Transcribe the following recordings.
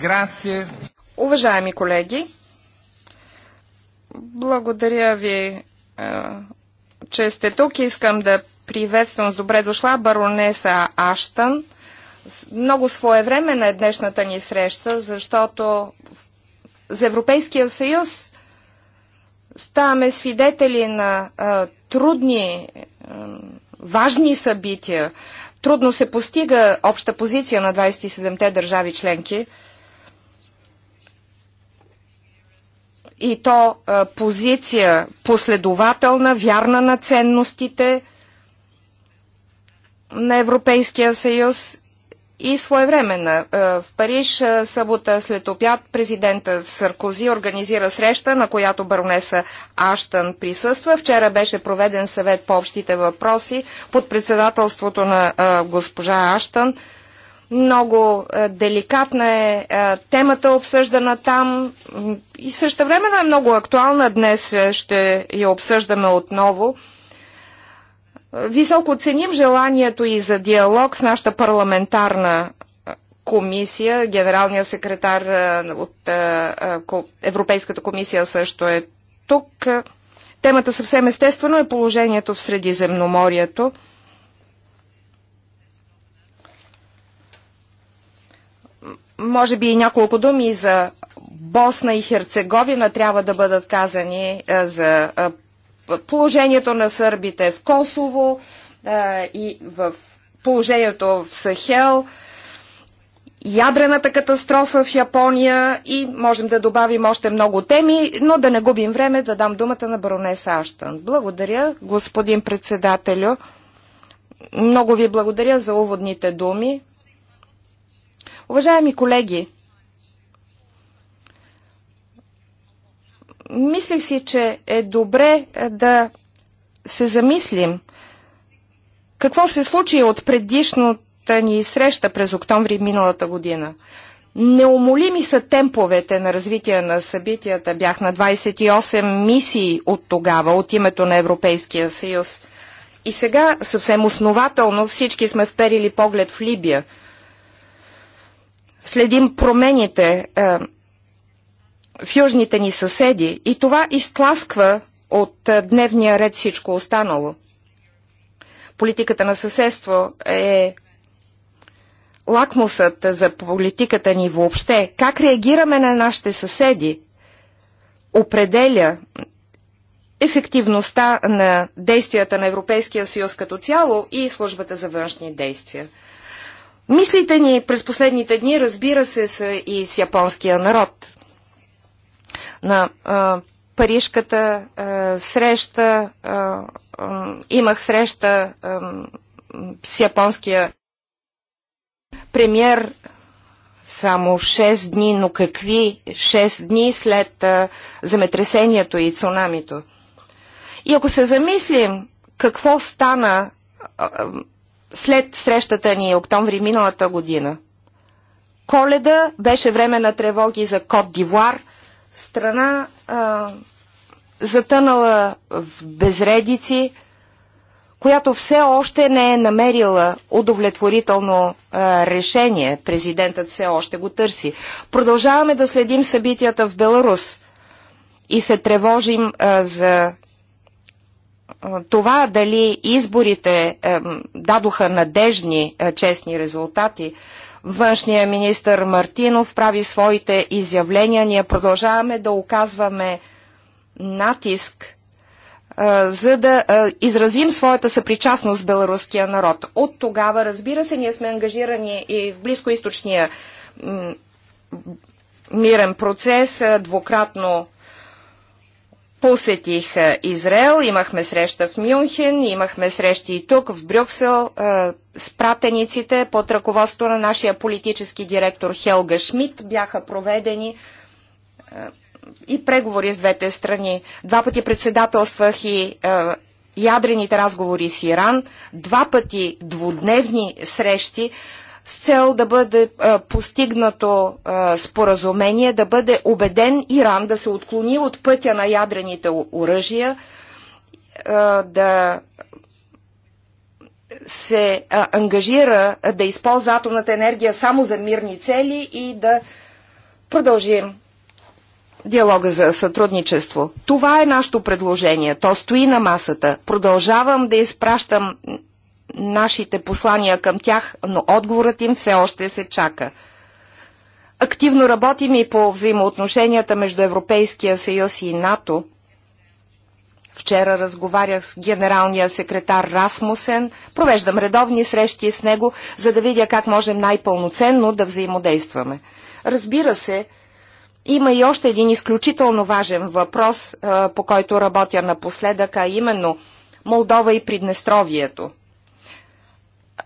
грация. Уважаеми колеги, благодаря ви, е, че сте тук. Искам да приветствам с добре дошла баронеса Аштън. Много време е днешната ни среща, защото за Европейския съюз ставаме свидетели на а, е, трудни, а, е, важни събития, Трудно се постига обща позиция на 27-те държави членки и то позиция последователна, вярна на ценностите на Европейския съюз и своевременна. Е, в Париж е, събота след обяд президента Саркози организира среща, на която баронеса Аштън присъства. Вчера беше проведен съвет по общите въпроси под председателството на е, госпожа Аштън. Много деликатна е темата обсъждана там и също време е много актуална. Днес ще я обсъждаме отново. Високо ценим желанието и за диалог с нашата парламентарна комисия. Генералният секретар от Европейската комисия също е тук. Темата съвсем естествено е положението в Средиземноморието. Може би и няколко думи за Босна и Херцеговина трябва да бъдат казани за положението на сърбите в Косово а, и в положението в Сахел, ядрената катастрофа в Япония и можем да добавим още много теми, но да не губим време да дам думата на баронеса Аштан. Благодаря, господин председателю. Много ви благодаря за уводните думи. Уважаеми колеги, мислих си, че е добре е, да се замислим какво се случи от предишната ни среща през октомври миналата година. Неумолими са темповете на развитие на събитията. Бях на 28 мисии от тогава, от името на Европейския съюз. И сега съвсем основателно всички сме вперили поглед в Либия. Следим промените. Е, в южните ни съседи и това изтласква от е, дневния ред всичко останало. Политиката на съседство е лакмусът за политиката ни въобще. Как реагираме на нашите съседи определя ефективността на действията на Европейския съюз като цяло и службата за външни действия. Мислите ни през последните дни, разбира се, са и с японския народ. На а, парижката а, среща а, а, имах среща а, с японския премьер само 6 дни, но какви 6 дни след а, земетресението и цунамито? И ако се замислим какво стана а, след срещата ни октомври миналата година, Коледа беше време на тревоги за Кот Дивуар – страна а, затънала в безредици, която все още не е намерила удовлетворително а, решение. Президентът все още го търси. Продължаваме да следим събитията в Беларус и се тревожим а, за а, това дали изборите а, дадоха надежни, а, честни резултати. Външният министр Мартинов прави своите изявления. Ние продължаваме да оказваме натиск за да изразим своята съпричастност с беларуския народ. От тогава, разбира се, ние сме ангажирани и в близкоисточния мирен процес, двукратно посетих Израел, имахме среща в Мюнхен, имахме срещи и тук, в Брюксел, с пратениците под ръководство на нашия политически директор Хелга Шмидт. Бяха проведени и преговори с двете страни. Два пъти председателствах и ядрените разговори с Иран, два пъти двудневни срещи с цел да бъде а, постигнато а, споразумение, да бъде убеден Иран да се отклони от пътя на ядрените оръжия, да се а, ангажира да използва атомната енергия само за мирни цели и да продължим диалога за сътрудничество. Това е нашето предложение. То стои на масата. Продължавам да изпращам нашите послания към тях, но отговорът им все още се чака. Активно работим и по взаимоотношенията между Европейския съюз и НАТО. Вчера разговарях с генералния секретар Расмусен, провеждам редовни срещи с него, за да видя как можем най-пълноценно да взаимодействаме. Разбира се, има и още един изключително важен въпрос, по който работя напоследък, а именно Молдова и Приднестровието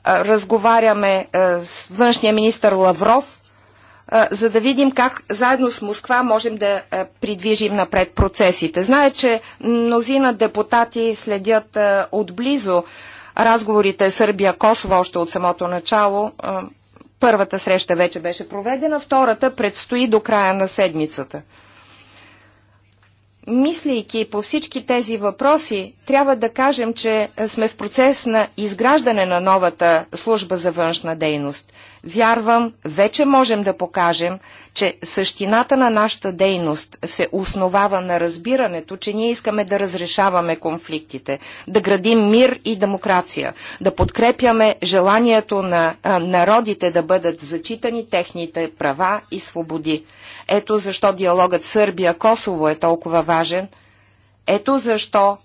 разговаряме с външния министр Лавров, за да видим как заедно с Москва можем да придвижим напред процесите. Знае, че мнозина депутати следят отблизо разговорите Сърбия-Косово още от самото начало. Първата среща вече беше проведена, втората предстои до края на седмицата мислейки по всички тези въпроси, трябва да кажем, че сме в процес на изграждане на новата служба за външна дейност. Вярвам, вече можем да покажем, че същината на нашата дейност се основава на разбирането, че ние искаме да разрешаваме конфликтите, да градим мир и демокрация, да подкрепяме желанието на народите да бъдат зачитани техните права и свободи. Ето защо диалогът Сърбия-Косово е толкова важен. Ето защо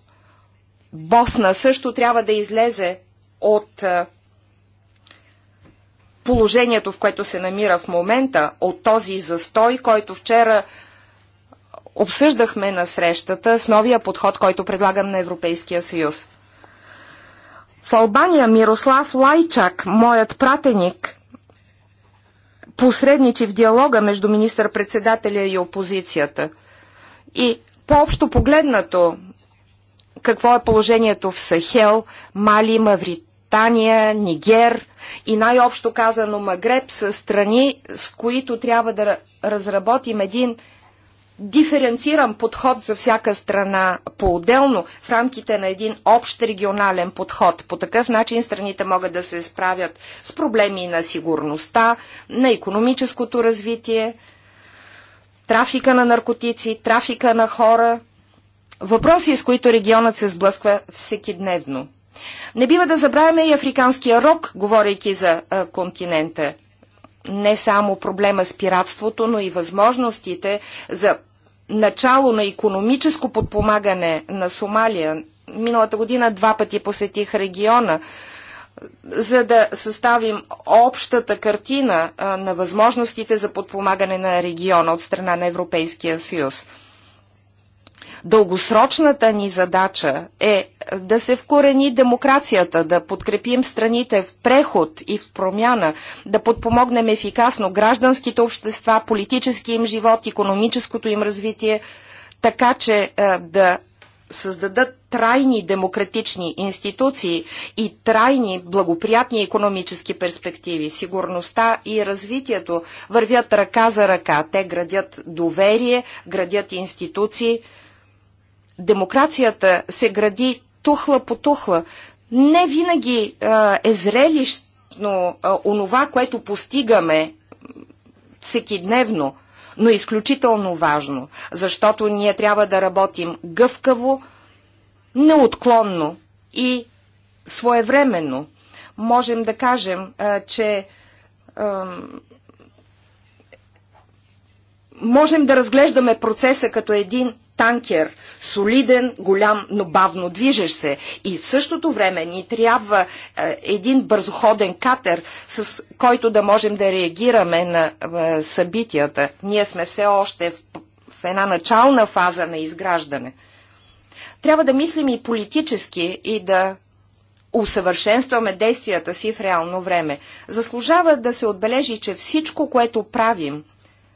Босна също трябва да излезе от положението, в което се намира в момента, от този застой, който вчера обсъждахме на срещата с новия подход, който предлагам на Европейския съюз. В Албания Мирослав Лайчак, моят пратеник, посредничи в диалога между министър-председателя и опозицията. И по-общо погледнато, какво е положението в Сахел, Мали, Мавритания, Нигер и най-общо казано Магреб са страни, с които трябва да разработим един диференциран подход за всяка страна по-отделно в рамките на един общ регионален подход. По такъв начин страните могат да се справят с проблеми на сигурността, на економическото развитие, трафика на наркотици, трафика на хора. Въпроси, с които регионът се сблъсква всеки дневно. Не бива да забравяме и африканския рок, говорейки за а, континента не само проблема с пиратството, но и възможностите за начало на економическо подпомагане на Сомалия. Миналата година два пъти посетих региона, за да съставим общата картина на възможностите за подпомагане на региона от страна на Европейския съюз. Дългосрочната ни задача е да се вкорени демокрацията, да подкрепим страните в преход и в промяна, да подпомогнем ефикасно гражданските общества, политическия им живот, економическото им развитие, така че е, да създадат трайни демократични институции и трайни благоприятни економически перспективи. Сигурността и развитието вървят ръка за ръка. Те градят доверие, градят институции – демокрацията се гради тухла по тухла. Не винаги а, е зрелищно а, онова, което постигаме всеки дневно, но е изключително важно, защото ние трябва да работим гъвкаво, неотклонно и своевременно. Можем да кажем, а, че а, можем да разглеждаме процеса като един танкер, солиден, голям, но бавно движещ се. И в същото време ни трябва е, един бързоходен катер, с който да можем да реагираме на е, събитията. Ние сме все още в, в една начална фаза на изграждане. Трябва да мислим и политически и да усъвършенстваме действията си в реално време. Заслужава да се отбележи, че всичко, което правим,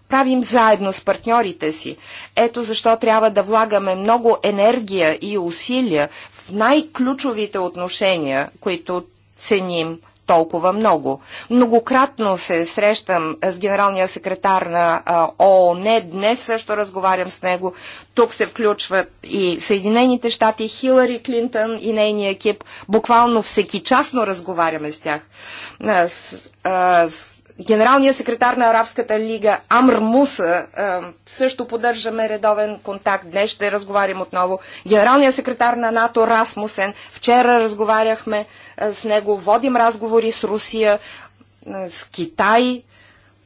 правим заедно с партньорите си. Ето защо трябва да влагаме много енергия и усилия в най-ключовите отношения, които ценим толкова много. Многократно се срещам с генералния секретар на ООН. Днес също разговарям с него. Тук се включват и Съединените щати, Хилари Клинтън и нейния екип. Буквално всеки частно разговаряме с тях. С, с генералния секретар на Арабската лига Амр Муса също поддържаме редовен контакт. Днес ще разговарим отново. Генералния секретар на НАТО Расмусен. Вчера разговаряхме с него. Водим разговори с Русия, с Китай.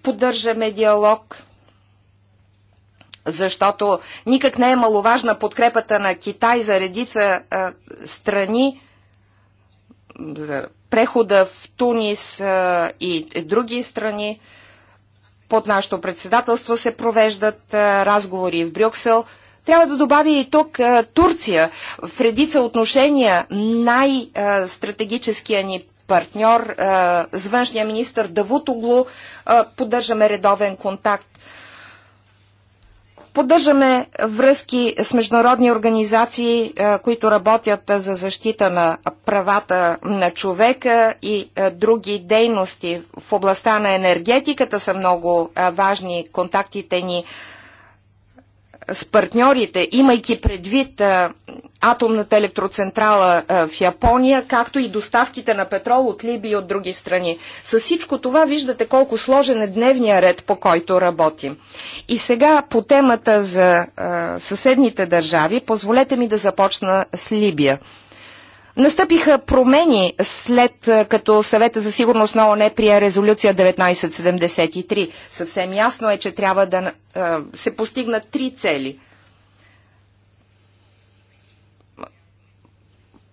Поддържаме диалог защото никак не е маловажна подкрепата на Китай за редица а, страни, за прехода в Тунис и други страни. Под нашето председателство се провеждат разговори в Брюксел. Трябва да добавя и тук Турция в редица отношения най-стратегическия ни партньор с външния министр Давутоглу. Поддържаме редовен контакт Поддържаме връзки с международни организации, които работят за защита на правата на човека и други дейности в областта на енергетиката са много важни контактите ни с партньорите, имайки предвид а, атомната електроцентрала а, в Япония, както и доставките на петрол от Либия и от други страни. С всичко това виждате колко сложен е дневния ред, по който работим. И сега по темата за а, съседните държави, позволете ми да започна с Либия. Настъпиха промени след е, като съвета за сигурност на ОНЕ прие резолюция 1973. Съвсем ясно е, че трябва да е, се постигнат три цели.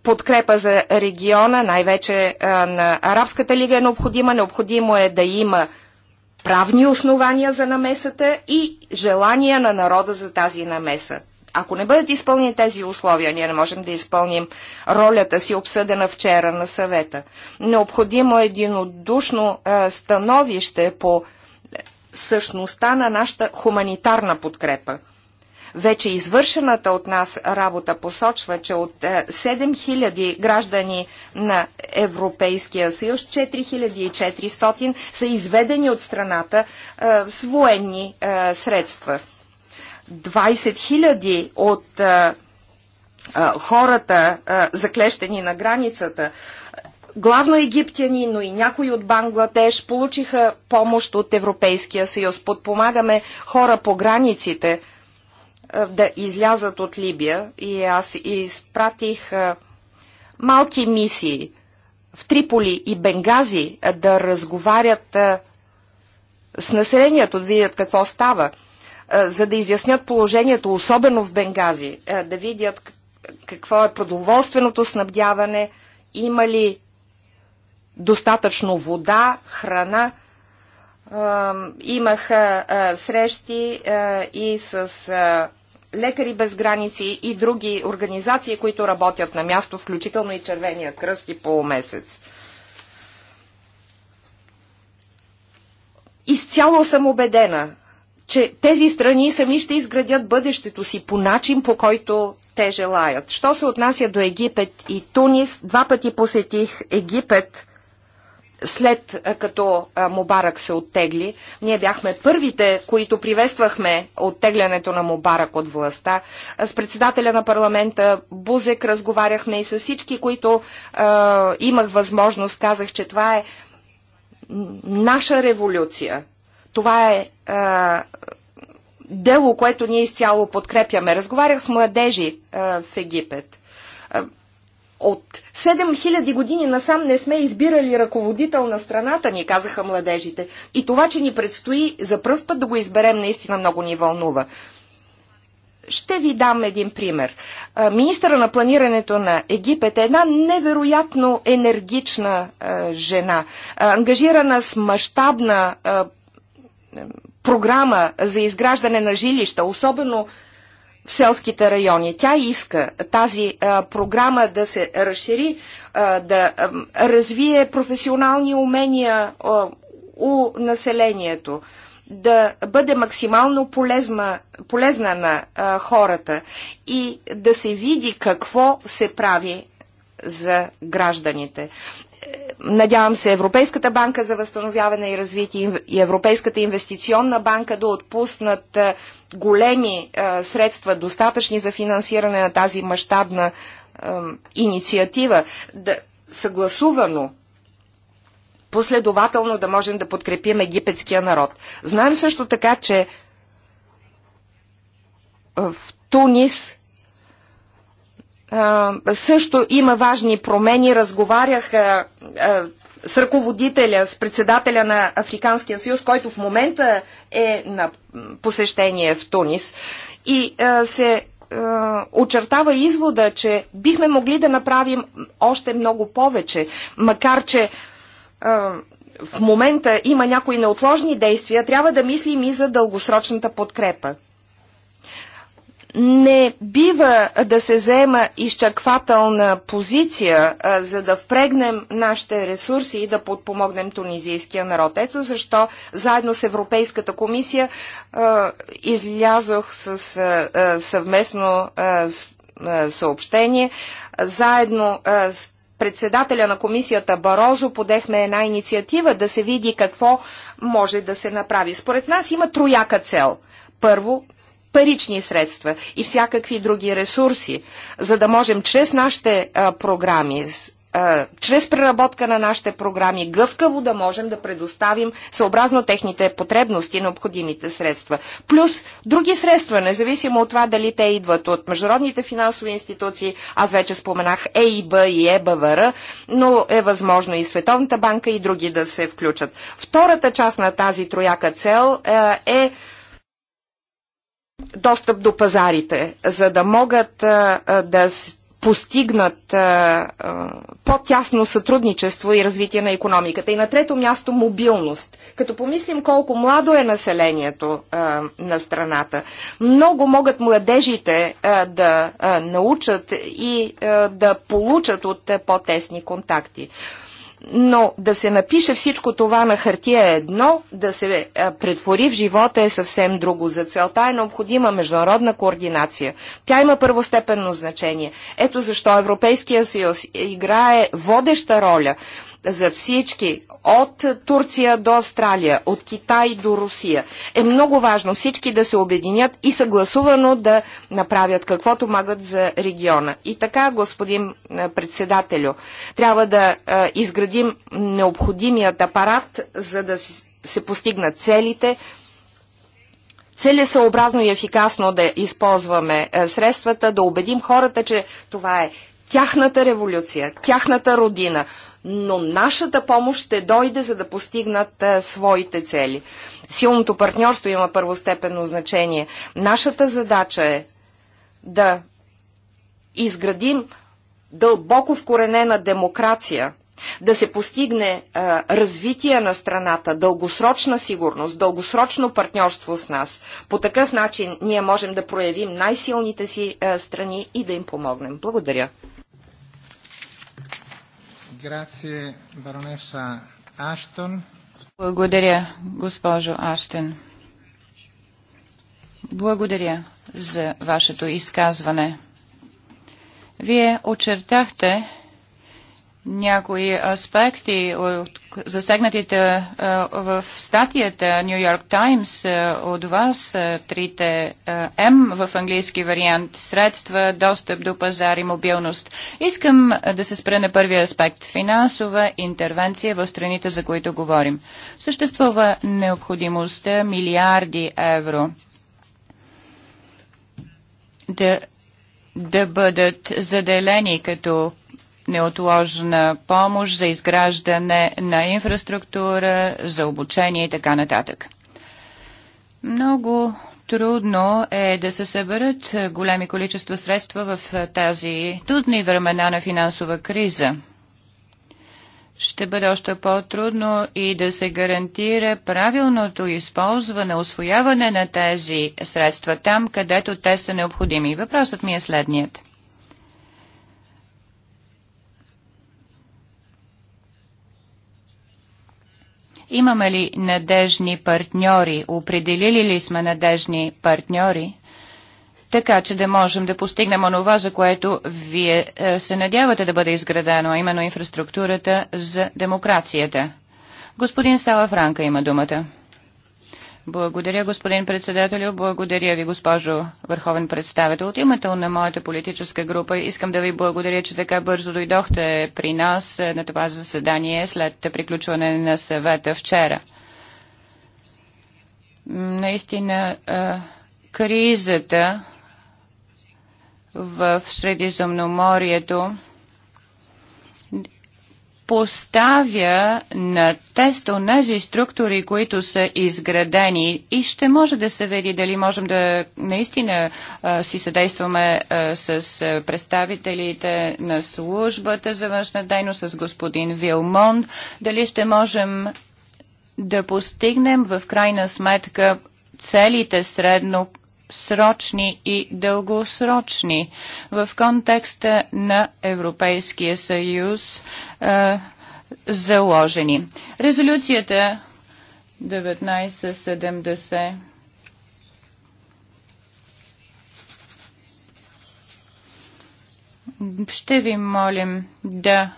Подкрепа за региона, най-вече е, на Арабската лига е необходима. Необходимо е да има правни основания за намесата и желания на народа за тази намеса. Ако не бъдат изпълнени тези условия, ние не можем да изпълним ролята си, обсъдена вчера на съвета. Необходимо е единодушно е, становище по същността на нашата хуманитарна подкрепа. Вече извършената от нас работа посочва, че от 7000 е, граждани на Европейския съюз, 4400 са изведени от страната е, с военни е, средства. 20 хиляди от а, а, хората, а, заклещени на границата, главно египтяни, но и някои от Бангладеш, получиха помощ от Европейския съюз. Подпомагаме хора по границите а, да излязат от Либия и аз изпратих а, малки мисии в Триполи и Бенгази а, да разговарят а, с населението, да видят какво става за да изяснят положението, особено в Бенгази, да видят какво е продоволственото снабдяване, има ли достатъчно вода, храна. имаха срещи и с Лекари без граници и други организации, които работят на място, включително и Червения кръст и полумесец. Изцяло съм убедена, че тези страни сами ще изградят бъдещето си по начин, по който те желаят. Що се отнася до Египет и Тунис, два пъти посетих Египет след като Мубарак се оттегли. Ние бяхме първите, които приветствахме оттеглянето на Мубарак от властта. С председателя на парламента Бузек разговаряхме и с всички, които е, имах възможност. Казах, че това е наша революция. Това е дело, което ние изцяло подкрепяме. Разговарях с младежи а, в Египет. от 7000 години насам не сме избирали ръководител на страната, ни казаха младежите. И това, че ни предстои за пръв път да го изберем, наистина много ни вълнува. Ще ви дам един пример. министъра на планирането на Египет е една невероятно енергична а, жена, ангажирана с мащабна програма за изграждане на жилища, особено в селските райони. Тя иска тази а, програма да се разшири, а, да а, развие професионални умения а, у населението, да бъде максимално полезна, полезна на а, хората и да се види какво се прави за гражданите. Надявам се Европейската банка за възстановяване и развитие и Европейската инвестиционна банка да отпуснат е, големи е, средства, достатъчни за финансиране на тази мащабна е, инициатива. Да, съгласувано последователно да можем да подкрепим египетския народ. Знаем също така, че в Тунис също има важни промени. Разговарях с ръководителя, с председателя на Африканския съюз, който в момента е на посещение в Тунис. И се очертава извода, че бихме могли да направим още много повече, макар че в момента има някои неотложни действия, трябва да мислим и за дългосрочната подкрепа не бива да се заема изчаквателна позиция, а, за да впрегнем нашите ресурси и да подпомогнем тунизийския народ. Ето защо заедно с Европейската комисия а, излязох с а, съвместно с, съобщение, заедно с председателя на комисията Барозо подехме една инициатива да се види какво може да се направи. Според нас има трояка цел. Първо, парични средства и всякакви други ресурси, за да можем чрез нашите а, програми, а, чрез преработка на нашите програми, гъвкаво да можем да предоставим съобразно техните потребности необходимите средства. Плюс други средства, независимо от това дали те идват от международните финансови институции, аз вече споменах ЕИБ и ЕБВР, но е възможно и Световната банка и други да се включат. Втората част на тази трояка цел а, е достъп до пазарите, за да могат да постигнат по-тясно сътрудничество и развитие на економиката. И на трето място мобилност. Като помислим колко младо е населението а, на страната, много могат младежите а, да а, научат и да получат от по-тесни контакти. Но да се напише всичко това на хартия е едно, да се е, претвори в живота е съвсем друго. За целта е необходима международна координация. Тя има първостепенно значение. Ето защо Европейския съюз играе водеща роля за всички, от Турция до Австралия, от Китай до Русия, е много важно всички да се обединят и съгласувано да направят каквото могат за региона. И така, господин председателю, трябва да изградим необходимият апарат, за да се постигнат целите, целесъобразно и ефикасно да използваме средствата, да убедим хората, че това е тяхната революция, тяхната родина, но нашата помощ ще дойде, за да постигнат а, своите цели. Силното партньорство има първостепенно значение. Нашата задача е да изградим дълбоко вкоренена демокрация, да се постигне а, развитие на страната, дългосрочна сигурност, дългосрочно партньорство с нас. По такъв начин ние можем да проявим най-силните си а, страни и да им помогнем. Благодаря. Grazie, баронеса Аштон. Благодаря, госпожо Аштен. Благодаря за вашето изказване. Вие очертахте някои аспекти от засегнатите е, в статията Нью Йорк Таймс от вас, е, трите е, М в английски вариант, средства, достъп до пазар и мобилност. Искам да се спра на първия аспект – финансова интервенция в страните, за които говорим. Съществува необходимостта милиарди евро да да бъдат заделени като неотложна помощ за изграждане на инфраструктура, за обучение и така нататък. Много трудно е да се съберат големи количества средства в тази трудни времена на финансова криза. Ще бъде още по-трудно и да се гарантира правилното използване, освояване на тези средства там, където те са необходими. Въпросът ми е следният – Имаме ли надежни партньори? Определили ли сме надежни партньори? Така че да можем да постигнем онова, за което вие е, се надявате да бъде изградено, а именно инфраструктурата за демокрацията. Господин Сала Франка има думата. Благодаря, господин председателю. Благодаря ви, госпожо Върховен представител. От името на моята политическа група искам да ви благодаря, че така бързо дойдохте при нас е, на това заседание след приключване на съвета вчера. Наистина, е, кризата в Средиземноморието поставя на тест онези структури, които са изградени и ще може да се види дали можем да наистина а, си съдействаме а, с представителите на службата за външна дейност, с господин Вилмон, дали ще можем да постигнем в крайна сметка целите средно срочни и дългосрочни. В контекста на Европейския съюз а, е, заложени. Резолюцията 1970 ще ви молим да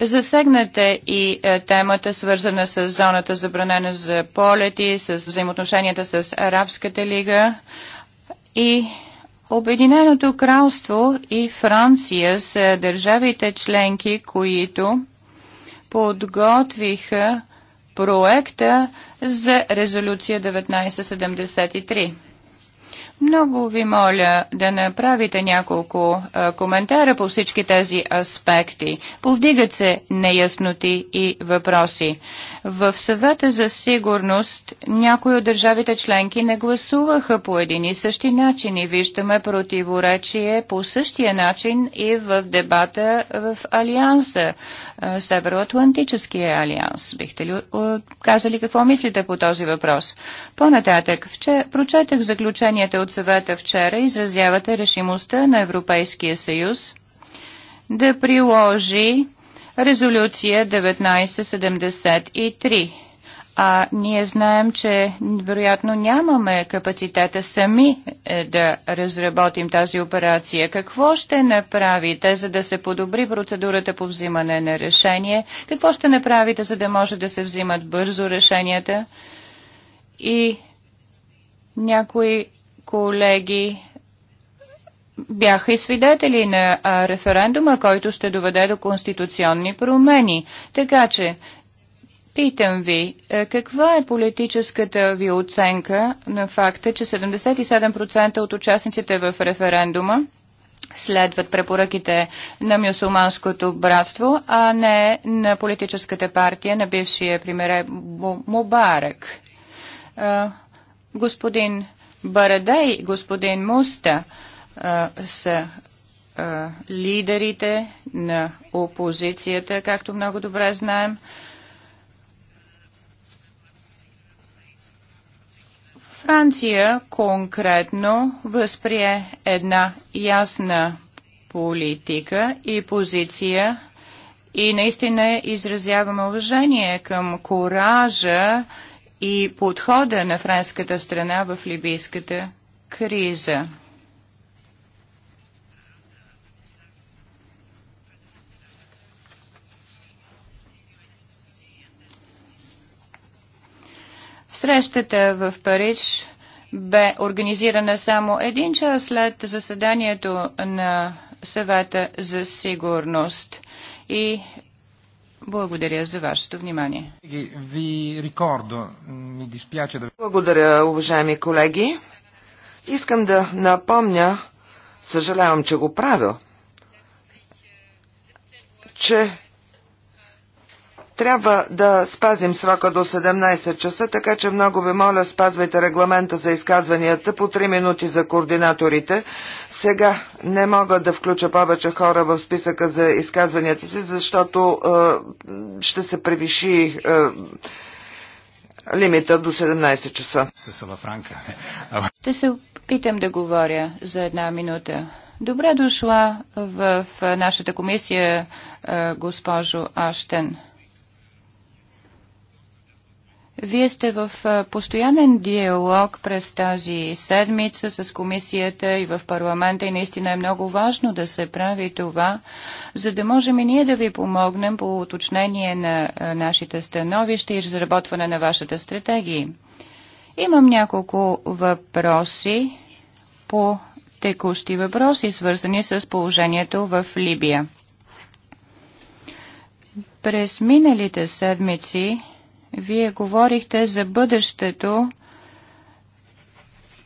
Засегнете и е, темата, свързана с зоната забранена за полети, с взаимоотношенията с Арабската лига и Обединеното кралство и Франция са държавите членки, които подготвиха проекта за резолюция 1973. Много ви моля да направите няколко а, коментара по всички тези аспекти. Повдигат се неясноти и въпроси. В съвета за сигурност някои от държавите членки не гласуваха по един и същи начин и виждаме противоречие по същия начин и в дебата в Алианса, Североатлантическия алианс. Бихте ли казали какво мислите по този въпрос? По-нататък, прочетах заключенията от съвета вчера изразявате решимостта на Европейския съюз да приложи резолюция 1973. А ние знаем, че вероятно нямаме капацитета сами е, да разработим тази операция. Какво ще направите, за да се подобри процедурата по взимане на решение? Какво ще направите, за да може да се взимат бързо решенията? И някои колеги бяха и свидетели на референдума, който ще доведе до конституционни промени. Така че, питам ви, е, каква е политическата ви оценка на факта, че 77% от участниците в референдума следват препоръките на мюсулманското братство, а не на политическата партия на бившия премьер Мубарак. Е, господин Барадай и господин Муста а, са а, лидерите на опозицията, както много добре знаем. Франция конкретно възприе една ясна политика и позиция и наистина изразяваме уважение към коража и подхода на френската страна в либийската криза. Срещата в Париж бе организирана само един час след заседанието на съвета за сигурност. И благодаря за вашето внимание. Благодаря, уважаеми колеги. Искам да напомня, съжалявам, че го правя, че трябва да спазим срока до 17 часа, така че много ви моля спазвайте регламента за изказванията по 3 минути за координаторите. Сега не мога да включа повече хора в списъка за изказванията си, защото е, ще се превиши е, лимита до 17 часа. Ще се опитам да говоря за една минута. Добре дошла в нашата комисия, е, госпожо Аштен. Вие сте в постоянен диалог през тази седмица с комисията и в парламента и наистина е много важно да се прави това, за да можем и ние да ви помогнем по уточнение на нашите становища и разработване на вашата стратегия. Имам няколко въпроси по текущи въпроси, свързани с положението в Либия. През миналите седмици вие говорихте за бъдещето,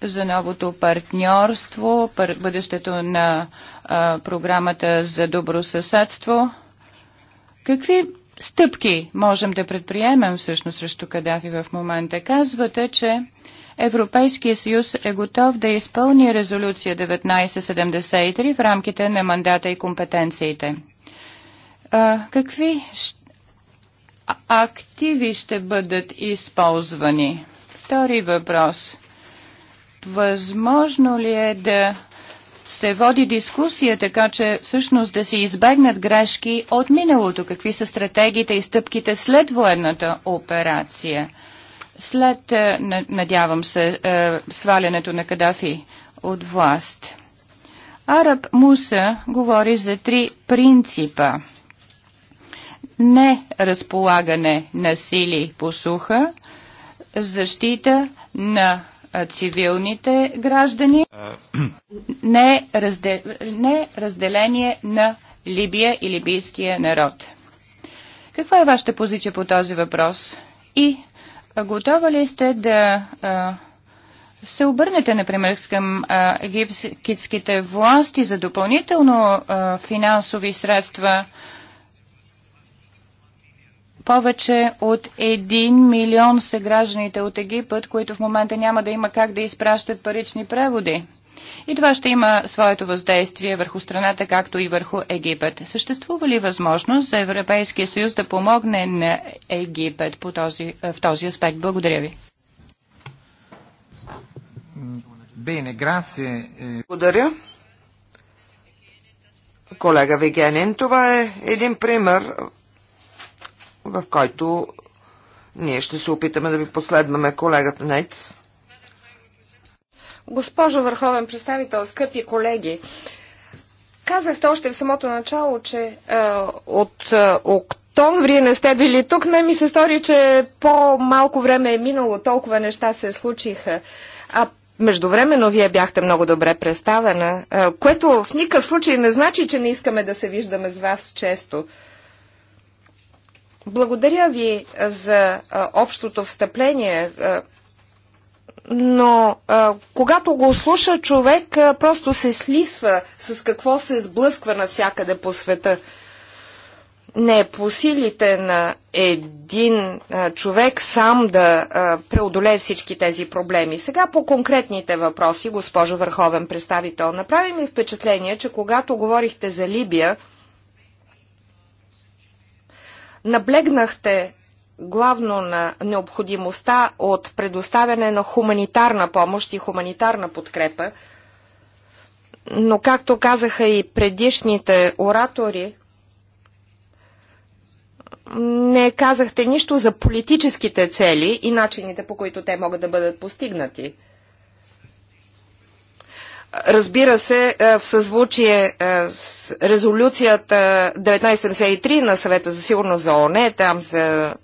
за новото партньорство, бъдещето на а, програмата за добросъседство. Какви стъпки можем да предприемем всъщност срещу Кадафи в момента? Казвате, че Европейския съюз е готов да изпълни резолюция 1973 в рамките на мандата и компетенциите. А, какви активи ще бъдат използвани? Втори въпрос. Възможно ли е да се води дискусия, така че всъщност да се избегнат грешки от миналото? Какви са стратегиите и стъпките след военната операция? След, е, надявам се, е, свалянето на Кадафи от власт. Араб Муса говори за три принципа – не разполагане на сили по суха, защита на цивилните граждани, не, разде... не разделение на Либия и либийския народ. Каква е вашата позиция по този въпрос? И готова ли сте да а, се обърнете, например, към египетските власти за допълнително а, финансови средства? Повече от 1 милион са гражданите от Египет, които в момента няма да има как да изпращат парични преводи. И това ще има своето въздействие върху страната, както и върху Египет. Съществува ли възможност за Европейския съюз да помогне на Египет по този, в този аспект? Благодаря ви. Eh. Благодаря. Колега Вигенин, това е един пример в който ние ще се опитаме да ви последваме колегата Нец. Госпожо Върховен представител, скъпи колеги, казахте още в самото начало, че е, от е, октомври не сте били тук. Не ми се стори, че по-малко време е минало, толкова неща се случиха. А междувременно вие бяхте много добре представена, е, което в никакъв случай не значи, че не искаме да се виждаме с вас често. Благодаря ви за общото встъпление, но когато го слуша човек, просто се слисва с какво се сблъсква навсякъде по света. Не е по силите на един човек сам да преодолее всички тези проблеми. Сега по конкретните въпроси, госпожо Върховен представител, направи ми впечатление, че когато говорихте за Либия, Наблегнахте главно на необходимостта от предоставяне на хуманитарна помощ и хуманитарна подкрепа, но както казаха и предишните оратори, не казахте нищо за политическите цели и начините по които те могат да бъдат постигнати – Разбира се, е, в съзвучие е, с резолюцията 1973 на съвета за сигурност за ОНЕ, там се,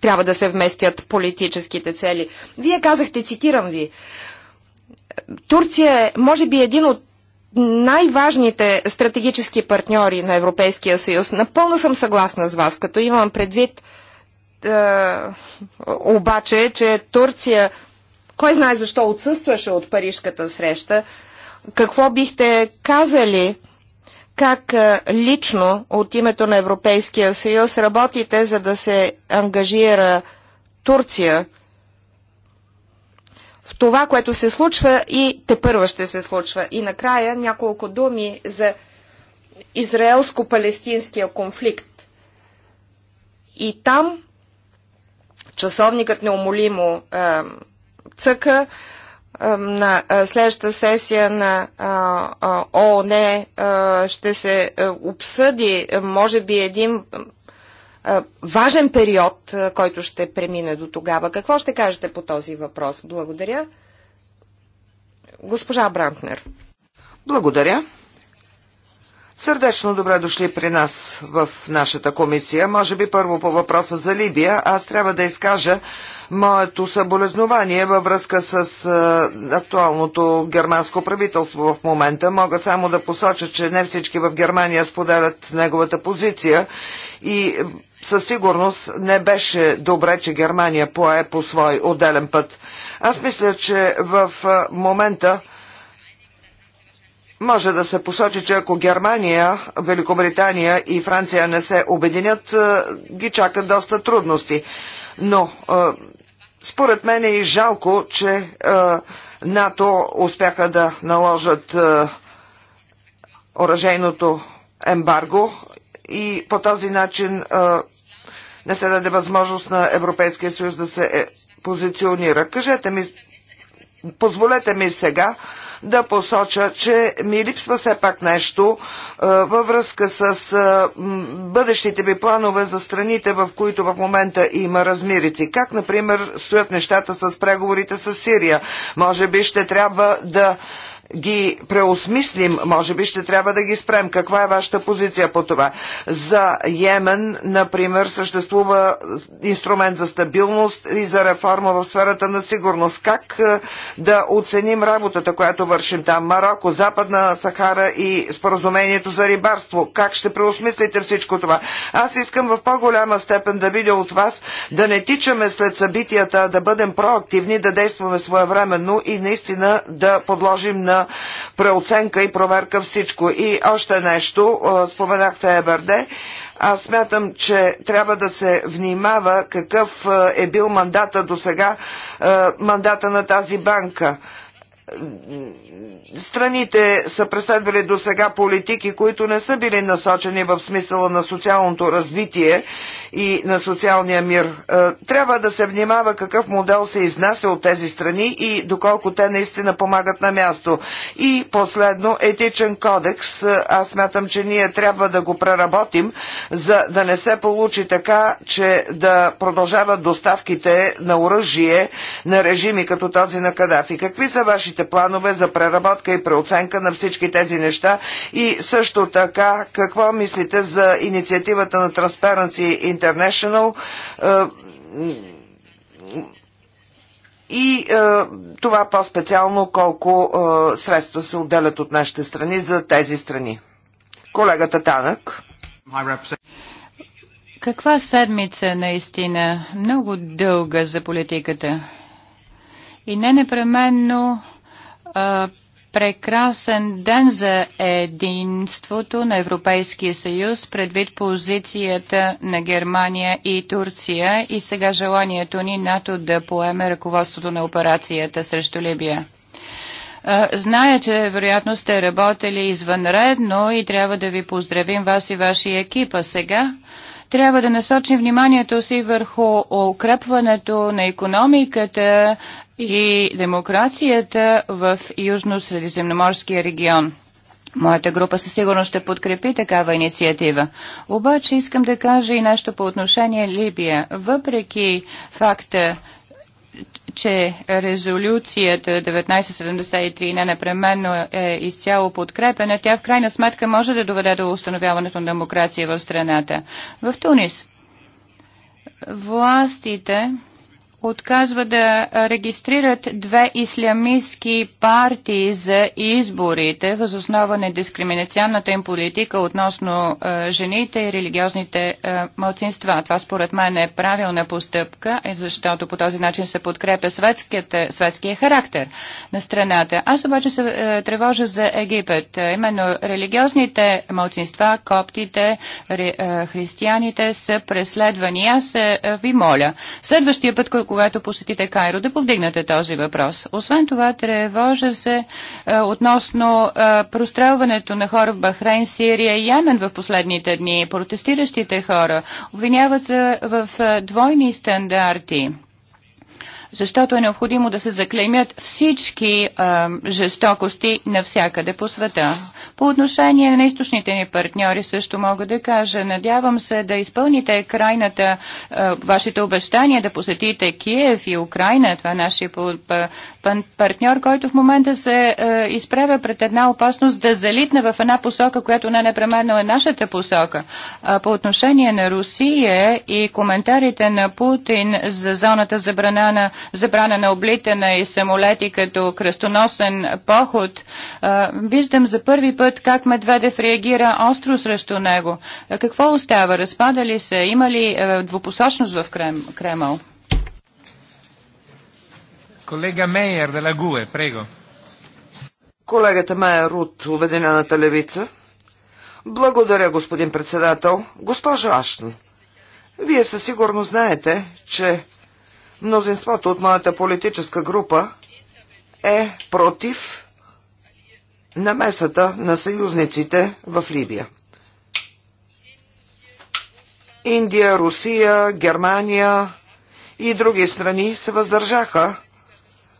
трябва да се вместят политическите цели. Вие казахте, цитирам ви, Турция е, може би, е един от най-важните стратегически партньори на Европейския съюз. Напълно съм съгласна с вас, като имам предвид е, обаче, че Турция кой знае защо отсъстваше от парижката среща? Какво бихте казали? Как лично от името на Европейския съюз работите, за да се ангажира Турция в това, което се случва и те първа ще се случва. И накрая няколко думи за израелско-палестинския конфликт. И там часовникът неумолимо цъка на следващата сесия на ООН ще се обсъди, може би, един важен период, който ще премине до тогава. Какво ще кажете по този въпрос? Благодаря. Госпожа Брантнер. Благодаря. Сърдечно добре дошли при нас в нашата комисия. Може би първо по въпроса за Либия. Аз трябва да изкажа моето съболезнование във връзка с актуалното германско правителство в момента. Мога само да посоча, че не всички в Германия споделят неговата позиция и със сигурност не беше добре, че Германия пое по свой отделен път. Аз мисля, че в момента може да се посочи, че ако Германия, Великобритания и Франция не се обединят, ги чакат доста трудности. Но според мен е и жалко, че е, НАТО успяха да наложат е, оръжейното ембарго и по този начин е, не се даде възможност на Европейския съюз да се е, позиционира. Кажете ми, позволете ми сега да посоча, че ми липсва все пак нещо е, във връзка с е, бъдещите ми планове за страните, в които в момента има размирици. Как, например, стоят нещата с преговорите с Сирия? Може би ще трябва да ги преосмислим, може би ще трябва да ги спрем. Каква е вашата позиция по това? За Йемен, например, съществува инструмент за стабилност и за реформа в сферата на сигурност. Как е, да оценим работата, която вършим там? Марокко, Западна Сахара и споразумението за рибарство. Как ще преосмислите всичко това? Аз искам в по-голяма степен да видя от вас да не тичаме след събитията, да бъдем проактивни, да действаме своевременно и наистина да подложим на преоценка и проверка всичко. И още нещо, споменахте Еберде, аз смятам, че трябва да се внимава какъв е бил мандата до сега, мандата на тази банка страните са преследвали до сега политики, които не са били насочени в смисъла на социалното развитие и на социалния мир. Е, трябва да се внимава какъв модел се изнася от тези страни и доколко те наистина помагат на място. И последно, етичен кодекс. Е, аз смятам, че ние трябва да го преработим, за да не се получи така, че да продължават доставките на оръжие на режими като този на Кадафи. Какви са вашите бъдещите планове за преработка и преоценка на всички тези неща и също така какво мислите за инициативата на Transparency International е, и е, това по-специално колко е, средства се отделят от нашите страни за тези страни. Колегата Танък. Каква седмица наистина много дълга за политиката? И не непременно прекрасен ден за единството на Европейския съюз предвид позицията на Германия и Турция и сега желанието ни НАТО да поеме ръководството на операцията срещу Либия. Зная, че вероятно сте работили извънредно и трябва да ви поздравим вас и вашия екипа сега трябва да насочим вниманието си върху укрепването на економиката и демокрацията в Южно-Средиземноморския регион. Моята група със сигурност ще подкрепи такава инициатива. Обаче искам да кажа и нещо по отношение Либия. Въпреки факта, че резолюцията 1973 не непременно е изцяло подкрепена, тя в крайна сметка може да доведе до установяването на демокрация в страната. В Тунис властите отказва да регистрират две ислямистски партии за изборите въз основа на дискриминационната им политика относно е, жените и религиозните е, мълцинства. Това според мен е правилна постъпка, е, защото по този начин се подкрепя е, светския характер на страната. Аз обаче се е, тревожа за Египет. Е, именно религиозните мълцинства, коптите, ре, християните са преследвани. Аз ви моля, следващия път, когато посетите Кайро, да повдигнете този въпрос. Освен това, тревожа се а, е, относно а, е, прострелването на хора в Бахрейн, Сирия и Ямен в последните дни. Протестиращите хора обвиняват се в а, е, двойни стандарти защото е необходимо да се заклеймят всички а, жестокости навсякъде по света. По отношение на източните ни партньори също мога да кажа, надявам се да изпълните крайната, а, вашите обещания да посетите Киев и Украина, това е нашия партньор, който в момента се а, изправя пред една опасност да залитне в една посока, която не непременно е нашата посока. А, по отношение на Русия и коментарите на Путин за зоната забранена забрана на облитане и самолети като кръстоносен поход, виждам за първи път как Медведев реагира остро срещу него. Какво остава? Разпада ли се? Има ли двупосочност в Крем, Кремъл? Колега Мейер, да лагуе, прего. Колегата Мейер от Обединената левица. Благодаря, господин председател. Госпожо Ашн, вие със сигурно знаете, че Мнозинството от моята политическа група е против намесата на съюзниците в Либия. Индия, Русия, Германия и други страни се въздържаха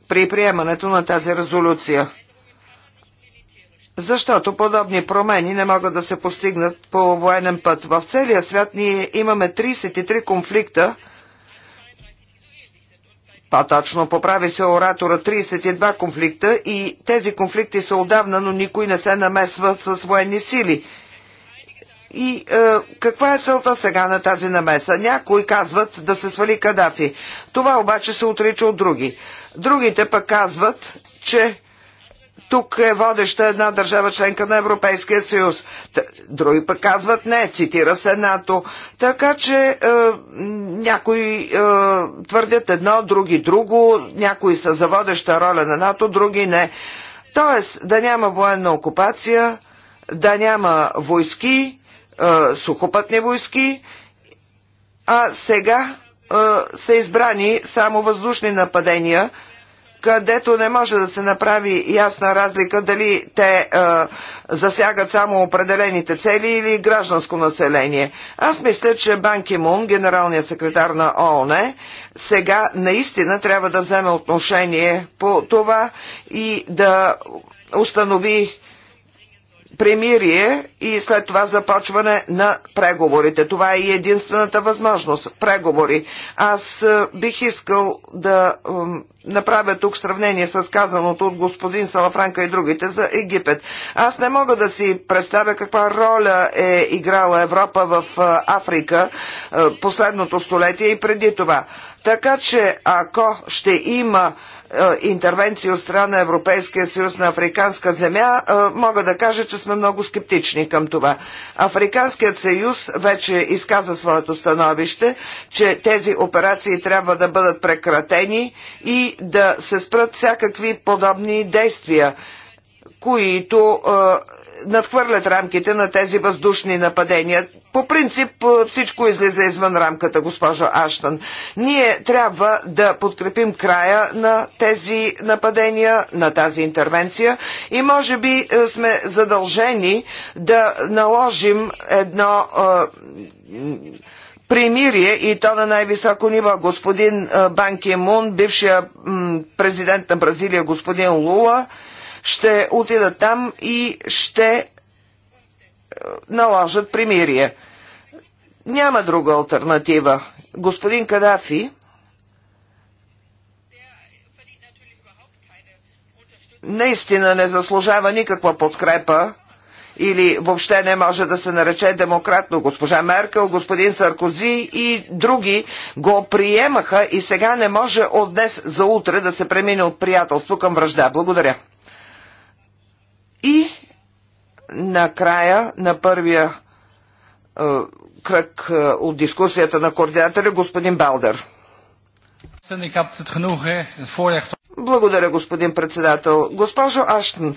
при приемането на тази резолюция, защото подобни промени не могат да се постигнат по военен път. В целия свят ние имаме 33 конфликта, по-точно поправи се оратора 32 конфликта и тези конфликти са отдавна, но никой не се намесва с военни сили. И е, каква е целта сега на тази намеса? Някои казват да се свали Кадафи. Това обаче се отрича от други. Другите пък казват, че тук е водеща една държава членка на Европейския съюз. Други пък казват не, цитира се НАТО. Така че е, някои е, твърдят едно, други друго, някои са за водеща роля на НАТО, други не. Тоест да няма военна окупация, да няма войски, е, сухопътни войски, а сега е, са избрани само въздушни нападения – където не може да се направи ясна разлика дали те е, засягат само определените цели или гражданско население. Аз мисля, че Банки Мун, генералният секретар на ООН, сега наистина трябва да вземе отношение по това и да установи премирие и след това започване на преговорите. Това е и единствената възможност. Преговори. Аз е, бих искал да е, направя тук сравнение с казаното от господин Салафранка и другите за Египет. Аз не мога да си представя каква роля е играла Европа в е, Африка последното столетие и преди това. Така че ако ще има е, интервенции от страна на Европейския съюз на Африканска земя, е, мога да кажа, че сме много скептични към това. Африканският съюз вече изказа своето становище, че тези операции трябва да бъдат прекратени и да се спрат всякакви подобни действия, които е, надхвърлят рамките на тези въздушни нападения по принцип всичко излезе извън рамката, госпожо Аштън. Ние трябва да подкрепим края на тези нападения, на тази интервенция и може би сме задължени да наложим едно примирие и то на най-високо ниво. Господин Банки Мун, бившия президент на Бразилия, господин Лула, ще отидат там и ще наложат примирие. Няма друга альтернатива. Господин Кадафи наистина не заслужава никаква подкрепа или въобще не може да се нарече демократно. Госпожа Меркел, господин Саркози и други го приемаха и сега не може от днес за утре да се премине от приятелство към връжда. Благодаря. И края на първия е, кръг е, от дискусията на координатора господин Балдер. Благодаря, господин председател. Госпожо Аштен,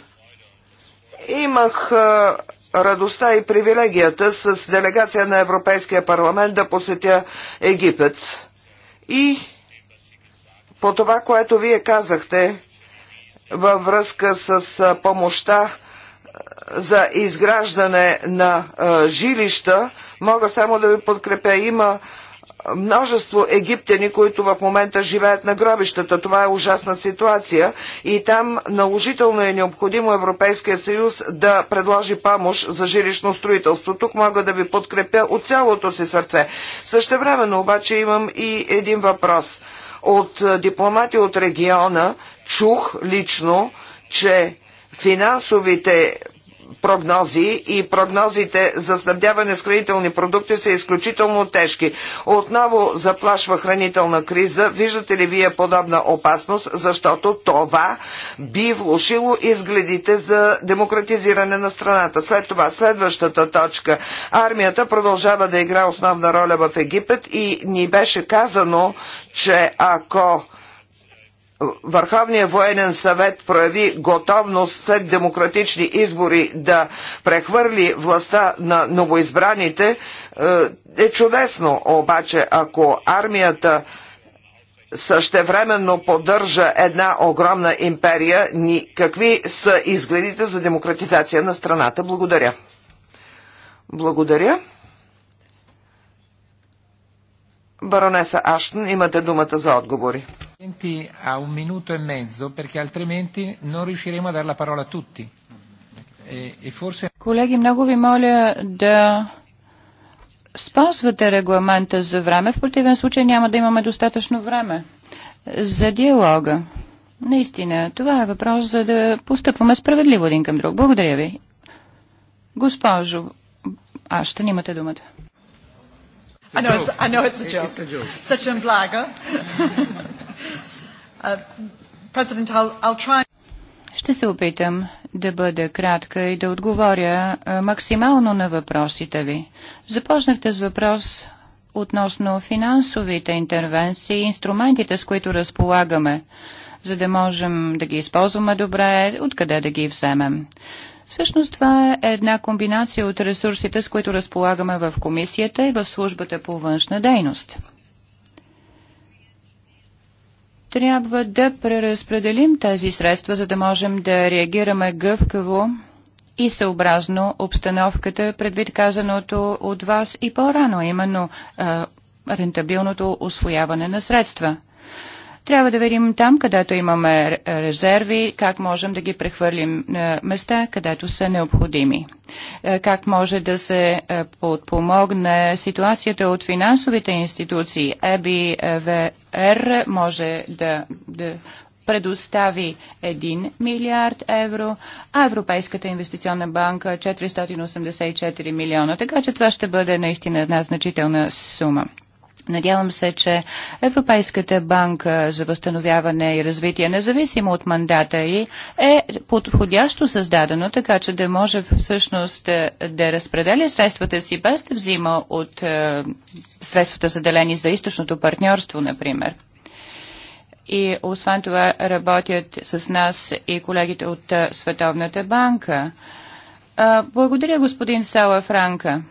имах е, радостта и привилегията с делегация на Европейския парламент да посетя Египет. И по това, което вие казахте във връзка с е, помощта за изграждане на жилища, мога само да ви подкрепя. Има множество египтяни, които в момента живеят на гробищата. Това е ужасна ситуация и там наложително е необходимо Европейския съюз да предложи помощ за жилищно строителство. Тук мога да ви подкрепя от цялото си сърце. Същевременно обаче имам и един въпрос. От дипломати от региона чух лично, че финансовите прогнози и прогнозите за снабдяване с хранителни продукти са изключително тежки. Отново заплашва хранителна криза. Виждате ли вие подобна опасност, защото това би влушило изгледите за демократизиране на страната. След това следващата точка. Армията продължава да игра основна роля в Египет и ни беше казано, че ако Върховният военен съвет прояви готовност след демократични избори да прехвърли властта на новоизбраните, е, е чудесно. Обаче, ако армията същевременно поддържа една огромна империя, какви са изгледите за демократизация на страната? Благодаря. Благодаря. Баронеса Аштън, имате думата за отговори a un minuto e mezzo perché altrimenti non riusciremo a dare la parola a tutti. E, e forse... Колеги, много ви моля да спазвате регламента за време. В противен случай няма да имаме достатъчно време за диалога. Наистина, това е въпрос за да постъпваме справедливо един към друг. Благодаря ви. Госпожо, аз ще имате думата. I know it's, I know it's a joke. Such a blagger. Uh, Ще се опитам да бъда кратка и да отговоря максимално на въпросите ви. Започнахте с въпрос относно финансовите интервенции и инструментите, с които разполагаме, за да можем да ги използваме добре, откъде да ги вземем. Всъщност това е една комбинация от ресурсите, с които разполагаме в комисията и в службата по външна дейност – трябва да преразпределим тези средства, за да можем да реагираме гъвкаво и съобразно обстановката, предвид казаното от вас и по-рано, именно рентабилното освояване на средства – трябва да видим там, където имаме резерви, как можем да ги прехвърлим на е, места, където са необходими. Е, как може да се е, подпомогне ситуацията от финансовите институции. ЕБВР може да, да предостави 1 милиард евро, а Европейската инвестиционна банка 484 милиона. Така че това ще бъде наистина една значителна сума. Надявам се, че Европейската банка за възстановяване и развитие, независимо от мандата й, е подходящо създадено, така че да може всъщност е, да разпределя средствата си без да взима от средствата средствата заделени за източното партньорство, например. И освен това работят с нас и колегите от е, Световната банка. Благодаря, господин Сала Франка.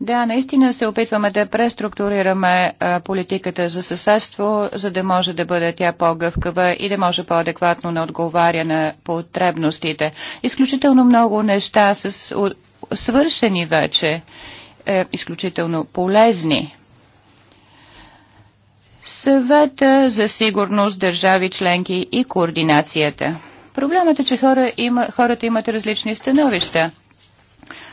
Да, наистина се опитваме да преструктурираме а, политиката за съседство, за да може да бъде тя по-гъвкава и да може по-адекватно да отговаря на потребностите. Изключително много неща са свършени вече, е, изключително полезни. Съвета за сигурност, държави членки и координацията. Проблемът е, че хора има, хората имат различни становища.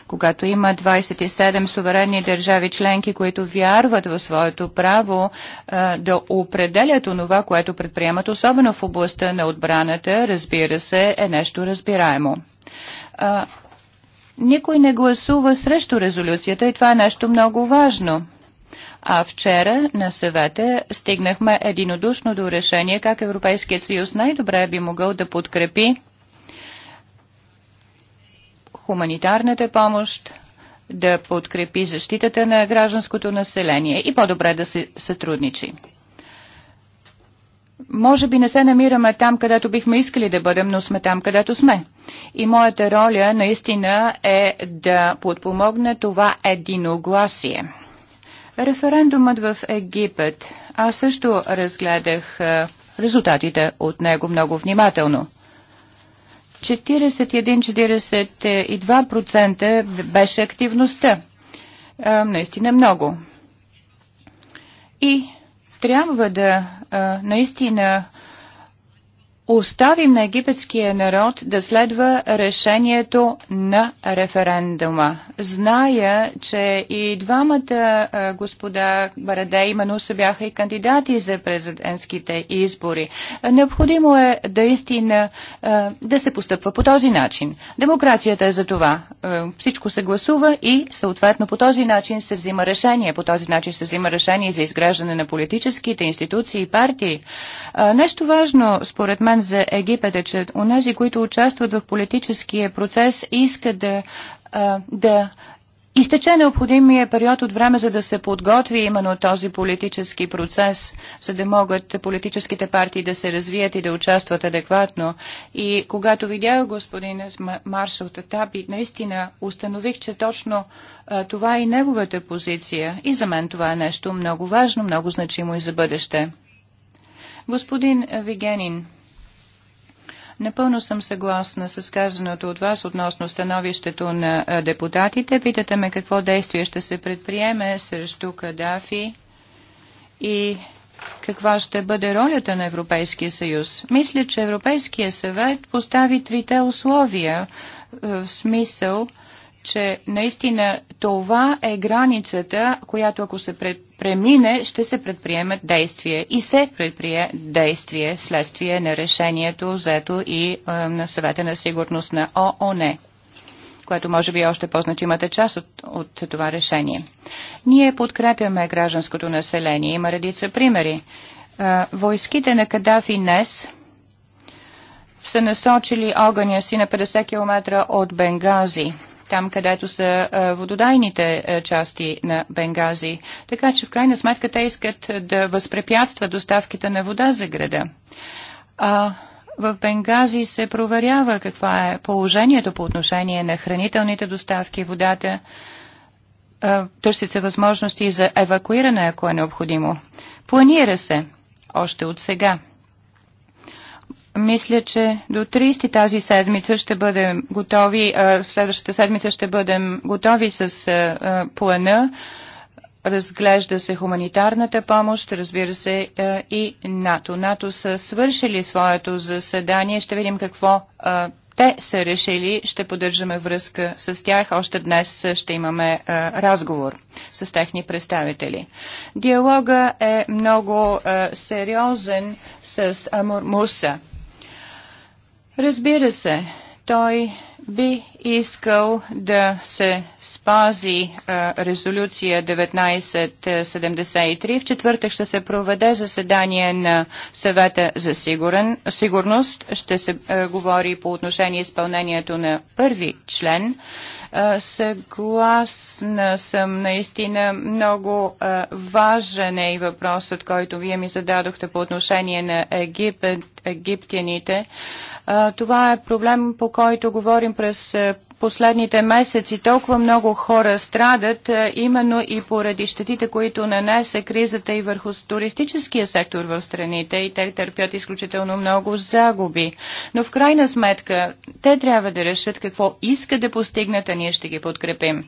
Когато има 27 суверенни държави членки, които вярват в своето право а, да определят онова, което предприемат, особено в областта на отбраната, разбира се, е нещо разбираемо. А, никой не гласува срещу резолюцията и това е нещо много важно. А вчера на съвета стигнахме единодушно до решение как Европейският съюз най-добре би могъл да подкрепи хуманитарната помощ, да подкрепи защитата на гражданското население и по-добре да се сътрудничи. Може би не се намираме там, където бихме искали да бъдем, но сме там, където сме. И моята роля наистина е да подпомогне това единогласие. Референдумът в Египет. Аз също разгледах резултатите от него много внимателно. 41-42% беше активността. А, наистина много. И трябва да а, наистина оставим на египетския народ да следва решението на референдума. Зная, че и двамата господа Бараде и Мануса бяха и кандидати за президентските избори. Необходимо е да истина да се постъпва по този начин. Демокрацията е за това. Всичко се гласува и съответно по този начин се взима решение. По този начин се взима решение за изграждане на политическите институции и партии. Нещо важно според мен Судан за Египет е, че онези, които участват в политическия процес, искат да, да Изтече необходимия период от време, за да се подготви именно този политически процес, за да могат политическите партии да се развият и да участват адекватно. И когато видях господин Маршал Татаби, наистина установих, че точно това е и неговата позиция. И за мен това е нещо много важно, много значимо и за бъдеще. Господин Вигенин, Напълно съм съгласна с казаното от вас относно становището на депутатите. Питате ме какво действие ще се предприеме срещу Кадафи и каква ще бъде ролята на Европейския съюз. Мисля, че Европейския съвет постави трите условия в смисъл – че наистина това е границата, която ако се пред, премине, ще се предприемат действие. И се предприе действие следствие на решението, взето и е, на съвета на сигурност на ООН което може би е още по-значимата част от, от това решение. Ние подкрепяме гражданското население. Има редица примери. Войските на Кадафи днес са насочили огъня си на 50 км от Бенгази там където са вододайните части на Бенгази. Така че в крайна сметка те искат да възпрепятстват доставките на вода за града. А, в Бенгази се проверява каква е положението по отношение на хранителните доставки, водата. Търсят се възможности за евакуиране, ако е необходимо. Планира се още от сега мисля, че до 30 тази седмица ще бъдем готови, в следващата седмица ще бъдем готови с плана. Разглежда се хуманитарната помощ, разбира се и НАТО. НАТО са свършили своето заседание. Ще видим какво те са решили. Ще поддържаме връзка с тях. Още днес ще имаме разговор с техни представители. Диалога е много сериозен с Амур Муса. Разбира се, той би искал да се спази а, е, резолюция 1973. В четвъртък ще се проведе заседание на съвета за сигурен, сигурност. Ще се а, е, говори по отношение изпълнението на първи член. А, е, съгласна съм, наистина много важен е и въпросът, който вие ми зададохте по отношение на Египет, египтяните. Това е проблем, по който говорим през е, последните месеци толкова много хора страдат, е, именно и поради щетите, които нанесе кризата и върху туристическия сектор в страните и те търпят изключително много загуби. Но в крайна сметка те трябва да решат какво искат да постигнат, а ние ще ги подкрепим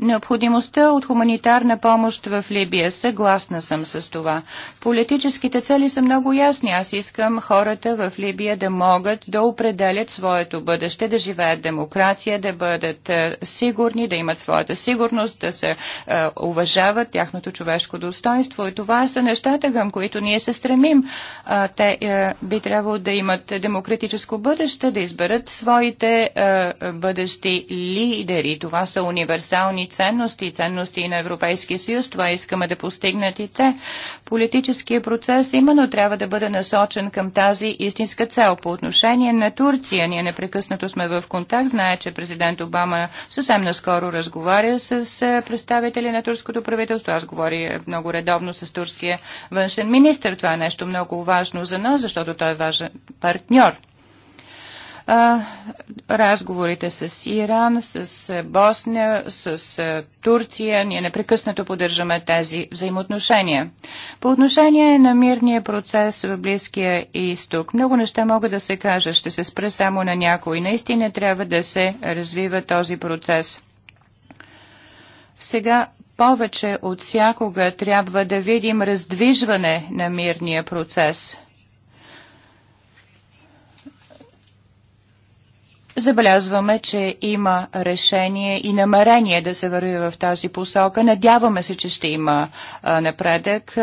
необходимостта от хуманитарна помощ в Либия. Съгласна съм с това. Политическите цели са много ясни. Аз искам хората в Либия да могат да определят своето бъдеще, да живеят демокрация, да бъдат е, сигурни, да имат своята сигурност, да се е, уважават тяхното човешко достоинство. И това са нещата, към които ние се стремим. те е, би трябвало да имат демократическо бъдеще, да изберат своите е, е бъдещи лидери. Това са универсални ценности и ценности на Европейския съюз. Това искаме да постигнат и те. Политическия процес именно трябва да бъде насочен към тази истинска цел. По отношение на Турция, ние непрекъснато сме в контакт. Знае, че президент Обама съвсем наскоро разговаря с е, представители на турското правителство. Аз говори много редовно с турския външен министр. Това е нещо много важно за нас, защото той е важен партньор а, разговорите с Иран, с е, Босния, с а, е, Турция. Ние непрекъснато поддържаме тези взаимоотношения. По отношение на мирния процес в Близкия изток, много неща могат да се кажа. Ще се спра само на някой. Наистина трябва да се развива този процес. Сега повече от всякога трябва да видим раздвижване на мирния процес – Забелязваме, че има решение и намерение да се върви в тази посока. Надяваме се, че ще има а, напредък.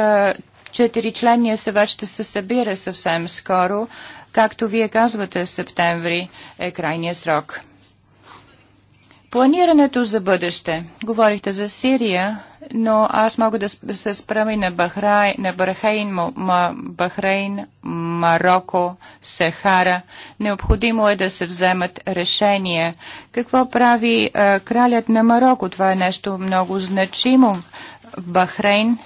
Четиричленния съвет ще се събира съвсем скоро. Както вие казвате, септември е крайния срок. Планирането за бъдеще. Говорихте за Сирия, но аз мога да се справи на, Бахрай, на Бахрейн, Бахрейн, Марокко, Сахара. Необходимо е да се вземат решения. Какво прави а, кралят на Марокко? Това е нещо много значимо. Бахрейн,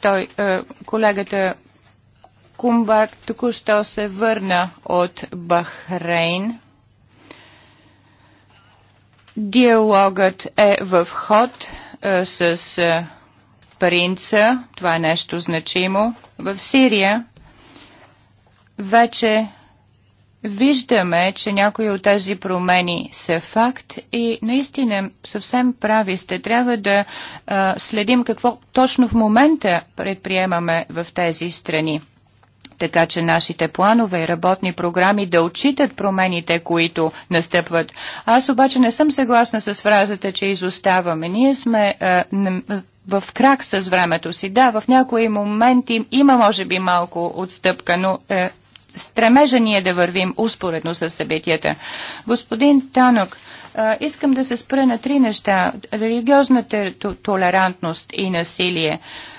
той, а, колегата Кумбар току-що се върна от Бахрейн Диалогът е в ход е, с е, принца. Това е нещо значимо. В Сирия вече виждаме, че някои от тези промени са факт и наистина съвсем прави сте. Трябва да а, е, следим какво точно в момента предприемаме в тези страни така че нашите планове и работни програми да отчитат промените, които настъпват. Аз обаче не съм съгласна с фразата, че изоставаме. Ние сме е, е в крак с времето си. Да, в някои моменти има, може би, малко отстъпка, но е, стремежа ние да вървим успоредно с събитията. Господин Танок, е, искам да се спра на три неща. Религиозната толерантност и насилие. Е,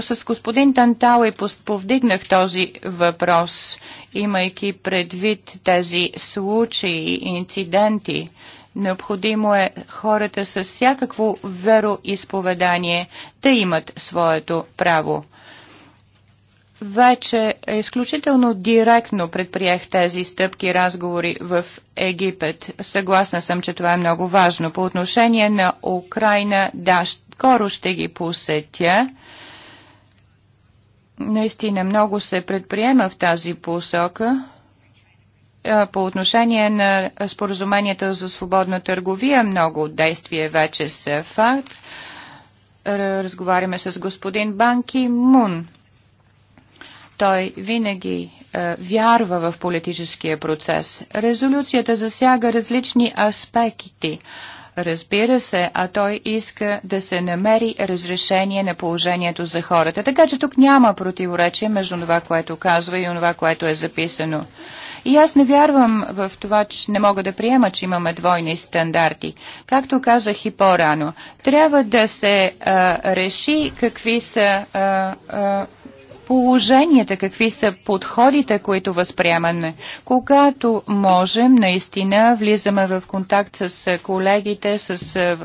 с господин Тантал и повдигнах този въпрос, имайки предвид тези случаи и инциденти. Необходимо е хората с всякакво вероисповедание да имат своето право вече изключително директно предприех тези стъпки разговори в Египет. Съгласна съм, че това е много важно. По отношение на Украина, да, скоро ще ги посетя. Наистина много се предприема в тази посока по отношение на споразумението за свободна търговия много действия вече са факт. Разговаряме с господин Банки Мун. Той винаги е, вярва в политическия процес. Резолюцията засяга различни аспекти. Разбира се, а той иска да се намери разрешение на положението за хората. Така че тук няма противоречие между това, което казва и това, което е записано. И аз не вярвам в това, че не мога да приема, че имаме двойни стандарти. Както казах и по-рано, трябва да се а, реши какви са а, а, положенията, какви са подходите, които възприемаме. Когато можем, наистина влизаме в контакт с колегите, с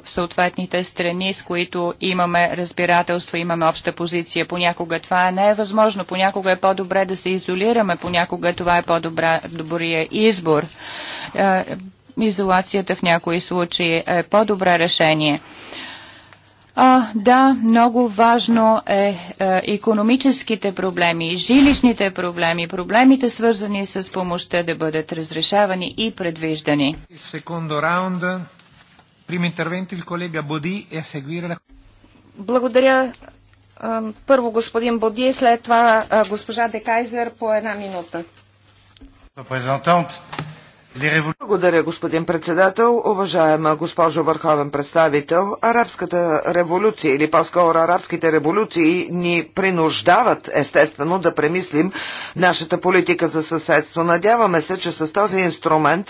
съответните страни, с които имаме разбирателство, имаме обща позиция. Понякога това не е възможно, понякога е по-добре да се изолираме, понякога това е по-добрия избор. Изолацията в някои случаи е по-добре решение. А, да, много важно е, е економическите проблеми, жилищните проблеми, проблемите свързани с помощта да бъдат разрешавани и предвиждани. раунд. Прим колега Боди е seguire Благодаря. Първо господин Боди, след това госпожа Декайзер по една минута. Благодаря, господин председател. Уважаема госпожо върховен представител, арабската революция или по-скоро арабските революции ни принуждават естествено да премислим нашата политика за съседство. Надяваме се, че с този инструмент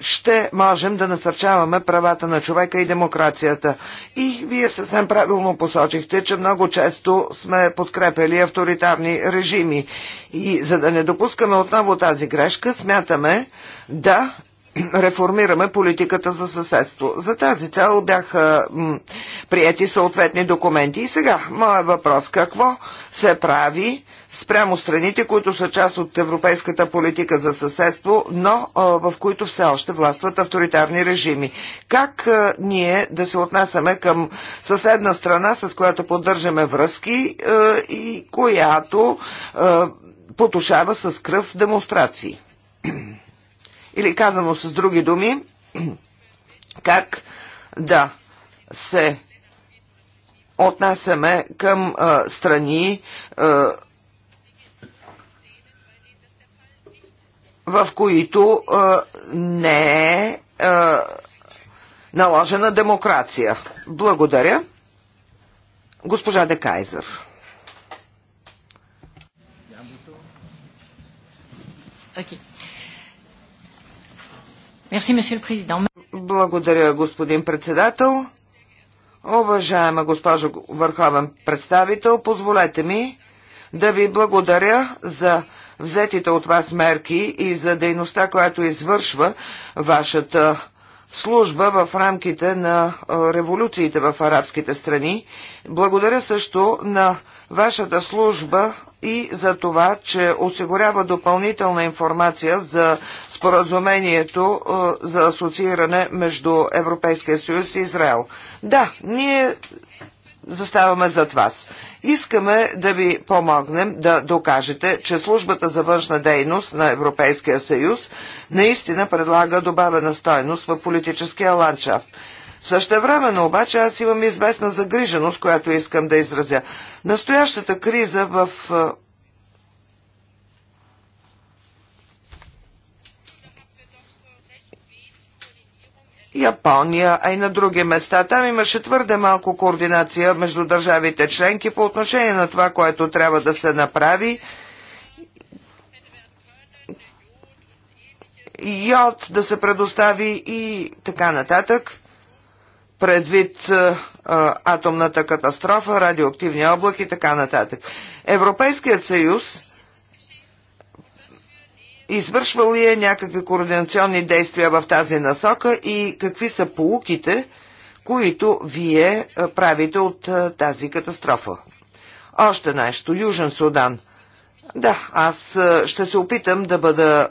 ще можем да насърчаваме правата на човека и демокрацията. И вие съвсем правилно посочихте, че много често сме подкрепили авторитарни режими. И за да не допускаме отново тази грешка, смятаме да реформираме политиката за съседство. За тази цел бяха м, приети съответни документи. И сега, моят въпрос, какво се прави спрямо страните, които са част от европейската политика за съседство, но в които все още властват авторитарни режими. Как ние да се отнасяме към съседна страна, с която поддържаме връзки и която потушава с кръв демонстрации? Или казано с други думи, как да се отнасяме към а, страни, а, в които а, не е а, наложена демокрация. Благодаря. Госпожа Де Кайзер. Okay. Merci, Благодаря, господин председател. Уважаема госпожо върховен представител, позволете ми да ви благодаря за взетите от вас мерки и за дейността, която извършва вашата служба в рамките на революциите в арабските страни. Благодаря също на вашата служба и за това, че осигурява допълнителна информация за споразумението за асоцииране между Европейския съюз и Израел. Да, ние заставаме зад вас. Искаме да ви помогнем да докажете, че службата за външна дейност на Европейския съюз наистина предлага добавена стойност в политическия ландшафт. Същевременно обаче аз имам известна загриженост, която искам да изразя. Настоящата криза в е, Япония, а и на други места. Там имаше твърде малко координация между държавите членки по отношение на това, което трябва да се направи. Йод да се предостави и така нататък. Предвид а, атомната катастрофа, радиоактивни облаки и така нататък. Европейският съюз Извършвал ли е някакви координационни действия в тази насока и какви са полуките, които вие правите от тази катастрофа? Още нещо. Южен Судан. Да, аз ще се опитам да бъда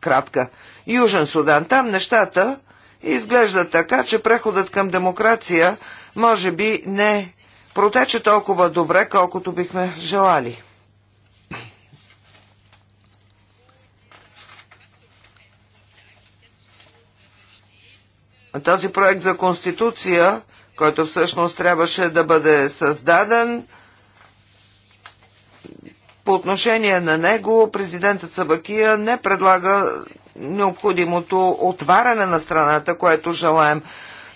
кратка. Южен Судан. Там нещата изглеждат така, че преходът към демокрация може би не протече толкова добре, колкото бихме желали. този проект за конституция, който всъщност трябваше да бъде създаден, по отношение на него президентът Сабакия не предлага необходимото отваряне на страната, което желаем.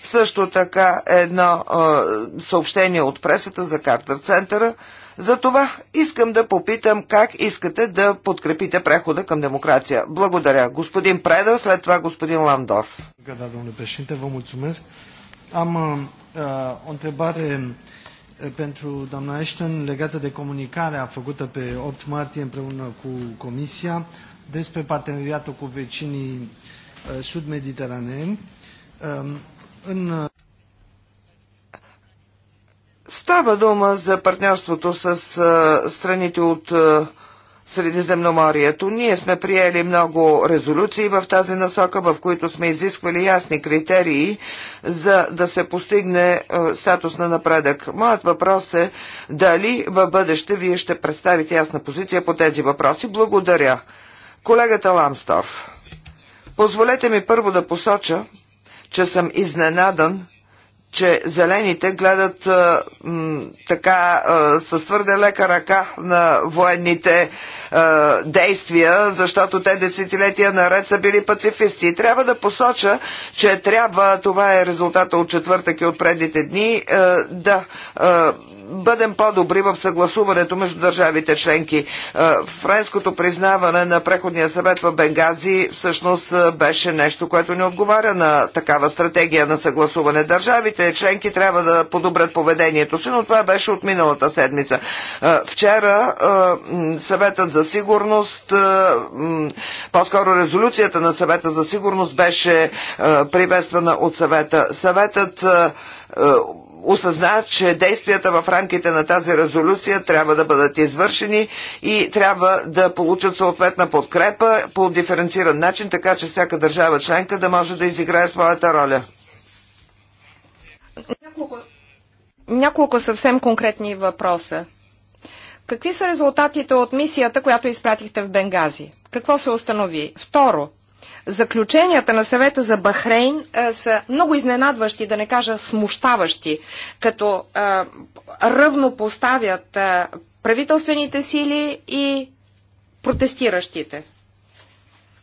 Също така едно е, съобщение от пресата за Картер Центъра – затова искам да попитам как искате да подкрепите прехода към демокрация. Благодаря. Господин Преда, след това господин Ландорф. Am uh, o întrebare pentru doamna Ashton legată de comunicarea făcută pe 8 martie împreună cu Comisia despre parteneriatul cu vecinii sud-mediteraneeni. În Става дума за партньорството с страните от Средиземноморието. Ние сме приели много резолюции в тази насока, в които сме изисквали ясни критерии, за да се постигне статус на напредък. Моят въпрос е дали в бъдеще вие ще представите ясна позиция по тези въпроси. Благодаря. Колегата Ламсторф, позволете ми първо да посоча, че съм изненадан че зелените гледат а, м, така а, с твърде лека ръка на военните а, действия, защото те десетилетия наред са били пацифисти. И трябва да посоча, че трябва, това е резултата от четвъртък и от предните дни, а, да а, бъдем по-добри в съгласуването между държавите членки. Е, френското признаване на Преходния съвет в Бенгази всъщност е, беше нещо, което не отговаря на такава стратегия на съгласуване. Държавите членки трябва да подобрят поведението си, но това беше от миналата седмица. Е, вчера съветът за сигурност, по-скоро резолюцията на съвета за сигурност беше приветствана от съвета. Съветът осъзнаят, че действията в рамките на тази резолюция трябва да бъдат извършени и трябва да получат съответна подкрепа по диференциран начин, така че всяка държава членка да може да изиграе своята роля. Няколко, няколко съвсем конкретни въпроса. Какви са резултатите от мисията, която изпратихте в Бенгази? Какво се установи? Второ, Заключенията на съвета за Бахрейн а, са много изненадващи, да не кажа смущаващи, като а, поставят а, правителствените сили и протестиращите.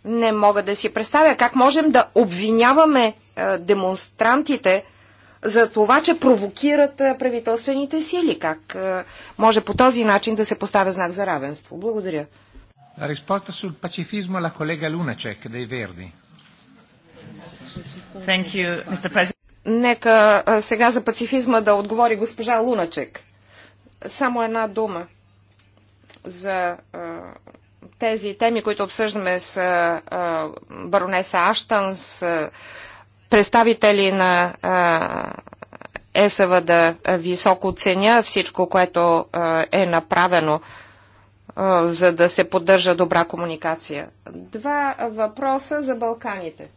Не мога да си представя как можем да обвиняваме а, демонстрантите за това, че провокират а, правителствените сили. Как а, може по този начин да се поставя знак за равенство? Благодаря. La risposta sul pacifismo alla collega Lunacek dei Verdi. Thank you, Mr. President. Нека сега за пацифизма да отговори госпожа Луначек. Само една дума за тези теми, които обсъждаме с баронеса Аштън, с представители на ЕСВ да високо ценя всичко, което е направено за да се поддържа добра комуникация. Два въпроса за Балканите.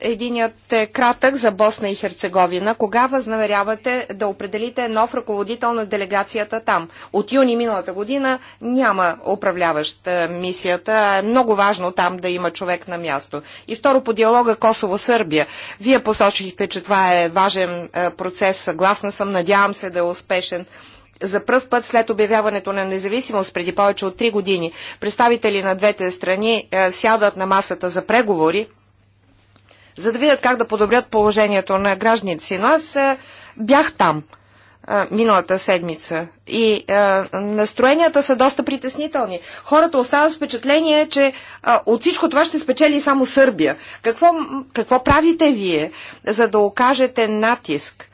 Единият е кратък за Босна и Херцеговина. Кога възнамерявате да определите нов ръководител на делегацията там? От юни миналата година няма управляващ е, мисията. Е много важно там да има човек на място. И второ по диалога Косово-Сърбия. Вие посочихте, че това е важен е, процес. Съгласна съм. Надявам се да е успешен за пръв път след обявяването на независимост преди повече от 3 години представители на двете страни е, сядат на масата за преговори, за да видят как да подобрят положението на гражданите Но аз е, бях там е, миналата седмица. И настроенията са доста притеснителни. Хората остават с впечатление, че от всичко това ще спечели само Сърбия. Какво, какво правите вие, за да окажете натиск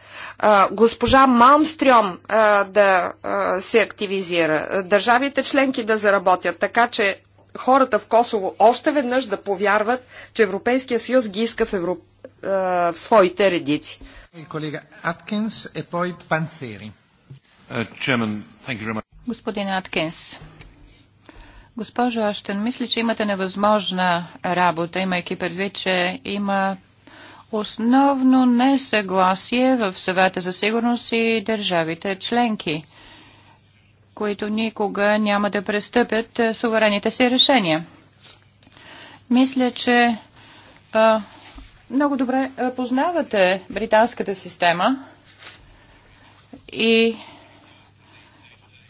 госпожа Малмстрём да се активизира, държавите членки да заработят, така че хората в Косово още веднъж да повярват, че Европейския съюз ги иска в, Европ... в своите редици. Колега Аткинс е пой Панцери. Uh, Господин Аткинс, госпожо Аштен, мисля, че имате невъзможна работа, имайки предвид, че има основно несъгласие в съвета за сигурност и държавите членки, които никога няма да престъпят е, суверените си решения. Мисля, че а, много добре познавате британската система и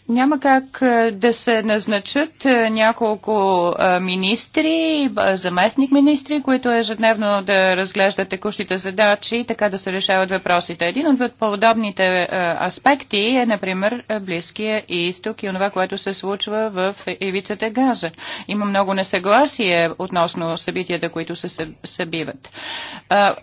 няма как е, да се назначат е, няколко е, министри, заместник министри, които ежедневно да разглеждат текущите задачи и така да се решават въпросите. Един от подобните аспекти е, например, Близкия изток и това, което се случва в ивицата Газа. Има много несъгласие относно събитията, които се събиват.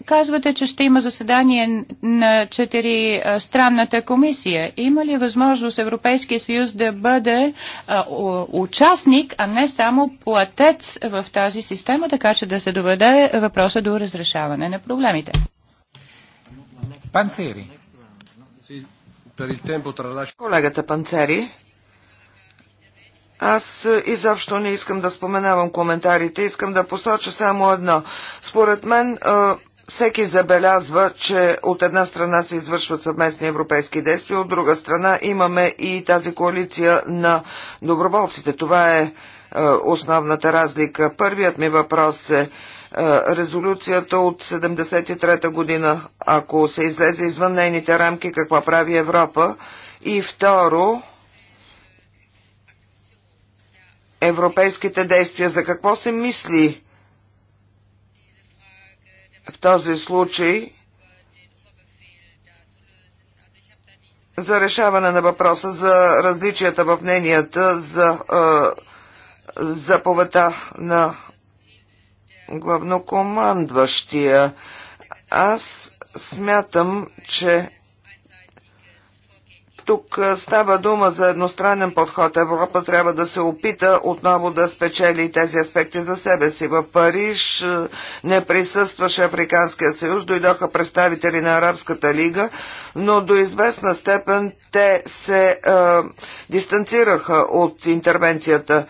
Казвате, че ще има заседание на четири странната комисия. Има ли възможност Европейския съюз съюз да бъде а, участник, а не само платец в тази система, така че да се доведе въпроса до разрешаване на проблемите. Панцери. Колегата Панцери. Аз изобщо не искам да споменавам коментарите, искам да посоча само едно. Според мен всеки забелязва, че от една страна се извършват съвместни европейски действия, от друга страна имаме и тази коалиция на доброволците. Това е, е основната разлика. Първият ми въпрос е, е резолюцията от 73-та година, ако се излезе извън нейните рамки, каква прави Европа? И второ, европейските действия, за какво се мисли в този случай за решаване на въпроса за различията в мненията за е, заповедта на главнокомандващия. Аз смятам, че тук става дума за едностранен подход. Европа трябва да се опита отново да спечели тези аспекти за себе си. В Париж не присъстваше Африканския съюз, дойдоха представители на Арабската лига, но до известна степен те се е, дистанцираха от интервенцията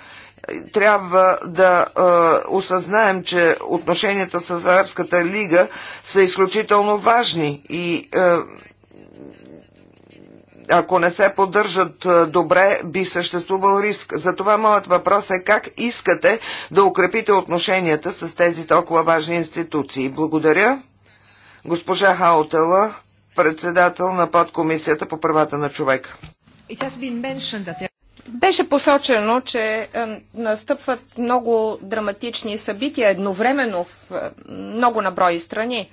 трябва да е, осъзнаем, че отношенията с Арабската лига са изключително важни и е, ако не се поддържат е, добре, би съществувал риск. Затова моят въпрос е как искате да укрепите отношенията с тези толкова важни институции. Благодаря. Госпожа Хаутела, председател на подкомисията по правата на човека. Беше посочено, че е, настъпват много драматични събития едновременно в е, много наброи страни.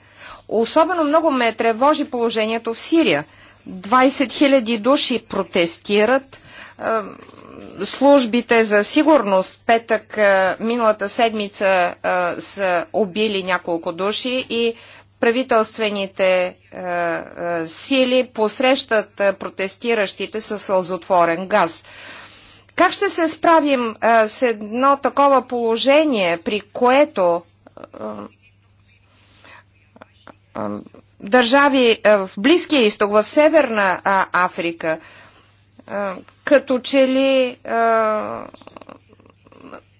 Особено много ме тревожи положението в Сирия – 20 000 души протестират. Е, службите за сигурност петък е, миналата седмица е, са убили няколко души и правителствените сили посрещат протестиращите с сълзотворен газ. Как ще се справим с едно такова положение, при което държави в Близкия изток, в Северна Африка, като че ли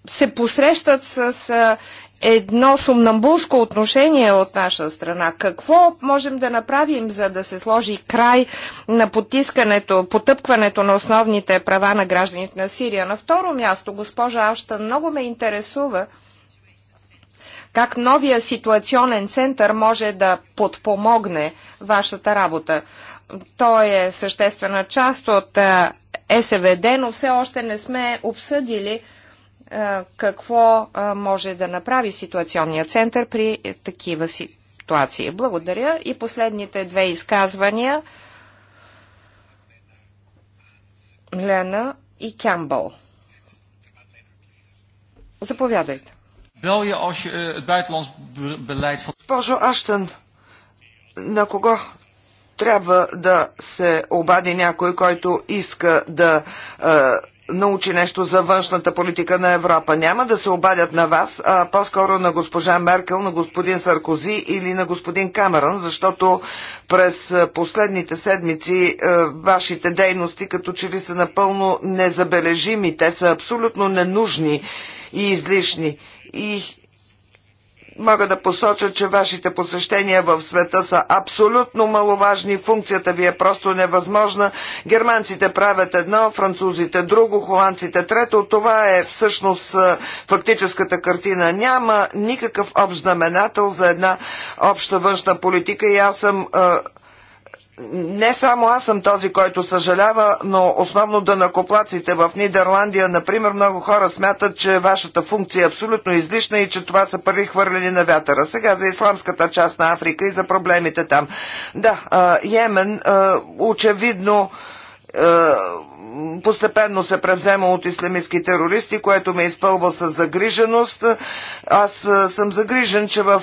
се посрещат с едно сумнамбулско отношение от наша страна. Какво можем да направим, за да се сложи край на потискането, потъпкването на основните права на гражданите на Сирия? На второ място, госпожа Алща, много ме интересува – как новия ситуационен център може да подпомогне вашата работа? Той е съществена част от СВД, но все още не сме обсъдили какво може да направи ситуационния център при е, такива ситуации. Благодаря. И последните две изказвания. Лена и Кямбъл. Заповядайте. Bel je als je eh, het buitenlands beleid van... Госпожо Аштън, на кого трябва да се обади някой, който иска да е, научи нещо за външната политика на Европа. Няма да се обадят на вас, а по-скоро на госпожа Меркел, на господин Саркози или на господин Камерън, защото през е, последните седмици е, вашите дейности като че ли са напълно незабележими. Те са абсолютно ненужни и излишни и мога да посоча, че вашите посещения в света са абсолютно маловажни, функцията ви е просто невъзможна. Германците правят едно, французите друго, холандците трето. Това е всъщност фактическата картина. Няма никакъв общ знаменател за една обща външна политика и аз съм не само аз съм този, който съжалява, но основно дънакоплаците в Нидерландия, например, много хора смятат, че вашата функция е абсолютно излишна и че това са пари хвърлени на вятъра. Сега за исламската част на Африка и за проблемите там. Да, Йемен очевидно е, постепенно се превзема от ислямистски терористи, което ме изпълва с загриженост. Аз е, съм загрижен, че в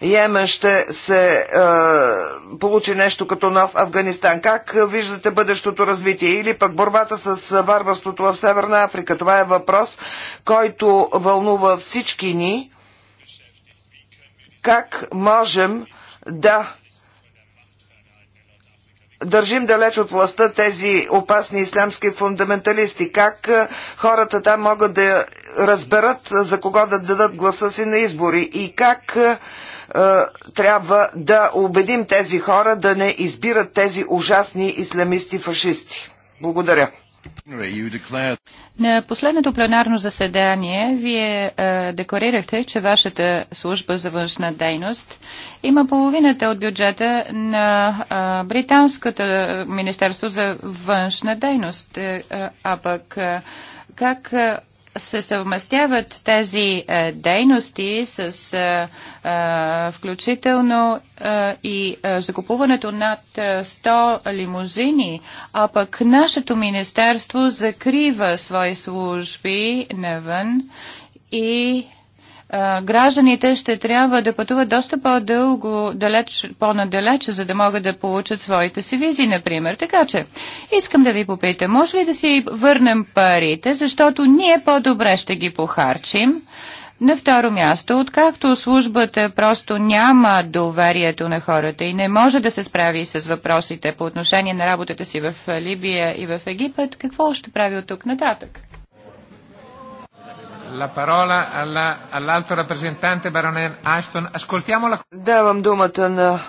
е, Йемен ще се получи нещо като нов Афганистан. Как виждате бъдещото развитие? Или пък борбата с варварството в Северна Африка? Това е въпрос, който вълнува всички ни. Как можем да държим далеч от властта тези опасни ислямски фундаменталисти? Как е, хората там могат да разберат за кого да дадат гласа си на избори? И как е, е, трябва да убедим тези хора да не избират тези ужасни ислямисти-фашисти? Благодаря. На последното пленарно заседание вие е, декларирахте, че вашата служба за външна дейност има половината от бюджета на е, Британското Министерство за външна дейност, е, а пък е, как е, се съвместяват тези е, дейности с е, е, включително е, и е, закупуването над 100 е, лимузини, а пък нашето министерство закрива свои служби навън и гражданите ще трябва да пътуват доста по-дълго, далеч, по-надалеч, за да могат да получат своите си визи, например. Така че, искам да ви попитам, може ли да си върнем парите, защото ние по-добре ще ги похарчим? На второ място, откакто службата просто няма доверието на хората и не може да се справи с въпросите по отношение на работата си в Либия и в Египет, какво ще прави от тук нататък? la parola alla, all'alto rappresentante Ashton. Ascoltiamola. Давам думата на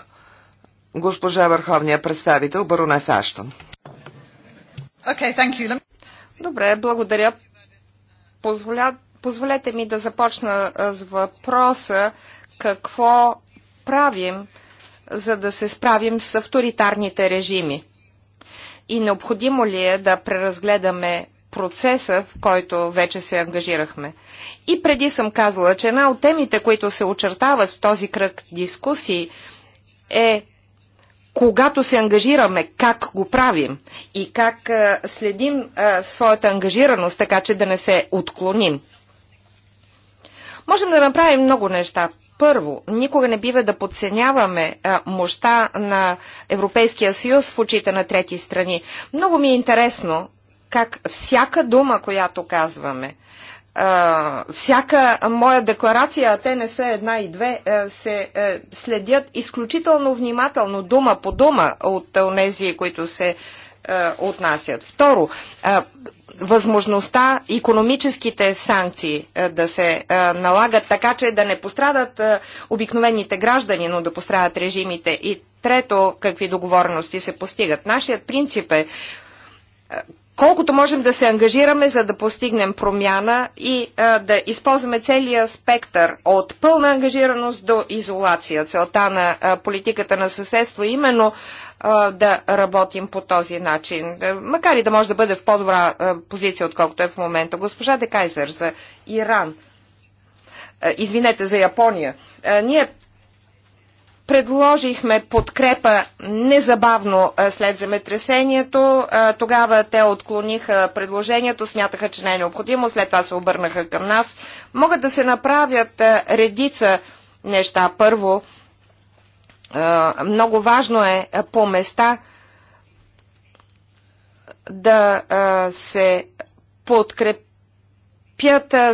госпожа Върховния представител Баронес Аштон. Okay, thank you. Добре, благодаря. Позволя, позволете ми да започна с въпроса какво правим, за да се справим с авторитарните режими и необходимо ли е да преразгледаме процеса, в който вече се ангажирахме. И преди съм казала, че една от темите, които се очертават в този кръг дискусии е когато се ангажираме, как го правим и как а, следим а, своята ангажираност, така че да не се отклоним. Можем да направим много неща. Първо, никога не бива да подценяваме а, мощта на Европейския съюз в очите на трети страни. Много ми е интересно как всяка дума, която казваме, всяка моя декларация, а те не са една и две, се следят изключително внимателно, дума по дума от тези, които се отнасят. Второ, възможността економическите санкции да се налагат така, че да не пострадат обикновените граждани, но да пострадат режимите. И трето, какви договорености се постигат. Нашият принцип е колкото можем да се ангажираме, за да постигнем промяна и а, да използваме целия спектър от пълна ангажираност до изолация. Целта на а, политиката на съседство е именно а, да работим по този начин, макар и да може да бъде в по-добра позиция, отколкото е в момента. Госпожа Декайзер за Иран, извинете, за Япония. Ние Предложихме подкрепа незабавно след земетресението. Тогава те отклониха предложението, смятаха, че не е необходимо, след това се обърнаха към нас. Могат да се направят редица неща. Първо, много важно е по места да се подкрепят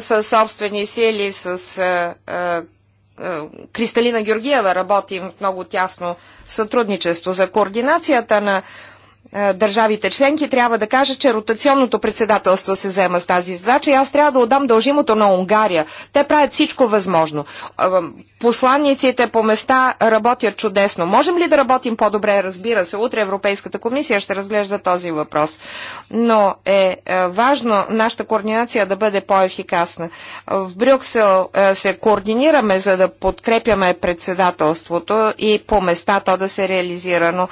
със собствени сили, с Кристалина Георгиева работим в много тясно сътрудничество за координацията на е, държавите членки, трябва да кажа, че ротационното председателство се взема с тази задача и аз трябва да отдам дължимото на Унгария. Те правят всичко възможно. Е, Посланниците по места работят чудесно. Можем ли да работим по-добре? Разбира се, утре Европейската комисия ще разглежда този въпрос. Но е, е важно нашата координация да бъде по-ефикасна. В Брюксел се координираме, за да подкрепяме председателството и по места то да се реализира, но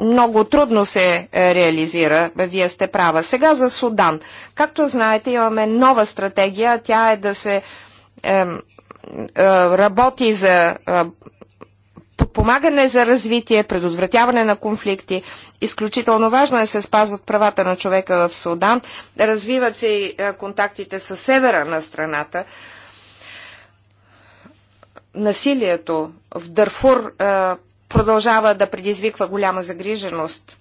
много трудно се е, реализира. Вие сте права. Сега за Судан. Както знаете, имаме нова стратегия. Тя е да се е, е, работи за е, подпомагане за развитие, предотвратяване на конфликти. Изключително важно е да се спазват правата на човека в Судан. Развиват се и е, контактите с севера на страната. Насилието в Дърфур е, продължава да предизвиква голяма загриженост.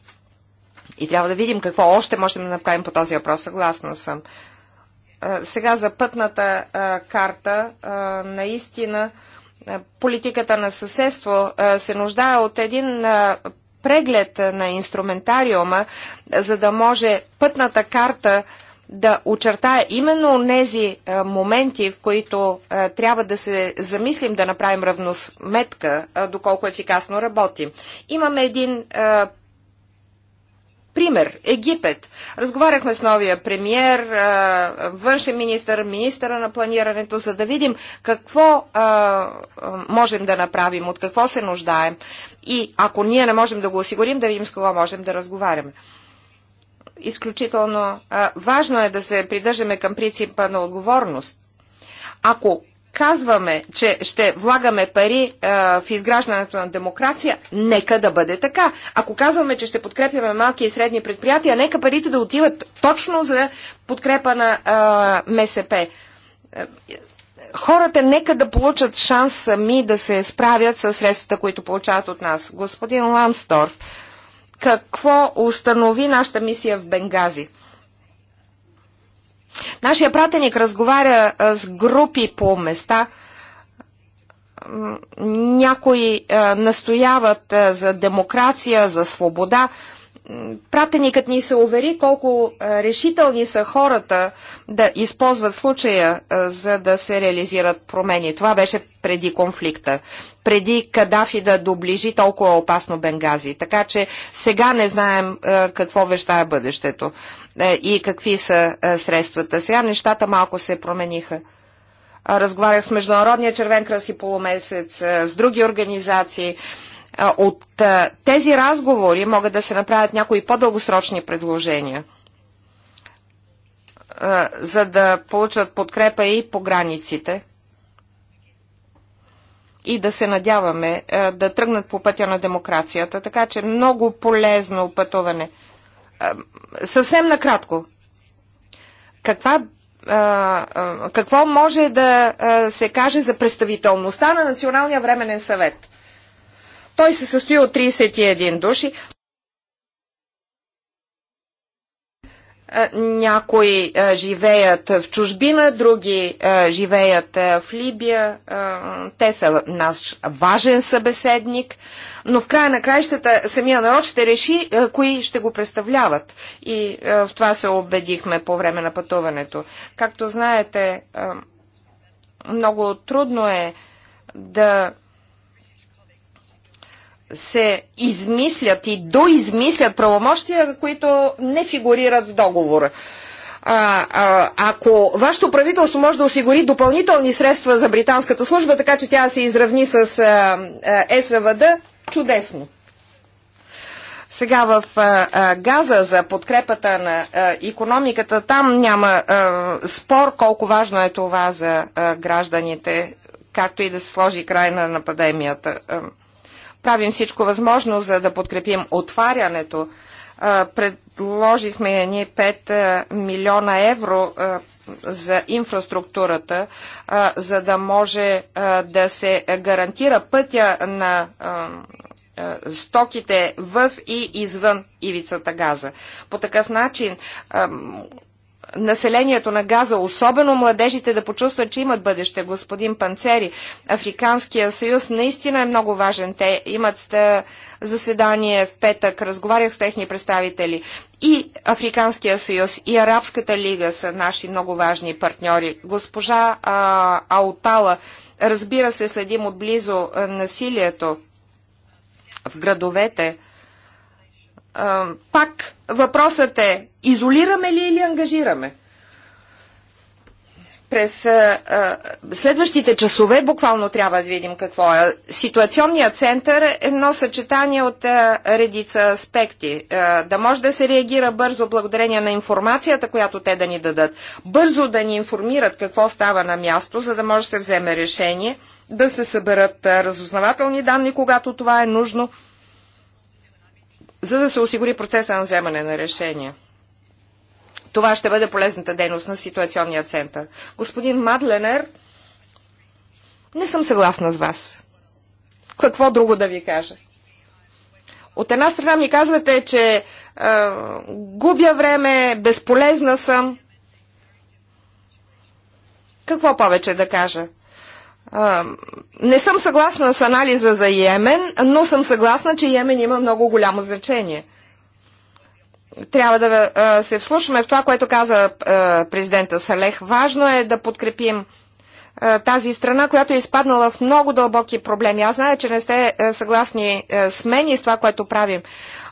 И трябва да видим какво още можем да направим по този въпрос. Съгласна съм. Сега за пътната карта, наистина политиката на съседство се нуждае от един преглед на инструментариума, за да може пътната карта да очертая именно тези е, моменти, в които е, трябва да се замислим да направим равносметка, е, доколко ефикасно работим. Имаме един пример. Египет. Разговаряхме с новия премьер, външен министр, министъра на планирането, за да видим какво можем да направим, от какво се нуждаем. И ако ние не можем да го осигурим, да видим с кого можем да разговаряме изключително а, важно е да се придържаме към принципа на отговорност. Ако казваме, че ще влагаме пари а, в изграждането на демокрация, нека да бъде така. Ако казваме, че ще подкрепяме малки и средни предприятия, нека парите да отиват точно за подкрепа на а, МСП. Хората нека да получат шанс сами да се справят с средствата, които получават от нас. Господин Ламсторф, какво установи нашата мисия в Бенгази. Нашия пратеник разговаря с групи по места. Някои настояват за демокрация, за свобода, пратеникът ни се увери колко решителни са хората да използват случая, за да се реализират промени. Това беше преди конфликта, преди Кадафи да доближи толкова е опасно Бенгази. Така че сега не знаем какво вещае бъдещето и какви са средствата. Сега нещата малко се промениха. Разговарях с Международния червен кръст и полумесец, с други организации. От тези разговори могат да се направят някои по-дългосрочни предложения, за да получат подкрепа и по границите и да се надяваме да тръгнат по пътя на демокрацията. Така че много полезно пътуване. Съвсем накратко. Каква какво може да се каже за представителността на Националния временен съвет? Той се състои от 31 души. Е, някои е, живеят в чужбина, други е, живеят в Либия. Те са наш важен събеседник, но в края на краищата самия народ ще реши кои ще го представляват. И в това се убедихме по време на пътуването. Както знаете, много трудно е да се измислят и доизмислят правомощия, които не фигурират в договора. А, а, ако вашето правителство може да осигури допълнителни средства за британската служба, така че тя се изравни с а, а, СВД, чудесно. Сега в а, а, Газа за подкрепата на а, економиката, там няма а, спор колко важно е това за а, гражданите, както и да се сложи край на, на пандемията правим всичко възможно, за да подкрепим отварянето. Предложихме ни 5 милиона евро за инфраструктурата, за да може да се гарантира пътя на стоките в и извън ивицата газа. По такъв начин населението на Газа, особено младежите, да почувстват, че имат бъдеще. Господин Панцери, Африканския съюз наистина е много важен. Те имат заседание в петък, разговарях с техни представители. И Африканския съюз, и Арабската лига са наши много важни партньори. Госпожа а, Аутала, разбира се, следим отблизо насилието в градовете а, пак въпросът е, изолираме ли или ангажираме? През а, а, следващите часове буквално трябва да видим какво е. Ситуационният център е едно съчетание от а, редица аспекти. А, да може да се реагира бързо благодарение на информацията, която те да ни дадат. Бързо да ни информират какво става на място, за да може да се вземе решение, да се съберат а, разузнавателни данни, когато това е нужно – за да се осигури процеса на вземане на решения. Това ще бъде полезната дейност на ситуационния център. Господин Мадленер, не съм съгласна с вас. Какво друго да ви кажа? От една страна ми казвате, че е, губя време, безполезна съм. Какво повече да кажа? не съм съгласна с анализа за Йемен, но съм съгласна, че Йемен има много голямо значение. Трябва да се вслушаме в това, което каза президента Салех. Важно е да подкрепим тази страна, която е изпаднала в много дълбоки проблеми. Аз знае, че не сте съгласни с мен и с това, което правим,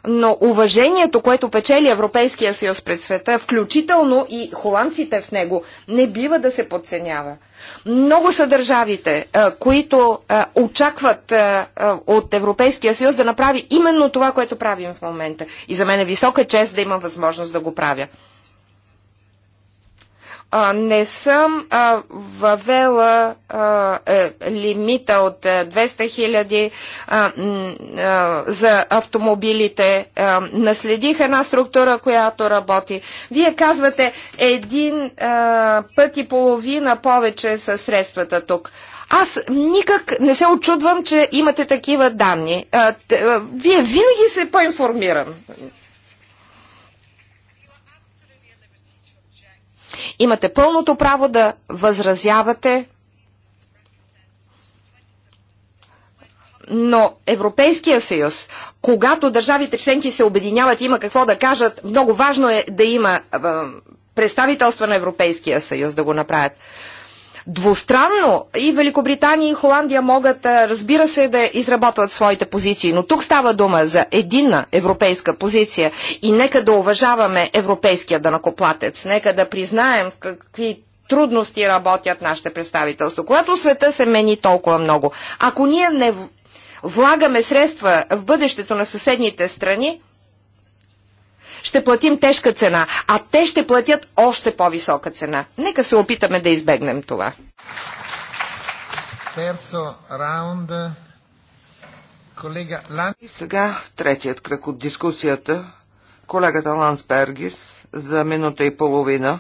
но уважението, което печели Европейския съюз пред света, включително и холандците в него, не бива да се подценява. Много са държавите, е, които е, очакват е, от Европейския съюз да направи именно това, което правим в момента. И за мен е висока чест да имам възможност да го правя а, не съм а, въвела а, е, лимита от 200 е, хиляди за автомобилите. А, наследих една структура, която работи. Вие казвате един а, път и половина повече с средствата тук. Аз никак не се очудвам, че имате такива данни. А, т, а, вие винаги се поинформирам. Имате пълното право да възразявате, но Европейския съюз, когато държавите членки се обединяват има какво да кажат, много важно е да има представителства на Европейския съюз да го направят. Двустранно и Великобритания и Холандия могат, разбира се, да изработват своите позиции, но тук става дума за единна европейска позиция и нека да уважаваме европейския данакоплатец, нека да признаем какви трудности работят нашите представителства. Когато света се мени толкова много, ако ние не влагаме средства в бъдещето на съседните страни, ще платим тежка цена, а те ще платят още по-висока цена. Нека се опитаме да избегнем това. Терцо Колега Лан... И сега третият кръг от дискусията. Колегата Лансбергис за минута и половина.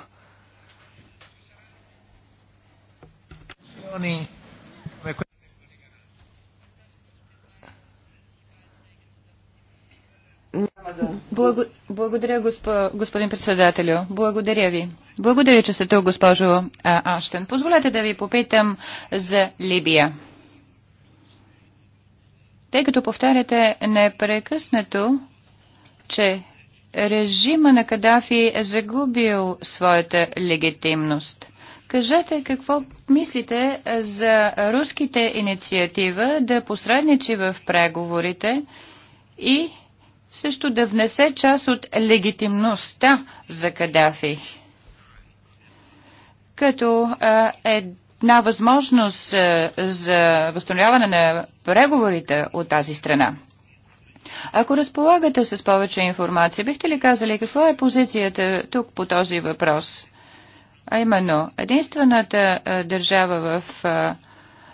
Благодаря, госп... господин председателю. Благодаря ви. Благодаря, че сте тук, госпожо Аштен. Позволете да ви попитам за Либия. Тъй като повтаряте непрекъснато, че режима на Кадафи е загубил своята легитимност. Кажете какво мислите за руските инициатива да посредничи в преговорите и също да внесе част от легитимността за Кадафи, като е една възможност за възстановяване на преговорите от тази страна. Ако разполагате с повече информация, бихте ли казали каква е позицията тук по този въпрос? А именно, единствената държава в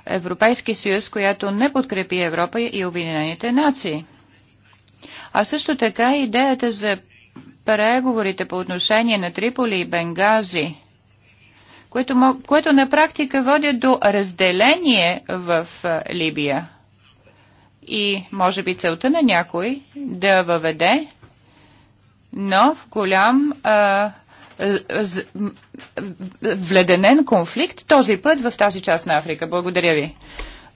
Европейски съюз, която не подкрепи Европа и Обединените нации – а също така идеята за преговорите по отношение на Триполи и Бенгази, което, което на практика водят до разделение в Либия. И може би целта на някой да въведе нов голям а, вледенен конфликт, този път в тази част на Африка. Благодаря ви.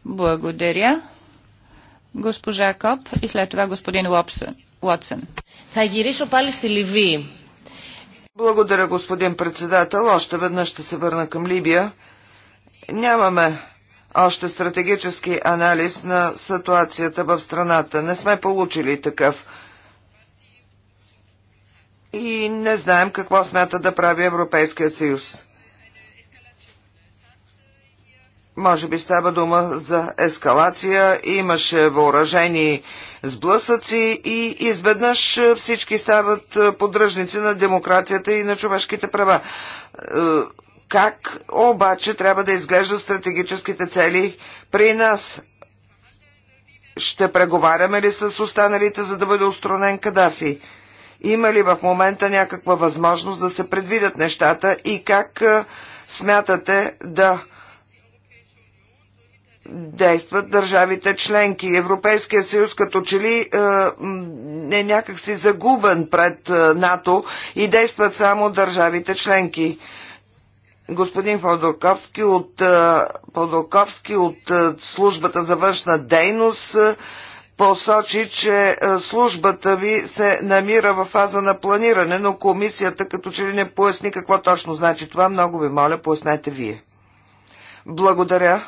Благодаря госпожа Коп и след това господин Лотсън. Θα γυρίσω πάλι στη Λιβύη. Благодаря, господин председател. Още веднъж ще се върна към Либия. Нямаме още стратегически анализ на ситуацията в страната. Не сме получили такъв. И не знаем какво смята да прави Европейския съюз. Може би става дума за ескалация. Имаше въоръжени сблъсъци и изведнъж всички стават поддръжници на демокрацията и на човешките права. Е, как обаче трябва да изглеждат стратегическите цели при нас? Ще преговаряме ли с останалите, за да бъде устранен Кадафи? Има ли в момента някаква възможност да се предвидят нещата и как е, смятате да действат държавите членки. Европейския съюз като че ли е, е някакси загубен пред е, НАТО и действат само държавите членки. Господин Подолковски от, Подолковски е, от службата за външна дейност посочи, че службата ви се намира в фаза на планиране, но комисията като че ли не поясни какво точно значи това. Много ви моля, пояснете вие. Благодаря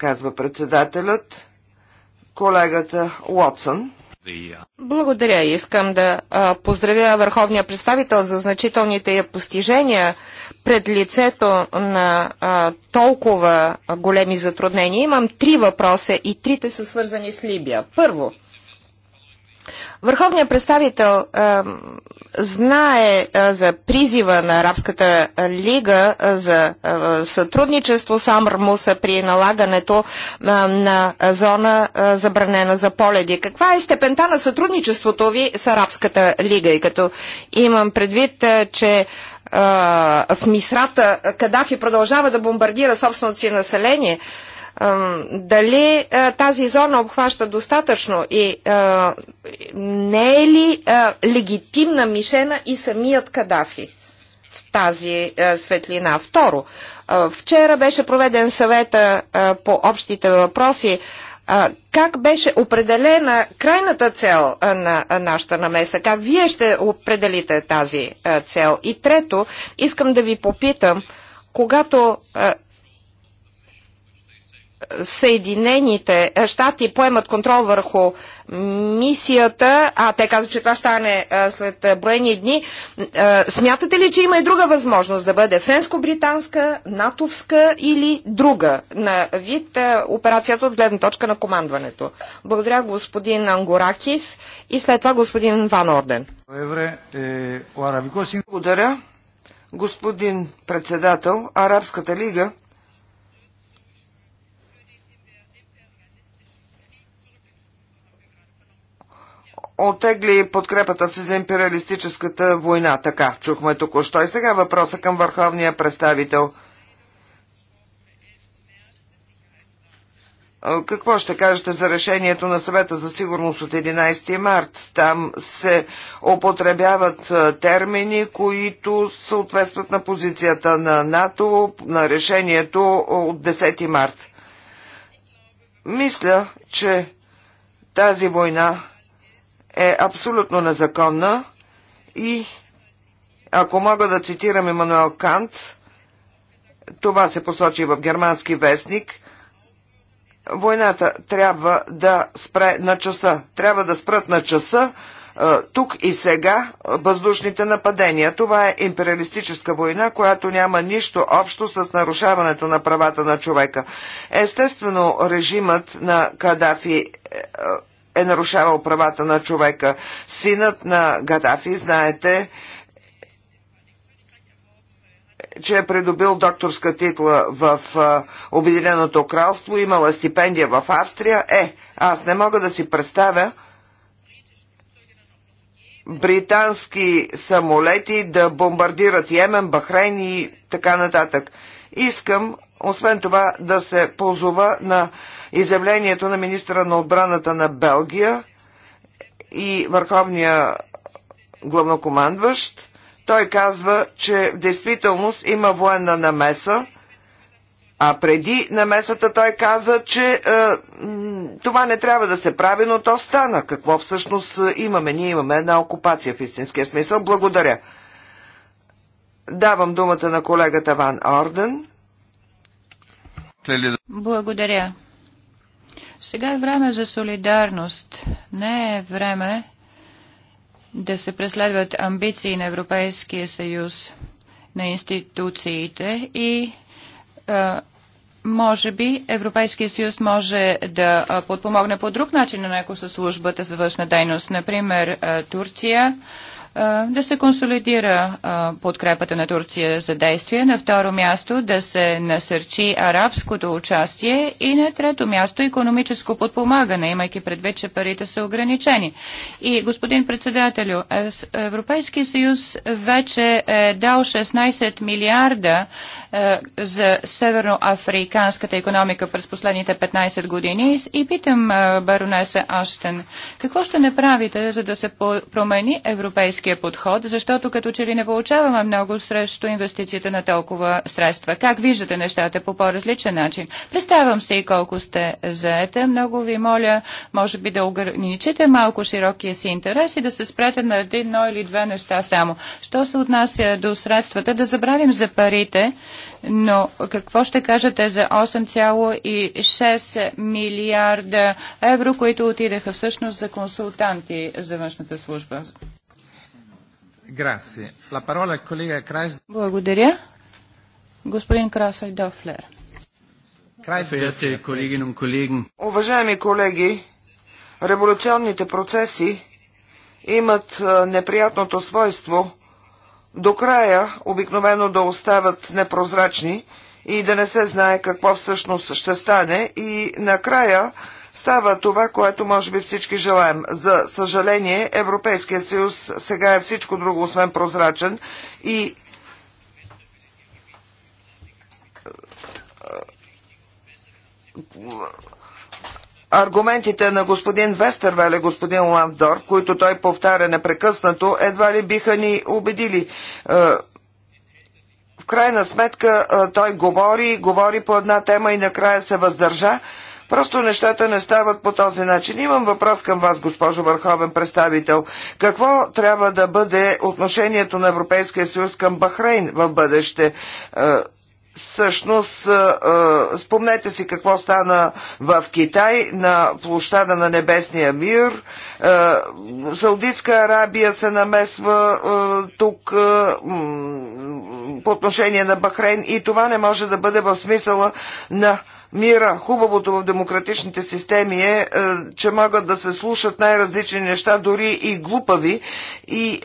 казва председателят, колегата Уотсън. Благодаря. Искам да а, поздравя върховния представител за значителните я постижения пред лицето на а, толкова големи затруднения. Имам три въпроса и трите са свързани с Либия. Първо, Върховният представител а, знае а, за призива на Арабската лига а, за а, сътрудничество с Амр Муса при налагането а, на зона а, забранена за поледи. Каква е степента на сътрудничеството ви с Арабската лига? И като имам предвид, а, че а, в Мисрата Кадафи продължава да бомбардира собственото си население, а, дали е, тази зона обхваща достатъчно и е, не е ли е, легитимна мишена и самият Кадафи в тази светлина? Второ, вчера беше проведен съвета по общите въпроси как беше определена крайната цел на нашата намеса, как вие ще определите тази цел. И трето, искам да ви попитам, когато Съединените щати поемат контрол върху мисията, а те казват, че това стане след броени дни, смятате ли, че има и друга възможност да бъде френско-британска, натовска или друга на вид операцията от гледна точка на командването? Благодаря господин Ангоракис и след това господин Ван Орден. Благодаря. Господин председател, Арабската лига отегли подкрепата си за империалистическата война. Така, чухме току-що. И сега въпроса към върховния представител. Какво ще кажете за решението на съвета за сигурност от 11 март? Там се употребяват термини, които съответстват на позицията на НАТО, на решението от 10 март. Мисля, че тази война е абсолютно незаконна и, ако мога да цитирам Емануел Кант, това се посочи в германски вестник, войната трябва да спре на часа. Трябва да спрат на часа е, тук и сега въздушните нападения. Това е империалистическа война, която няма нищо общо с нарушаването на правата на човека. Естествено, режимът на Кадафи е, е, е нарушавал правата на човека. Синът на Гадафи, знаете, че е придобил докторска титла в Обединеното кралство, имала стипендия в Австрия. Е, аз не мога да си представя британски самолети да бомбардират Йемен, Бахрейн и така нататък. Искам, освен това, да се позова на изявлението на министра на отбраната на Белгия и върховния главнокомандващ. Той казва, че в действителност има военна намеса, а преди намесата той каза, че е, това не трябва да се прави, но то стана. Какво всъщност е, имаме? Ние имаме една окупация в истинския смисъл. Благодаря. Давам думата на колегата Ван Орден. Благодаря. Сега е време за солидарност. Не е време да се преследват амбиции на Европейския съюз, на институциите и а, може би Европейския съюз може да подпомогне по друг начин, на някой със службата за външна дейност. Например, Турция да се консолидира подкрепата на Турция за действие, на второ място да се насърчи арабското участие и на трето място економическо подпомагане, имайки предвид, че парите са ограничени. И господин председателю, Европейски съюз вече е дал 16 милиарда е, за северноафриканската економика през последните 15 години и питам е, баронеса Аштен, какво ще направите, за да се промени европейски европейския подход, защото като че ли не получаваме много срещу инвестицията на толкова средства. Как виждате нещата по по-различен начин? Представям се и колко сте заета. Много ви моля, може би да ограничите малко широкия си интерес и да се спрете на едно или две неща само. Що се отнася до средствата, да забравим за парите, но какво ще кажете за 8,6 милиарда евро, които отидаха всъщност за консултанти за външната служба? Благодаря. Господин Красой Дофлер. Уважаеми колеги, революционните процеси имат е, неприятното свойство до края обикновено да остават непрозрачни и да не се знае какво всъщност ще стане и накрая става това, което може би всички желаем. За съжаление, Европейския съюз сега е всичко друго, освен прозрачен и Аргументите на господин Вестервеле, господин Ландор, които той повтаря непрекъснато, едва ли биха ни убедили. В крайна сметка той говори, говори по една тема и накрая се въздържа. Просто нещата не стават по този начин. Имам въпрос към вас, госпожо Върховен представител. Какво трябва да бъде отношението на Европейския съюз към Бахрейн в бъдеще? Е, всъщност, е, е, спомнете си какво стана в Китай на площада на Небесния мир – е, Саудитска Арабия се намесва е, тук е, по отношение на Бахрейн и това не може да бъде в смисъла на мира. Хубавото в демократичните системи е, че могат да се слушат най-различни неща, дори и глупави и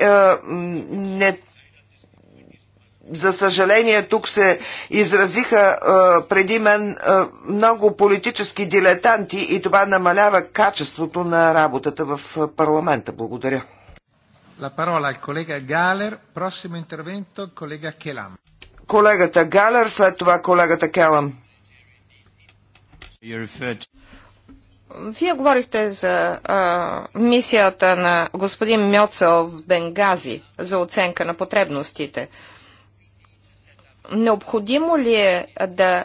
не за съжаление, тук се изразиха а, е, преди мен а, е, много политически дилетанти и това намалява качеството на работата в е, парламента. Благодаря. La parola al collega Galer, prossimo intervento collega Kelam. Колегата Галер, след това колегата Келам. Вие говорихте за а, мисията на господин Мьоцел в Бенгази за оценка на потребностите. Необходимо ли е да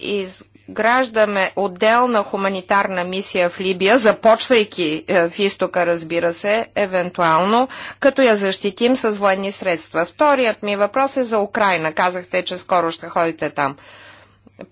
изграждаме отделна хуманитарна мисия в Либия, започвайки е, в изтока, разбира се, евентуално, като я защитим с военни средства? Вторият ми въпрос е за Украина. Казахте, че скоро ще ходите там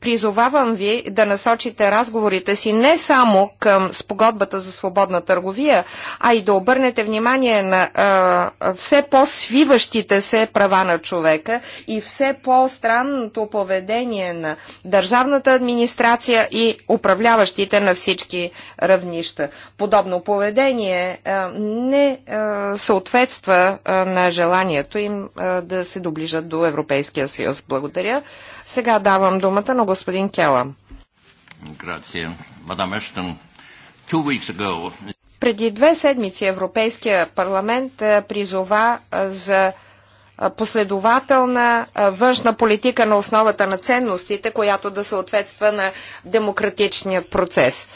призовавам ви да насочите разговорите си не само към спогодбата за свободна търговия, а и да обърнете внимание на а, все по-свиващите се права на човека и все по-странното поведение на държавната администрация и управляващите на всички равнища. Подобно поведение а, не а, съответства а, на желанието им а, да се доближат до Европейския съюз. Благодаря. Сега давам думата на господин Келам. Грация. Мадам Ештън, преди две седмици Европейския парламент призова за последователна външна политика на основата на ценностите, която да съответства на демократичния процес.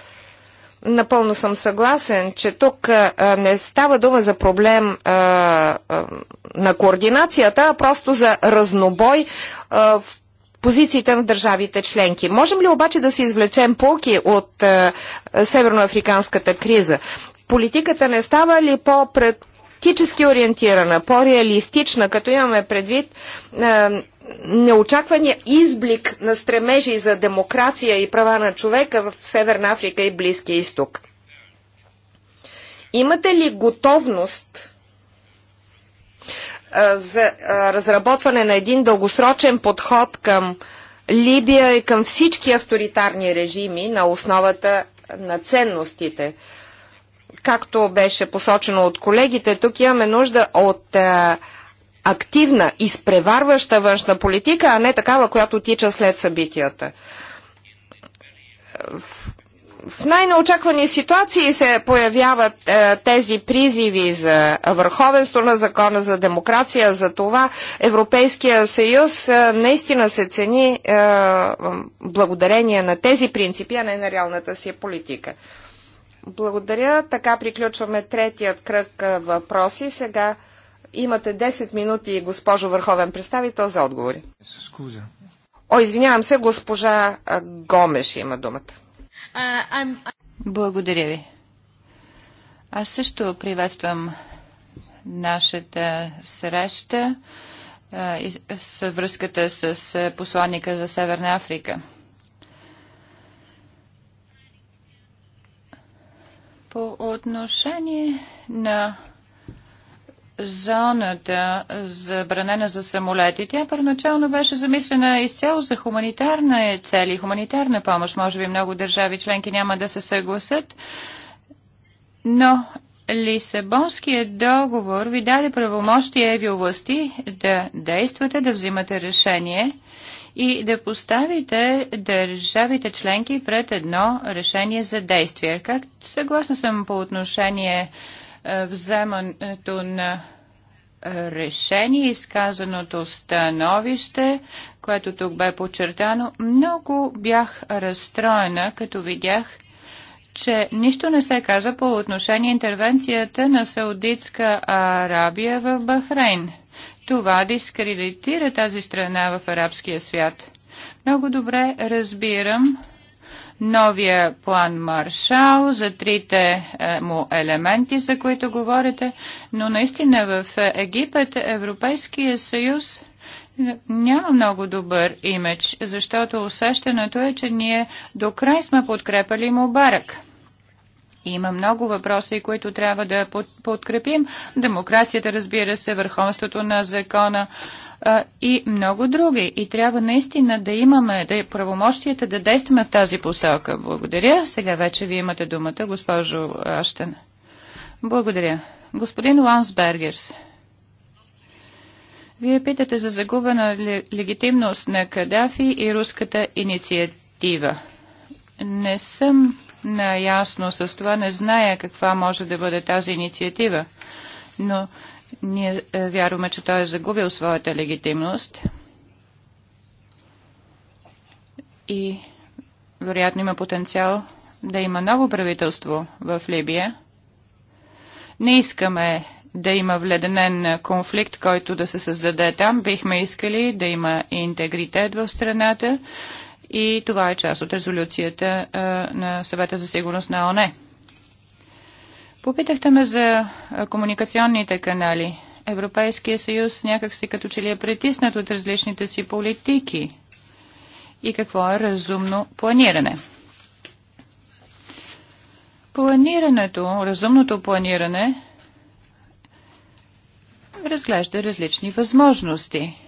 Напълно съм съгласен, че тук не става дума за проблем на координацията, а просто за разнобой в позициите на държавите членки. Можем ли обаче да си извлечем полки от е, северноафриканската криза? Политиката не става ли по-практически ориентирана, по-реалистична, като имаме предвид е, неочаквания изблик на стремежи за демокрация и права на човека в Северна Африка и Близкия изток? Имате ли готовност за разработване на един дългосрочен подход към Либия и към всички авторитарни режими на основата на ценностите. Както беше посочено от колегите, тук имаме нужда от активна, изпреварваща външна политика, а не такава, която тича след събитията в най-неочаквани ситуации се появяват е, тези призиви за върховенство на закона, за демокрация, за това Европейския съюз е, наистина се цени е, благодарение на тези принципи, а не на реалната си политика. Благодаря. Така приключваме третият кръг е, въпроси. Сега имате 10 минути, госпожо Върховен представител, за отговори. О, извинявам се, госпожа е, Гомеш има думата. Uh, Благодаря ви. Аз също приветствам нашата среща uh, с връзката с uh, посланника за Северна Африка. По отношение на зоната забранена за самолети. Тя първоначално беше замислена изцяло за хуманитарна цели, хуманитарна помощ. Може би много държави членки няма да се съгласят, но Лисабонският договор ви даде правомощие ви власти да действате, да взимате решение и да поставите държавите членки пред едно решение за действие. Как съгласна съм по отношение вземането на решение, изказаното становище, което тук бе подчертано, много бях разстроена, като видях, че нищо не се казва по отношение интервенцията на Саудитска Арабия в Бахрейн. Това дискредитира тази страна в арабския свят. Много добре разбирам новия план Маршал, за трите е, му елементи, за които говорите, но наистина в е, Египет Европейския съюз е, няма много добър имидж, защото усещането е, че ние до край сме подкрепали му барък. Има много въпроси, които трябва да подкрепим. Демокрацията, разбира се, върховенството на закона, а, и много други. И трябва наистина да имаме да правомощията да действаме в тази посока. Благодаря. Сега вече ви имате думата, госпожо Аштен. Благодаря. Господин Лансбергерс. Вие питате за загубена легитимност на Кадафи и руската инициатива. Не съм наясно с това, не зная каква може да бъде тази инициатива, но ние е, вярваме, че той е загубил своята легитимност и вероятно има потенциал да има ново правителство в Либия. Не искаме да има вледенен конфликт, който да се създаде там. Бихме искали да има интегритет в страната и това е част от резолюцията е, на съвета за сигурност на ОНЕ. Попитахте ме за комуникационните канали. Европейския съюз някак си като че ли е притиснат от различните си политики и какво е разумно планиране. Планирането, разумното планиране разглежда различни възможности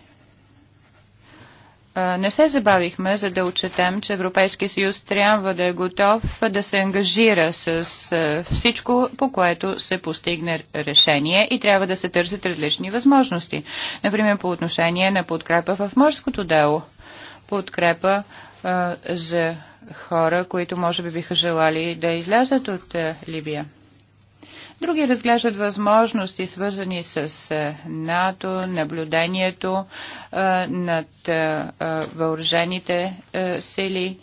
не се забавихме, за да отчетем, че Европейския съюз трябва да е готов да се ангажира с всичко, по което се постигне решение и трябва да се търсят различни възможности. Например, по отношение на подкрепа в морското дело, подкрепа за хора, които може би биха желали да излязат от Либия. Други разглеждат възможности, свързани с НАТО, наблюдението над въоръжените сили.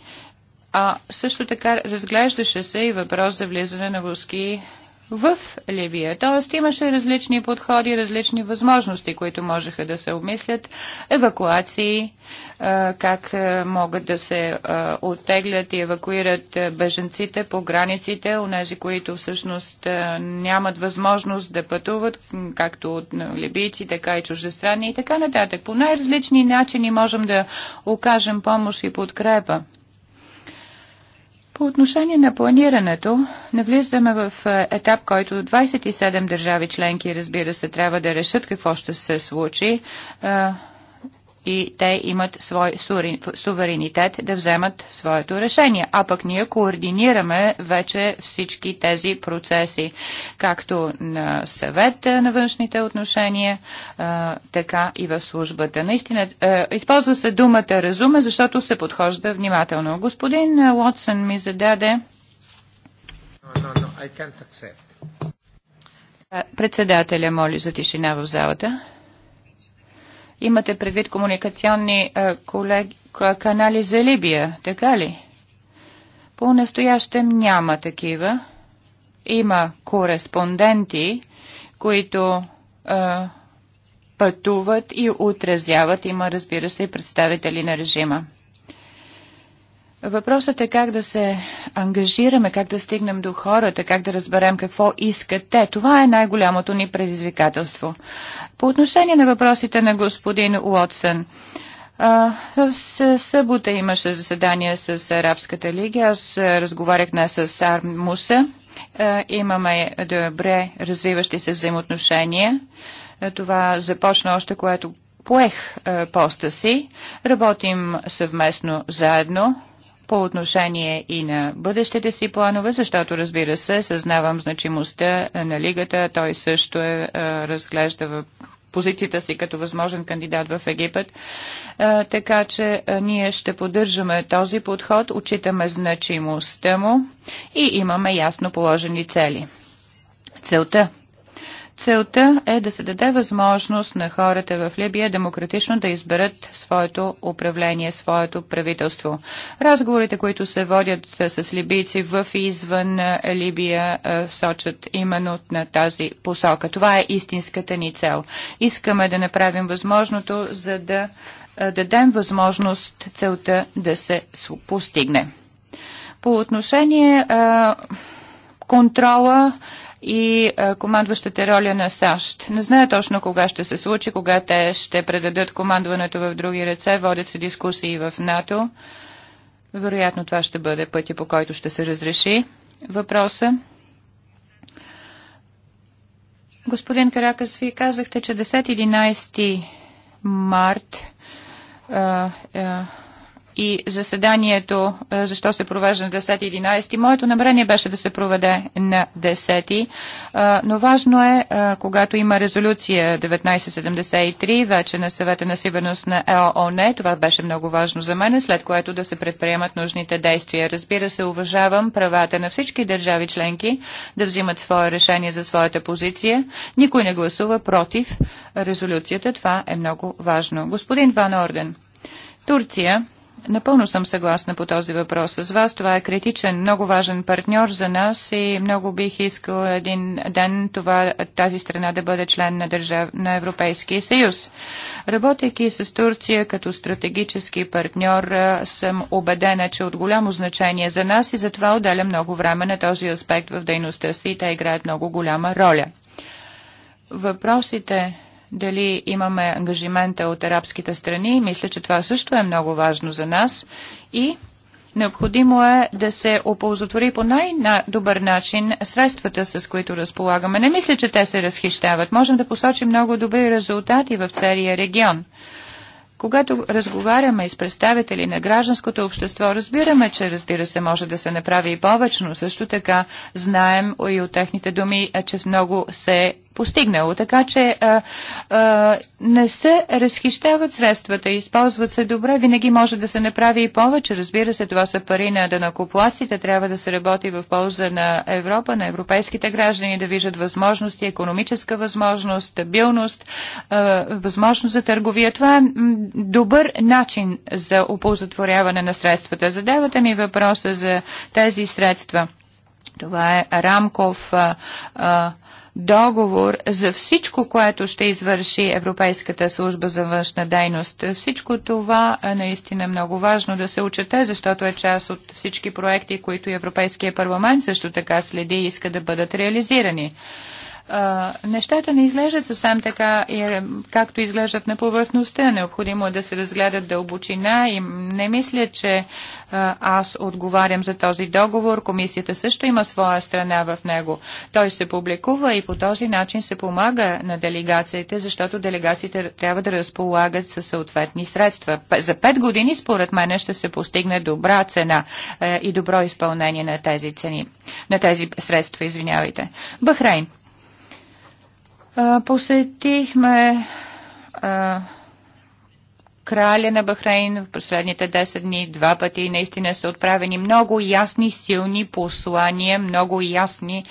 А също така разглеждаше се и въпрос за влизане на войски в Ливия. Тоест имаше различни подходи, различни възможности, които можеха да се обмислят. Евакуации, е, как е, могат да се е, оттеглят и евакуират беженците по границите, онези, които всъщност нямат възможност да пътуват, както от либийци, така и чуждестранни и така нататък. По най-различни начини можем да окажем помощ и подкрепа. По отношение на планирането, навлизаме в е, етап, който 27 държави членки, разбира се, трябва да решат какво ще се случи. Е, и те имат свой суверенитет да вземат своето решение. А пък ние координираме вече всички тези процеси, както на съвет на външните отношения, така и в службата. Наистина, използва се думата разума, защото се подхожда внимателно. Господин Уотсън ми зададе. No, no, no, Председателя моли за тишина в залата. Имате предвид комуникационни е, колег... канали за Либия, така ли? По-настоящем няма такива. Има кореспонденти, които а, е, пътуват и отразяват. Има, разбира се, и представители на режима. Въпросът е как да се ангажираме, как да стигнем до хората, как да разберем какво искат те. Това е най-голямото ни предизвикателство. По отношение на въпросите на господин Уотсън, в събота имаше заседание с Арабската лига. Аз разговарях не с Сар Муса. Имаме добре развиващи се взаимоотношения. Това започна още, което поех поста си. Работим съвместно заедно по отношение и на бъдещите си планове, защото разбира се, съзнавам значимостта на лигата. Той също е, е разглежда в позицията си като възможен кандидат в Египет. Е, така че е, ние ще поддържаме този подход, отчитаме значимостта му и имаме ясно положени цели. Целта Целта е да се даде възможност на хората в Либия демократично да изберат своето управление, своето правителство. Разговорите, които се водят с либийци в и извън Либия, сочат именно на тази посока. Това е истинската ни цел. Искаме да направим възможното, за да дадем възможност целта да се постигне. По отношение контрола, и командващата роля на САЩ. Не знае точно кога ще се случи, кога те ще предадат командването в други ръце, водят се дискусии в НАТО. Вероятно това ще бъде пътя, по който ще се разреши въпроса. Господин Каракас, вие казахте, че 10-11 март а, а, е, и заседанието, е, защо се провежда на 10-11. Моето намерение беше да се проведе на 10, е, но важно е, е, когато има резолюция 1973, вече на съвета на сигурност на ЕОН, това беше много важно за мен, след което да се предприемат нужните действия. Разбира се, уважавам правата на всички държави членки да взимат свое решение за своята позиция. Никой не гласува против резолюцията. Това е много важно. Господин Ван Орден, Турция Напълно съм съгласна по този въпрос с вас. Това е критичен, много важен партньор за нас и много бих искал един ден това, тази страна да бъде член на, държав... на Европейския съюз. Работейки с Турция като стратегически партньор, съм убедена, че от голямо значение за нас и затова отделя много време на този аспект в дейността си и те играят много голяма роля. Въпросите дали имаме ангажимента от арабските страни. Мисля, че това също е много важно за нас. И необходимо е да се оползотвори по най-добър начин средствата, с които разполагаме. Не мисля, че те се разхищават. Можем да посочим много добри резултати в целия регион. Когато разговаряме с представители на гражданското общество, разбираме, че разбира се може да се направи и повече, но също така знаем и от техните думи, че много се постигнало. Така че а, а, не се разхищават средствата, използват се добре, винаги може да се направи и повече. Разбира се, това са пари на данакоплаците, трябва да се работи в полза на Европа, на европейските граждани, да виждат възможности, економическа възможност, стабилност, а, възможност за търговия. Това е добър начин за оползотворяване на средствата. Задавате ми въпроса за тези средства. Това е рамков а, а, договор за всичко, което ще извърши Европейската служба за външна дейност. Всичко това е наистина много важно да се учете, защото е част от всички проекти, които Европейския парламент също така следи и иска да бъдат реализирани нещата не изглеждат съвсем така, и, е, както изглеждат на повърхността. Необходимо е да се разгледат дълбочина и не мисля, че а, аз отговарям за този договор. Комисията също има своя страна в него. Той се публикува и по този начин се помага на делегациите, защото делегациите трябва да разполагат със съответни средства. За пет години, според мен, ще се постигне добра цена а, е, и добро изпълнение на тези цени, на тези средства, извинявайте. Бахрейн. Посетихме краля на Бахрейн в последните 10 дни два пъти и наистина са отправени много ясни, силни послания, много ясни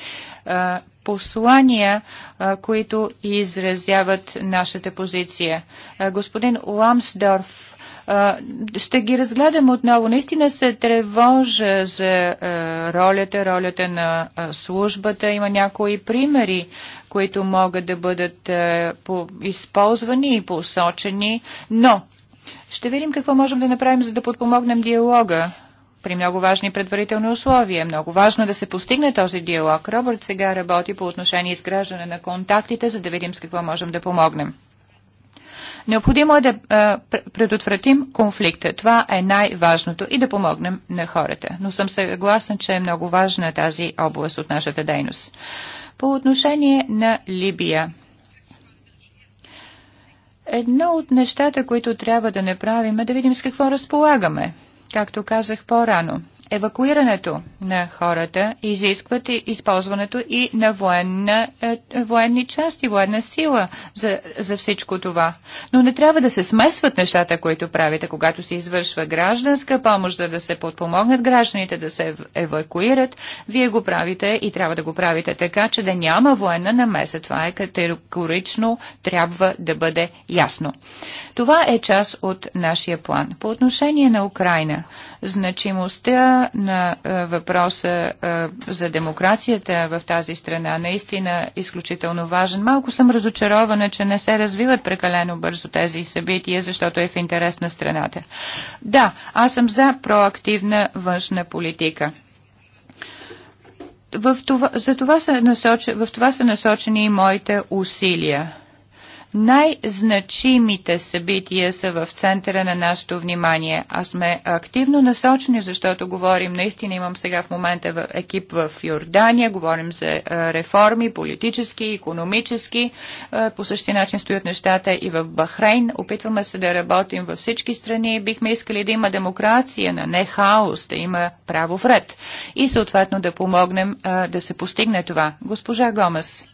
а, послания, а, които изразяват нашата позиция. А, господин Ламсдорф, ще ги разгледам отново. Наистина се тревожа за ролята, ролята на службата. Има някои примери които могат да бъдат е, използвани и посочени, но ще видим какво можем да направим, за да подпомогнем диалога при много важни предварителни условия. Много важно е да се постигне този диалог. Робърт сега работи по отношение изграждане на контактите, за да видим с какво можем да помогнем. Необходимо е да е, предотвратим конфликта. Това е най-важното и да помогнем на хората. Но съм съгласна, че е много важна тази област от нашата дейност. По отношение на Либия. Едно от нещата, които трябва да направим е да видим с какво разполагаме, както казах по-рано – евакуирането на хората изискват използването и на военна, е, военни части, военна сила за, за всичко това. Но не трябва да се смесват нещата, които правите, когато се извършва гражданска помощ, за да се подпомогнат гражданите да се евакуират. Вие го правите и трябва да го правите така, че да няма военна намеса. Това е категорично трябва да бъде ясно. Това е част от нашия план. По отношение на Украина значимостта на е, въпроса е, за демокрацията в тази страна наистина изключително важен. Малко съм разочарована, че не се развиват прекалено бързо тези събития, защото е в интерес на страната. Да, аз съм за проактивна външна политика в това, за това са насоч, в това са насочени и моите усилия най-значимите събития са в центъра на нашето внимание, Аз сме активно насочени, защото говорим, наистина имам сега в момента в екип в Йордания, говорим за е, реформи, политически, економически, е, по същия начин стоят нещата и в Бахрейн. Опитваме се да работим във всички страни. Бихме искали да има демокрация, на не хаос, да има право вред и съответно да помогнем е, да се постигне това. Госпожа Гомес.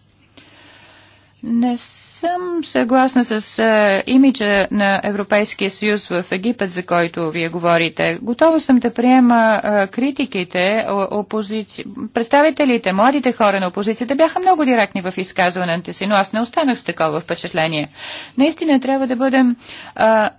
Не съм съгласна с а, имиджа на Европейския съюз в Египет, за който вие говорите. Готова съм да приема а, критиките, опозици... представителите, младите хора на опозицията бяха много директни в изказването си, но аз не останах с такова впечатление. Наистина трябва да бъдем а,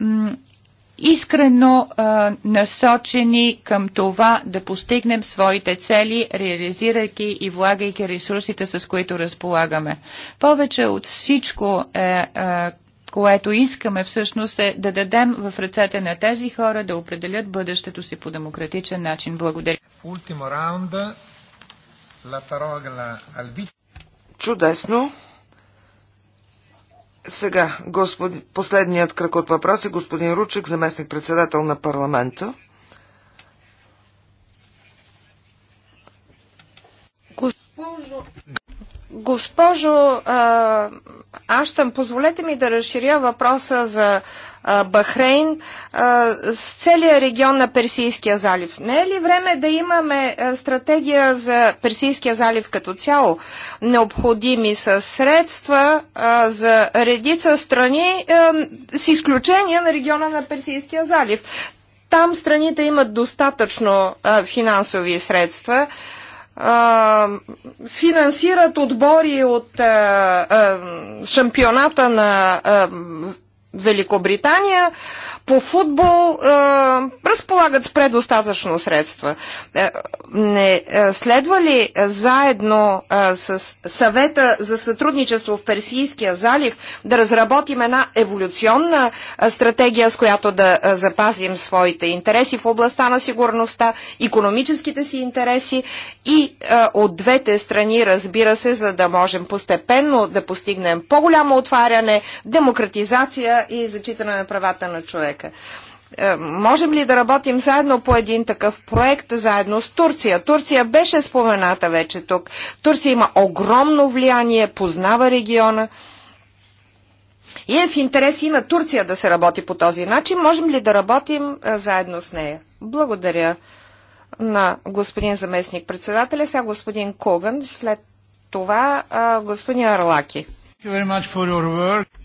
искрено а, насочени към това да постигнем своите цели, реализирайки и влагайки ресурсите, с които разполагаме. Повече от всичко е а, което искаме всъщност е да дадем в ръцете на тези хора да определят бъдещето си по демократичен начин. Благодаря. Чудесно. Сега, господ... последният кръг от въпроси, господин Ручек, заместник-председател на парламента. Госпожо, госпожо а, Аштън, позволете ми да разширя въпроса за а, Бахрейн а, с целия регион на Персийския залив. Не е ли време да имаме а, стратегия за Персийския залив като цяло? Необходими са средства а, за редица страни, а, с изключение на региона на Персийския залив. Там страните имат достатъчно а, финансови средства. А, финансират отбори от а, а, шампионата на а, Великобритания. А, по футбол а, разполагат с предостатъчно средства. А, е, не а, е, следва ли заедно а, е, с съвета за сътрудничество в Персийския залив да разработим една еволюционна а, стратегия, с която да а, запазим своите интереси в областта на сигурността, економическите си интереси и а, от двете страни, разбира се, за да можем постепенно да постигнем по-голямо отваряне, демократизация и зачитане на правата на човека? човека. Е, можем ли да работим заедно по един такъв проект, заедно с Турция? Турция беше спомената вече тук. Турция има огромно влияние, познава региона. И е в интерес и на Турция да се работи по този начин. Можем ли да работим е, заедно с нея? Благодаря на господин заместник председателя, сега господин Коган, след това е, господин Арлаки.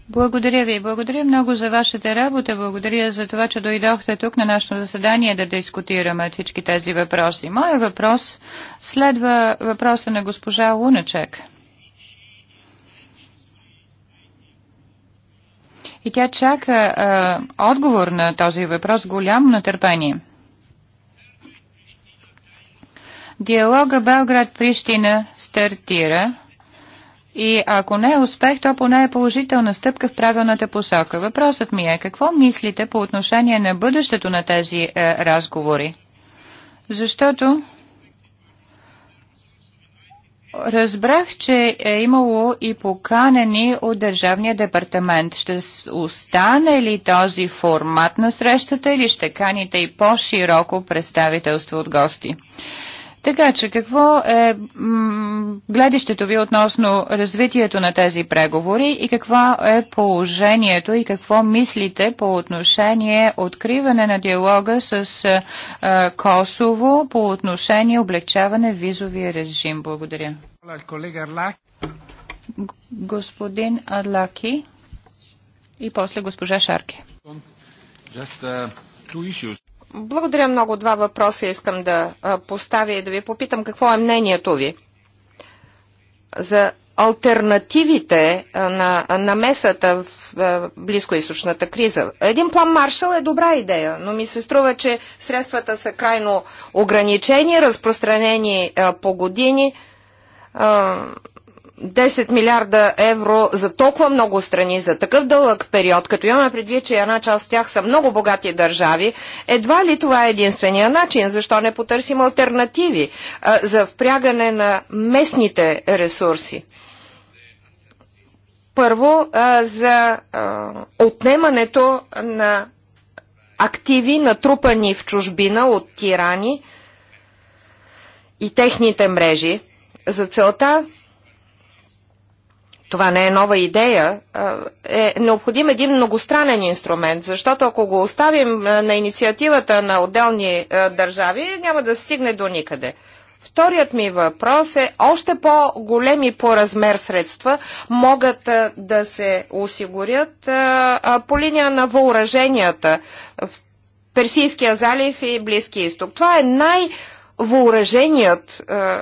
Благодаря ви. Благодаря много за вашата работа. Благодаря за това, че дойдохте тук на нашето заседание да дискутираме всички тези въпроси. Моя въпрос следва въпроса на госпожа Луначек. И тя чака а, отговор на този въпрос голямо натърпение. Диалога Белград-Прищина стартира – и ако не е успех, то поне е положителна стъпка в правилната посока. Въпросът ми е, какво мислите по отношение на бъдещето на тези е, разговори? Защото разбрах, че е имало и поканени от Държавния департамент. Ще остане ли този формат на срещата или ще каните и по-широко представителство от гости? Така че какво е гледището ви относно развитието на тези преговори и какво е положението и какво мислите по отношение откриване на диалога с а, е, е, Косово по отношение облегчаване визовия режим? Благодаря. Господин Адлаки и после госпожа Шарки. Just, uh, благодаря много. Два въпроса искам да поставя и да ви попитам какво е мнението ви за альтернативите на намесата в близкоисточната криза. Един план Маршал е добра идея, но ми се струва, че средствата са крайно ограничени, разпространени по години 10 милиарда евро за толкова много страни, за такъв дълъг период, като имаме предвид, че една част от тях са много богати държави, едва ли това е единствения начин? Защо не потърсим альтернативи а, за впрягане на местните ресурси? Първо, а, за а, отнемането на активи, натрупани в чужбина от тирани и техните мрежи. За целта това не е нова идея, е необходим един многостранен инструмент, защото ако го оставим на инициативата на отделни държави, няма да стигне до никъде. Вторият ми въпрос е, още по-големи по размер средства могат да се осигурят по линия на въоръженията в Персийския залив и Близки изток. Това е най- въоръженият е,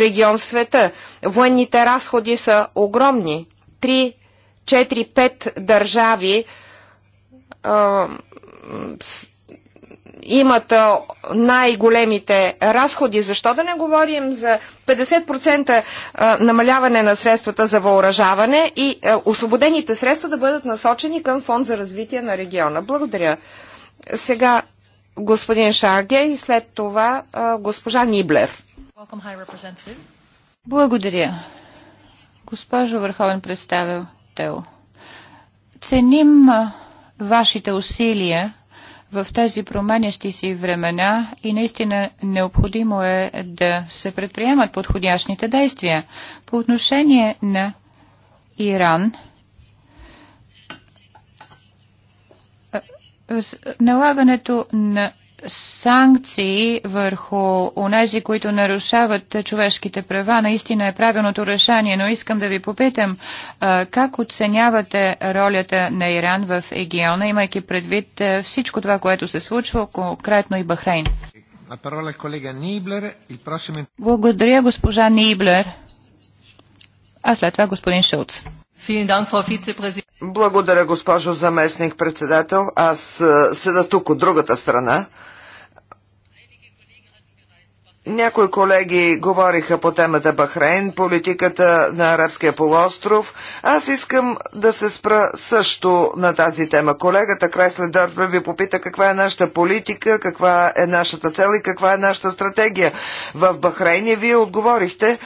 регион в света. Военните разходи са огромни. Три, четири, пет държави е, имат е, най-големите разходи. Защо да не говорим за 50% е, намаляване на средствата за въоръжаване и е, освободените средства да бъдат насочени към фонд за развитие на региона? Благодаря. Сега господин Шарге и след това госпожа Ниблер. Благодаря. Госпожо Върховен представител, ценим вашите усилия в тези променящи си времена и наистина необходимо е да се предприемат подходящите действия. По отношение на Иран – налагането на санкции върху онези, които нарушават човешките права, наистина е правилното решение, но искам да ви попитам как оценявате ролята на Иран в региона, имайки предвид всичко това, което се случва, конкретно и Бахрейн. Благодаря, госпожа Ниблер. А след това господин Шулц. Благодаря, госпожо заместник председател. Аз е, седа тук от другата страна. Някои колеги говориха по темата Бахрейн, политиката на Арабския полуостров. Аз искам да се спра също на тази тема. Колегата Крайсле Дърпе ви попита каква е нашата политика, каква е нашата цел и каква е нашата стратегия. В Бахрейн и вие отговорихте,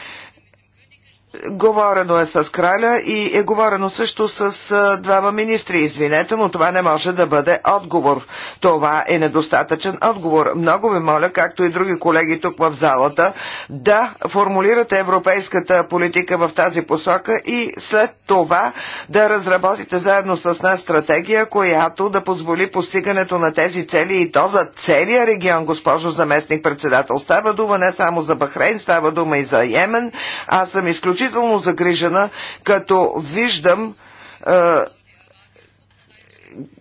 Говорено е с краля и е говорено също с двама министри. Извинете, но това не може да бъде отговор. Това е недостатъчен отговор. Много ви моля, както и други колеги тук в залата, да формулирате европейската политика в тази посока и след това да разработите заедно с нас стратегия, която да позволи постигането на тези цели и то за целия регион, госпожо заместник председател. Става дума не само за Бахрейн, става дума и за Йемен. Аз съм изключително изключително загрижена, като виждам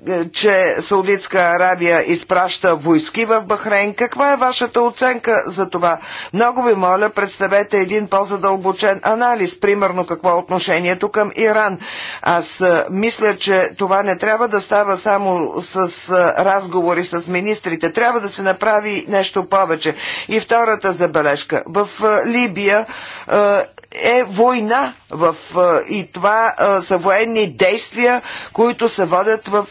е, че Саудитска Арабия изпраща войски в Бахрейн. Каква е вашата оценка за това? Много ви моля, представете един по-задълбочен анализ, примерно какво е отношението към Иран. Аз е, мисля, че това не трябва да става само с е, разговори с министрите. Трябва да се направи нещо повече. И втората забележка. В Либия е война в, и това са военни действия, които се водят в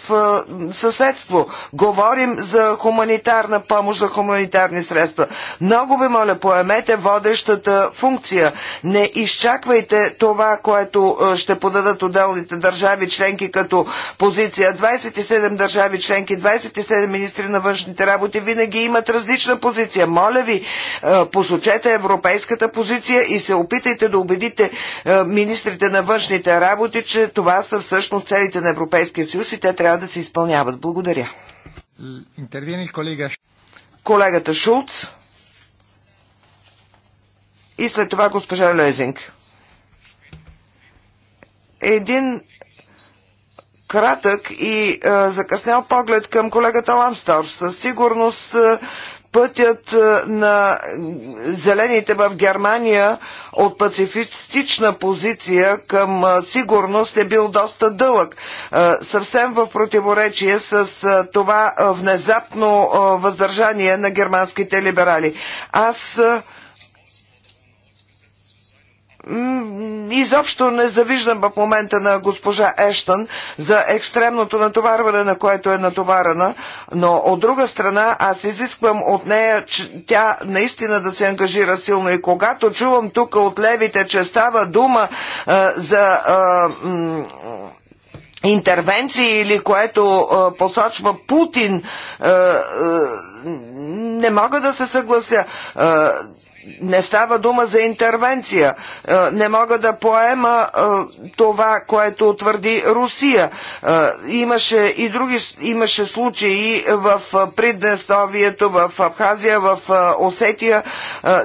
съседство. Говорим за хуманитарна помощ, за хуманитарни средства. Много ви моля, поемете водещата функция. Не изчаквайте това, което ще подадат отделните държави членки като позиция. 27 държави членки, 27 министри на външните работи винаги имат различна позиция. Моля ви, посочете европейската позиция и се опитайте да убедите е, министрите на външните работи, че това са всъщност целите на Европейския съюз и те трябва да се изпълняват. Благодаря. Колегата Шулц и след това госпожа Лезинг. Един кратък и а, е, закъснял поглед към колегата Ламстор. Със сигурност а, е, пътят е, на зелените в Германия от пацифистична позиция към е, сигурност е бил доста дълъг. Е, съвсем в противоречие с това внезапно въздържание на германските либерали. Аз изобщо не завиждам в момента на госпожа Ештън за екстремното натоварване, на което е натоварена, но от друга страна аз изисквам от нея, че тя наистина да се ангажира силно и когато чувам тук от левите, че става дума а, за а, интервенции или което а, посочва Путин, а, а, не мога да се съглася. А, не става дума за интервенция. Е, не мога да поема е, това, което твърди Русия. Е, имаше и други имаше случаи в Приднестовието, в Абхазия, в Осетия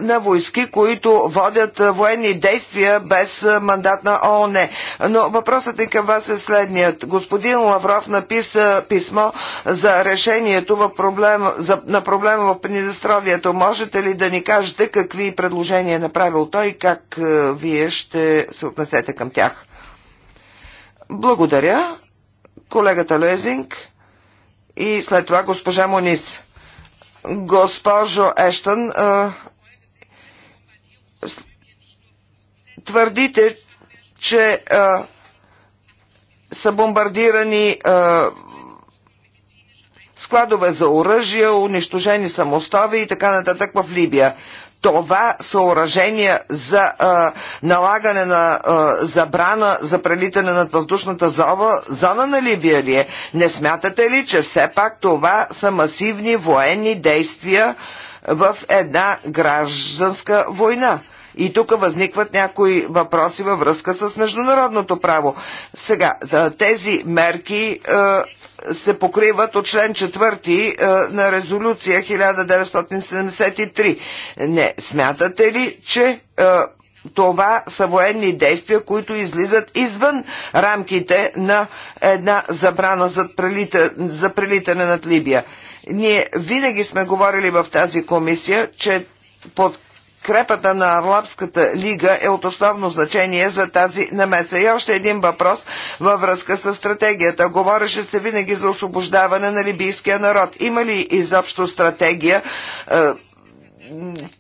на войски, които водят военни действия без мандат на ООН. Но въпросът ни към вас е следният. Господин Лавров написа писмо за решението в проблем, за, на проблема в Приднестровието. Можете ли да ни кажете какви какви предложения е направил той и как е, вие ще се отнесете към тях. Благодаря, колегата Лезинг и след това госпожа Монис. Госпожо Ештън, е, твърдите, че а, е, са бомбардирани а, складове за оръжия, унищожени самостави и така нататък в Либия това съоръжение за а, налагане на а, забрана за прелитане над въздушната зова, зона на Либия ли е? Не смятате ли, че все пак това са масивни военни действия в една гражданска война? И тук възникват някои въпроси във връзка с международното право. Сега, тези мерки се покриват от член 4 е, на резолюция 1973. Не, смятате ли, че е, това са военни действия, които излизат извън рамките на една забрана за, прелита, за прелитане над Либия? Ние винаги сме говорили в тази комисия, че под подкрепата на Арлабската лига е от основно значение за тази намеса. И още един въпрос във връзка с стратегията. Говореше се винаги за освобождаване на либийския народ. Има ли изобщо стратегия? Е,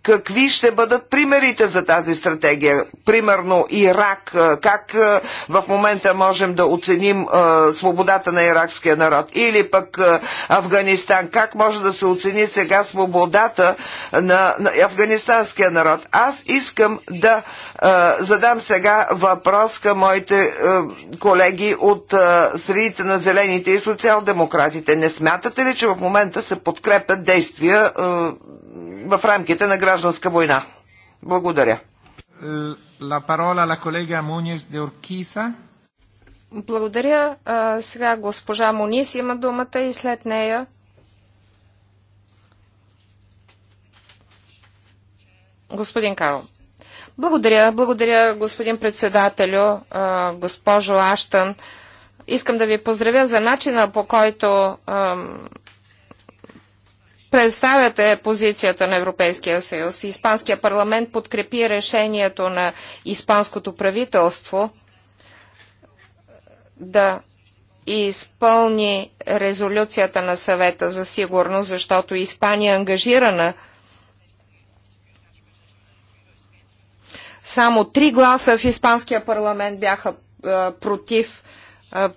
какви ще бъдат примерите за тази стратегия? Примерно Ирак, как в момента можем да оценим свободата на иракския народ? Или пък Афганистан, как може да се оцени сега свободата на, на афганистанския народ? Аз искам да задам сега въпрос към моите колеги от средите на зелените и социал-демократите. Не смятате ли, че в момента се подкрепят действия в рамките на гражданска война. Благодаря. La parola la collega Muñez de Urquiza. Благодаря. сега госпожа Мунис има думата и след нея. Господин Карл. Благодаря, благодаря, господин председателю, госпожо Аштън. Искам да ви поздравя за начина по който представяте позицията на Европейския съюз. Испанския парламент подкрепи решението на испанското правителство да изпълни резолюцията на съвета за сигурност, защото Испания е ангажирана Само три гласа в испанския парламент бяха е, против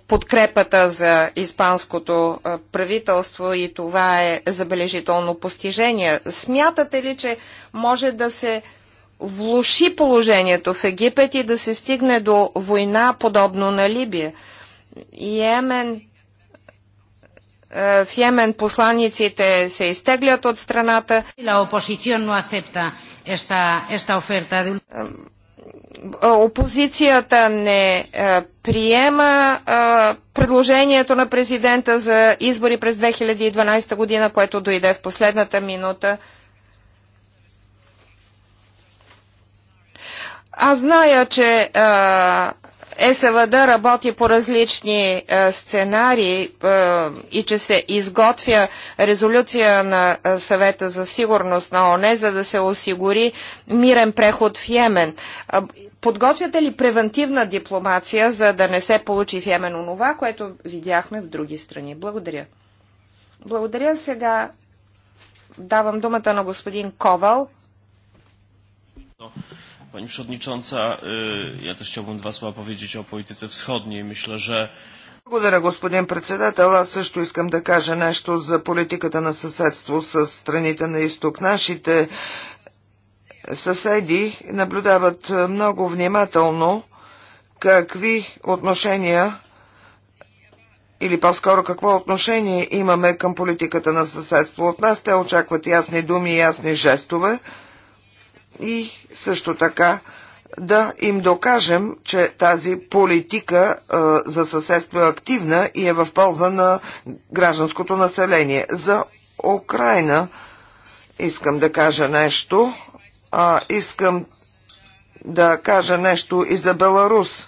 подкрепата за испанското правителство и това е забележително постижение. Смятате ли, че може да се влуши положението в Египет и да се стигне до война, подобно на Либия? Йемен, в Йемен посланиците се изтеглят от страната опозицията не е, приема е, предложението на президента за избори през 2012 година, което дойде в последната минута. Аз зная, че е, СВД работи по различни сценарии и че се изготвя резолюция на съвета за сигурност на ОНЕ, за да се осигури мирен преход в Йемен подготвяте ли превентивна дипломация, за да не се получи в Йемен онова, което видяхме в други страни? Благодаря. Благодаря. Сега давам думата на господин Ковал. Pani Przewodnicząca, ja też chciałbym dwa słowa powiedzieć o polityce wschodniej. Myślę, że благодаря, господин председател. Аз също искам да кажа нещо за политиката на съседство с страните на изток. Нашите съседи наблюдават е, много внимателно какви отношения или по-скоро какво отношение имаме към политиката на съседство от нас. Те очакват ясни думи и ясни жестове и също така да им докажем, че тази политика е, за съседство е активна и е в полза на гражданското население. За Украина искам да кажа нещо а, искам да кажа нещо и за Беларус.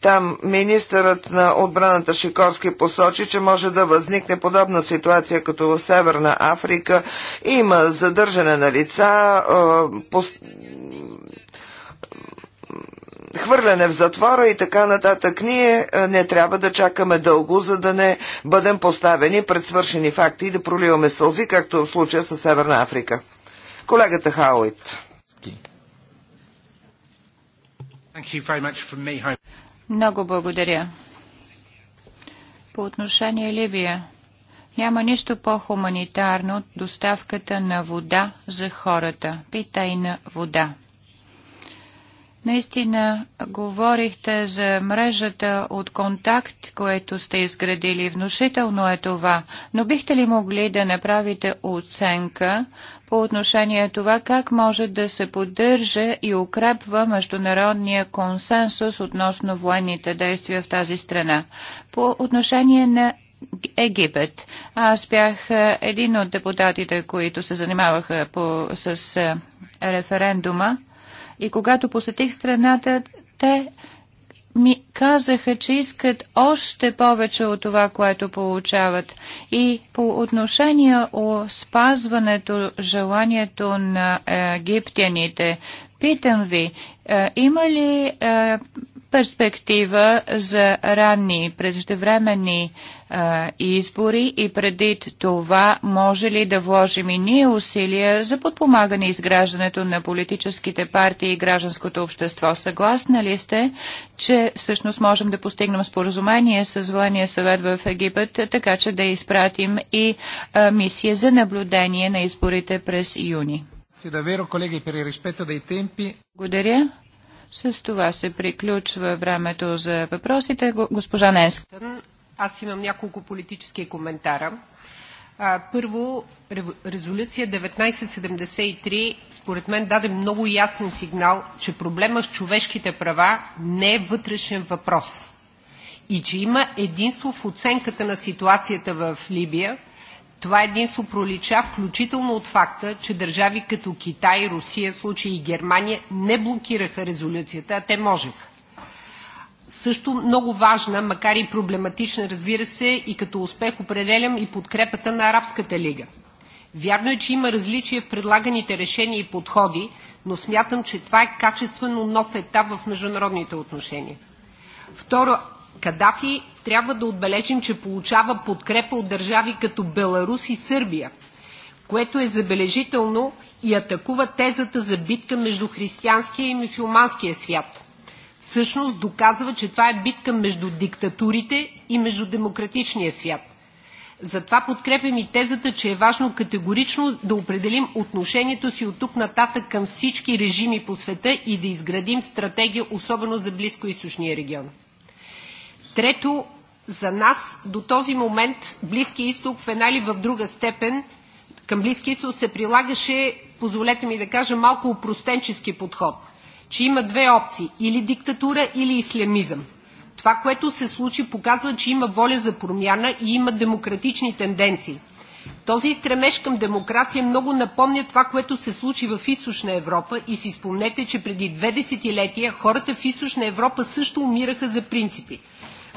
Там министърът на отбраната Шикорски посочи, че може да възникне подобна ситуация като в Северна Африка. Има задържане на лица, пос... хвърляне в затвора и така нататък. Ние не трябва да чакаме дълго, за да не бъдем поставени пред свършени факти и да проливаме сълзи, както в случая с Северна Африка. Колегата Хауит. Много благодаря. По отношение Либия, няма нищо по-хуманитарно от доставката на вода за хората, питайна вода. Наистина говорихте за мрежата от контакт, което сте изградили. Внушително е това. Но бихте ли могли да направите оценка по отношение това как може да се поддържа и укрепва международния консенсус относно военните действия в тази страна. По отношение на Египет. Аз бях е, един от депутатите, които се занимаваха по, с е, референдума и когато посетих страната, те ми казаха, че искат още повече от това, което получават. И по отношение о спазването желанието на е, египтяните, питам ви, е, има ли е, перспектива за ранни преждевременни а, избори и преди това може ли да вложим и ние усилия за подпомагане изграждането на политическите партии и гражданското общество? Съгласна ли сте, че всъщност можем да постигнем споразумение с Военния съвет в Египет, така че да изпратим и а, мисия за наблюдение на изборите през юни? Благодаря. С това се приключва времето за въпросите. Госпожа Ненска. Аз имам няколко политически коментара. Първо, резолюция 1973 според мен даде много ясен сигнал, че проблема с човешките права не е вътрешен въпрос и че има единство в оценката на ситуацията в Либия това единство пролича включително от факта, че държави като Китай, Русия, в случая и Германия, не блокираха резолюцията, а те можеха. Също много важна, макар и проблематична, разбира се, и като успех определям и подкрепата на Арабската лига. Вярно е, че има различия в предлаганите решения и подходи, но смятам, че това е качествено нов етап в международните отношения. Второ, Кадафи трябва да отбележим, че получава подкрепа от държави като Беларус и Сърбия, което е забележително и атакува тезата за битка между християнския и мусулманския свят. Всъщност доказва, че това е битка между диктатурите и между демократичния свят. Затова подкрепям и тезата, че е важно категорично да определим отношението си от тук нататък към всички режими по света и да изградим стратегия, особено за Близко източния регион. Трето, за нас до този момент Близки изток в една или в друга степен към Близки изток се прилагаше, позволете ми да кажа, малко упростенчески подход, че има две опции – или диктатура, или ислямизъм. Това, което се случи, показва, че има воля за промяна и има демократични тенденции. Този стремеж към демокрация много напомня това, което се случи в Източна Европа и си спомнете, че преди две десетилетия хората в Източна Европа също умираха за принципи –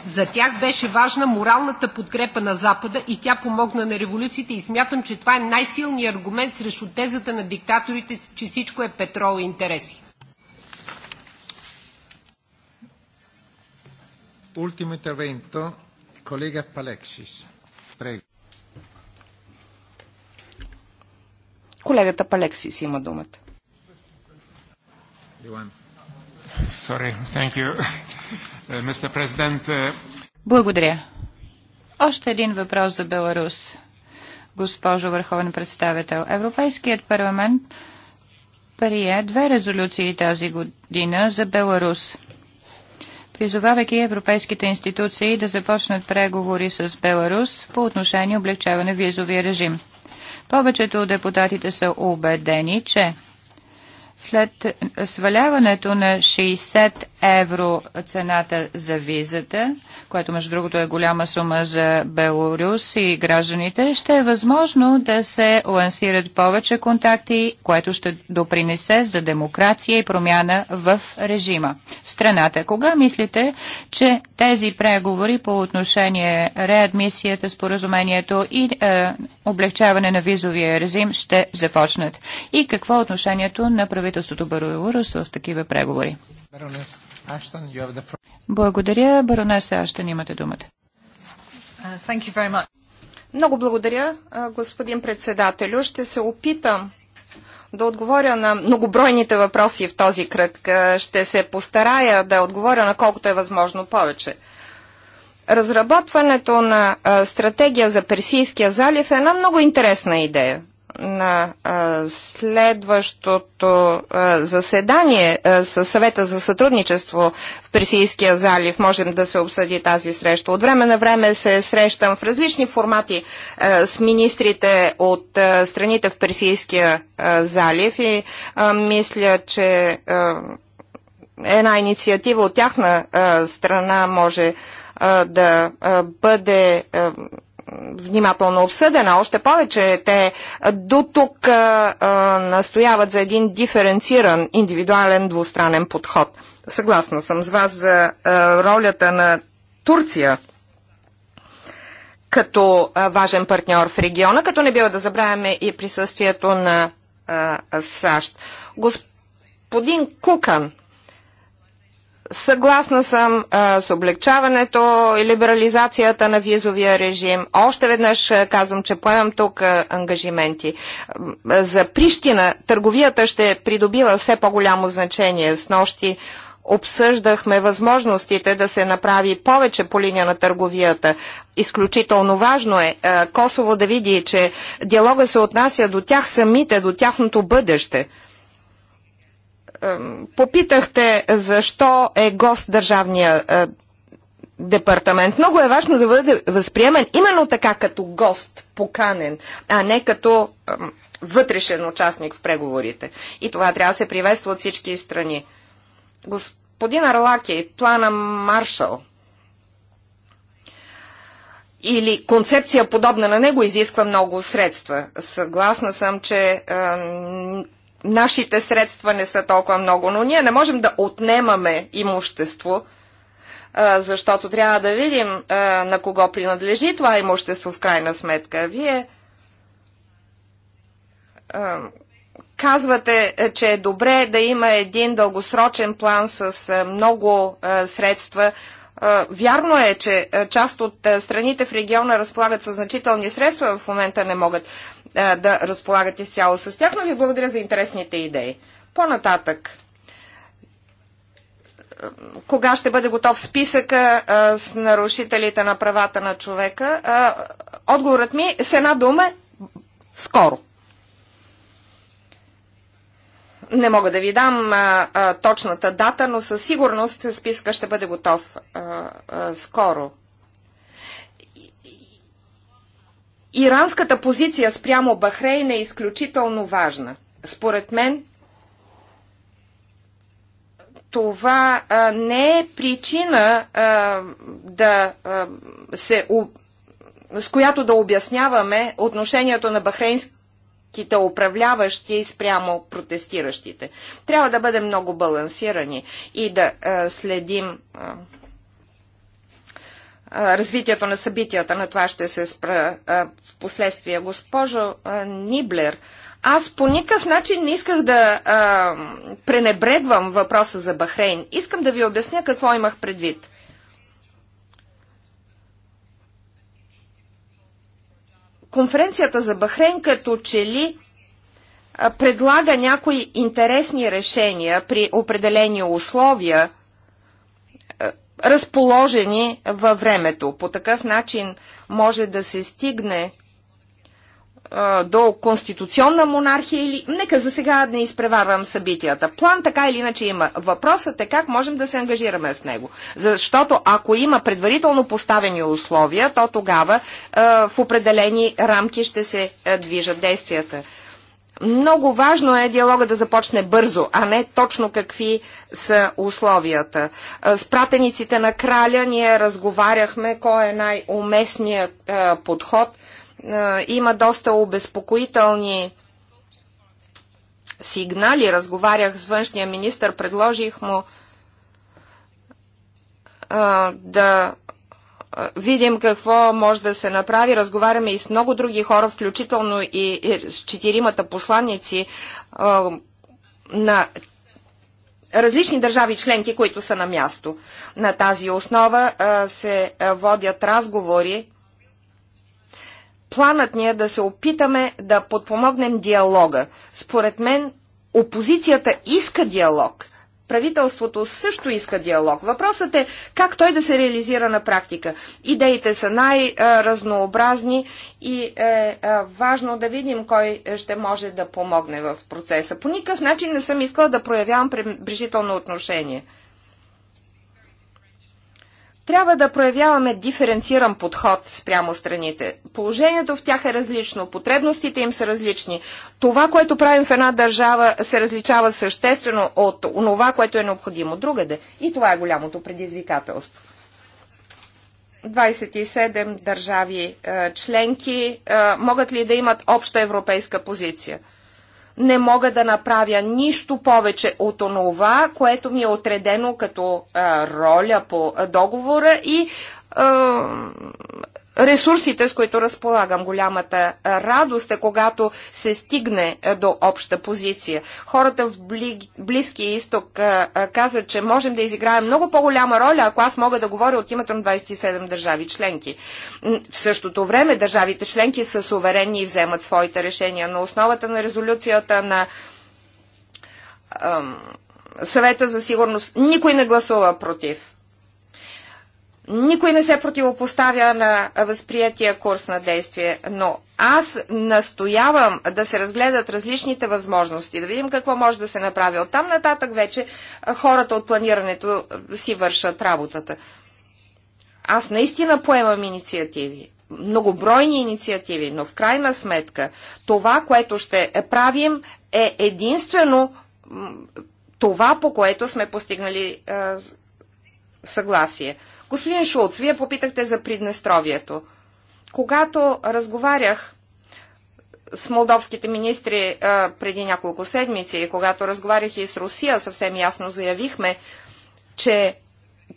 за тях беше важна моралната подкрепа на Запада и тя помогна на революциите и смятам, че това е най-силният аргумент срещу тезата на диктаторите, че всичко е петрол и интереси. Ultimo intervento, collega Palexis. Prego. Колегата Палексис има думата. Sorry, thank you. Е, е, Благодаря. Още един въпрос за Беларус, госпожо Върховен представител. Европейският парламент прие две резолюции тази година за Беларус призовавайки европейските институции да започнат преговори с Беларус по отношение облегчаване визовия режим. Повечето от депутатите са убедени, че след сваляването на 60 евро цената за визата, което между другото е голяма сума за Беларус и гражданите, ще е възможно да се лансират повече контакти, което ще допринесе за демокрация и промяна в режима в страната. Кога мислите, че тези преговори по отношение реадмисията, споразумението и е, облегчаване на визовия режим ще започнат? И какво е отношението на правителството? правителството Барурус в такива преговори. Благодаря. Баронеса Аштен, имате думата. Uh, много благодаря, uh, господин председателю. Ще се опитам да отговоря на многобройните въпроси в този кръг. Uh, ще се постарая да отговоря на колкото е възможно повече. Разработването на стратегия за Персийския залив е една много интересна идея на следващото заседание със съвета за сътрудничество в Персийския залив можем да се обсъди тази среща. От време на време се срещам в различни формати с министрите от страните в Персийския залив и мисля, че една инициатива от тяхна страна може да бъде внимателно обсъдена. Още повече те до тук настояват за един диференциран, индивидуален, двустранен подход. Съгласна съм с вас за ролята на Турция като важен партньор в региона, като не бива да забравяме и присъствието на САЩ. Господин Кукан, Съгласна съм а, с облегчаването и либерализацията на визовия режим. Още веднъж казвам, че поемам тук а, ангажименти. За Прищина търговията ще придобива все по-голямо значение. С нощи обсъждахме възможностите да се направи повече по линия на търговията. Изключително важно е а, Косово да види, че диалога се отнася до тях самите, до тяхното бъдеще. Попитахте защо е гост държавния департамент. Много е важно да бъде възприемен именно така като гост, поканен, а не като вътрешен участник в преговорите. И това трябва да се приветства от всички страни. Господин Арлаки, плана Маршал или концепция подобна на него изисква много средства. Съгласна съм, че нашите средства не са толкова много, но ние не можем да отнемаме имущество, защото трябва да видим на кого принадлежи това имущество в крайна сметка. Вие казвате, е, че е добре да има един дългосрочен план с много средства, Вярно е, че част от страните в региона разполагат със значителни средства, в момента не могат да разполагат изцяло с тях, но ви благодаря за интересните идеи. По-нататък, кога ще бъде готов списъка с нарушителите на правата на човека? Отговорът ми с една дума – скоро. Не мога да ви дам а, а, точната дата, но със сигурност списка ще бъде готов а, а, скоро. Иранската позиция спрямо Бахрейн е изключително важна. Според мен това а, не е причина а, да а, се, у, с която да обясняваме отношението на Бахрейнски политиките управляващи спрямо протестиращите. Трябва да бъдем много балансирани и да а, следим а, развитието на събитията. На това ще се спра а, в последствие. Госпожо а, Ниблер, аз по никакъв начин не исках да а, пренебрегвам въпроса за Бахрейн. Искам да ви обясня какво имах предвид. конференцията за Бахрейн като че ли предлага някои интересни решения при определени условия, разположени във времето. По такъв начин може да се стигне до конституционна монархия или... Нека за сега не изпреварвам събитията. План така или иначе има. Въпросът е как можем да се ангажираме в него. Защото ако има предварително поставени условия, то тогава е, в определени рамки ще се е, движат действията. Много важно е диалога да започне бързо, а не точно какви са условията. С пратениците на краля ние разговаряхме кой е най-уместният подход е, има доста обезпокоителни сигнали. Разговарях с външния министр, предложих му е, да е, видим какво може да се направи. Разговаряме и с много други хора, включително и с четиримата посланници на различни държави членки, които са на място. На тази основа се водят разговори планът ни е да се опитаме да подпомогнем диалога. Според мен опозицията иска диалог. Правителството също иска диалог. Въпросът е как той да се реализира на практика. Идеите са най-разнообразни и е, е важно да видим кой ще може да помогне в процеса. По никакъв начин не съм искала да проявявам пренебрежително отношение. Трябва да проявяваме диференциран подход спрямо страните. Положението в тях е различно, потребностите им са различни. Това, което правим в една държава, се различава съществено от това, което е необходимо другаде. И това е голямото предизвикателство. 27 държави е, членки е, могат ли да имат обща европейска позиция? не мога да направя нищо повече от онова, което ми е отредено като а, роля по договора и а, ресурсите, с които разполагам. Голямата радост е, когато се стигне до обща позиция. Хората в Близкия изток казват, че можем да изиграем много по-голяма роля, ако аз мога да говоря от името на 27 държави членки. В същото време държавите членки са суверенни и вземат своите решения. На основата на резолюцията на съвета за сигурност никой не гласува против. Никой не се противопоставя на възприятия курс на действие, но аз настоявам да се разгледат различните възможности, да видим какво може да се направи. От там нататък вече хората от планирането си вършат работата. Аз наистина поемам инициативи, многобройни инициативи, но в крайна сметка това, което ще правим е единствено това, по което сме постигнали е, съгласие. Господин Шулц, вие попитахте за Приднестровието. Когато разговарях с молдовските министри а, преди няколко седмици и когато разговарях и с Русия, съвсем ясно заявихме, че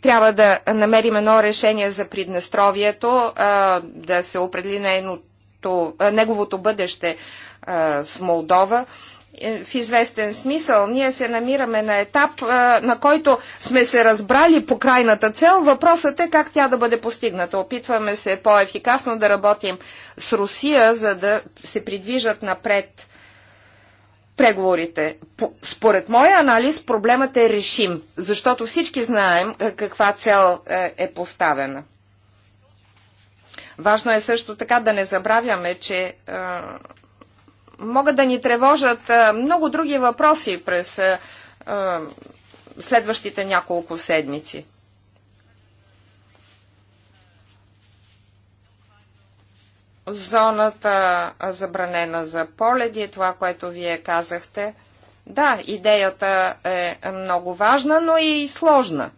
трябва да намерим едно решение за Приднестровието, а, да се определи нейното, а, неговото бъдеще а, с Молдова. Е, в известен смисъл. Ние се намираме на етап, е, на който сме се разбрали по крайната цел. Въпросът е как тя да бъде постигната. Опитваме се по-ефикасно да работим с Русия, за да се придвижат напред преговорите. Според моя анализ проблемът е решим, защото всички знаем е, каква цел е поставена. Важно е също така да не забравяме, че могат да ни тревожат много други въпроси през следващите няколко седмици. Зоната забранена за поледи, това, което вие казахте. Да, идеята е много важна, но и сложна.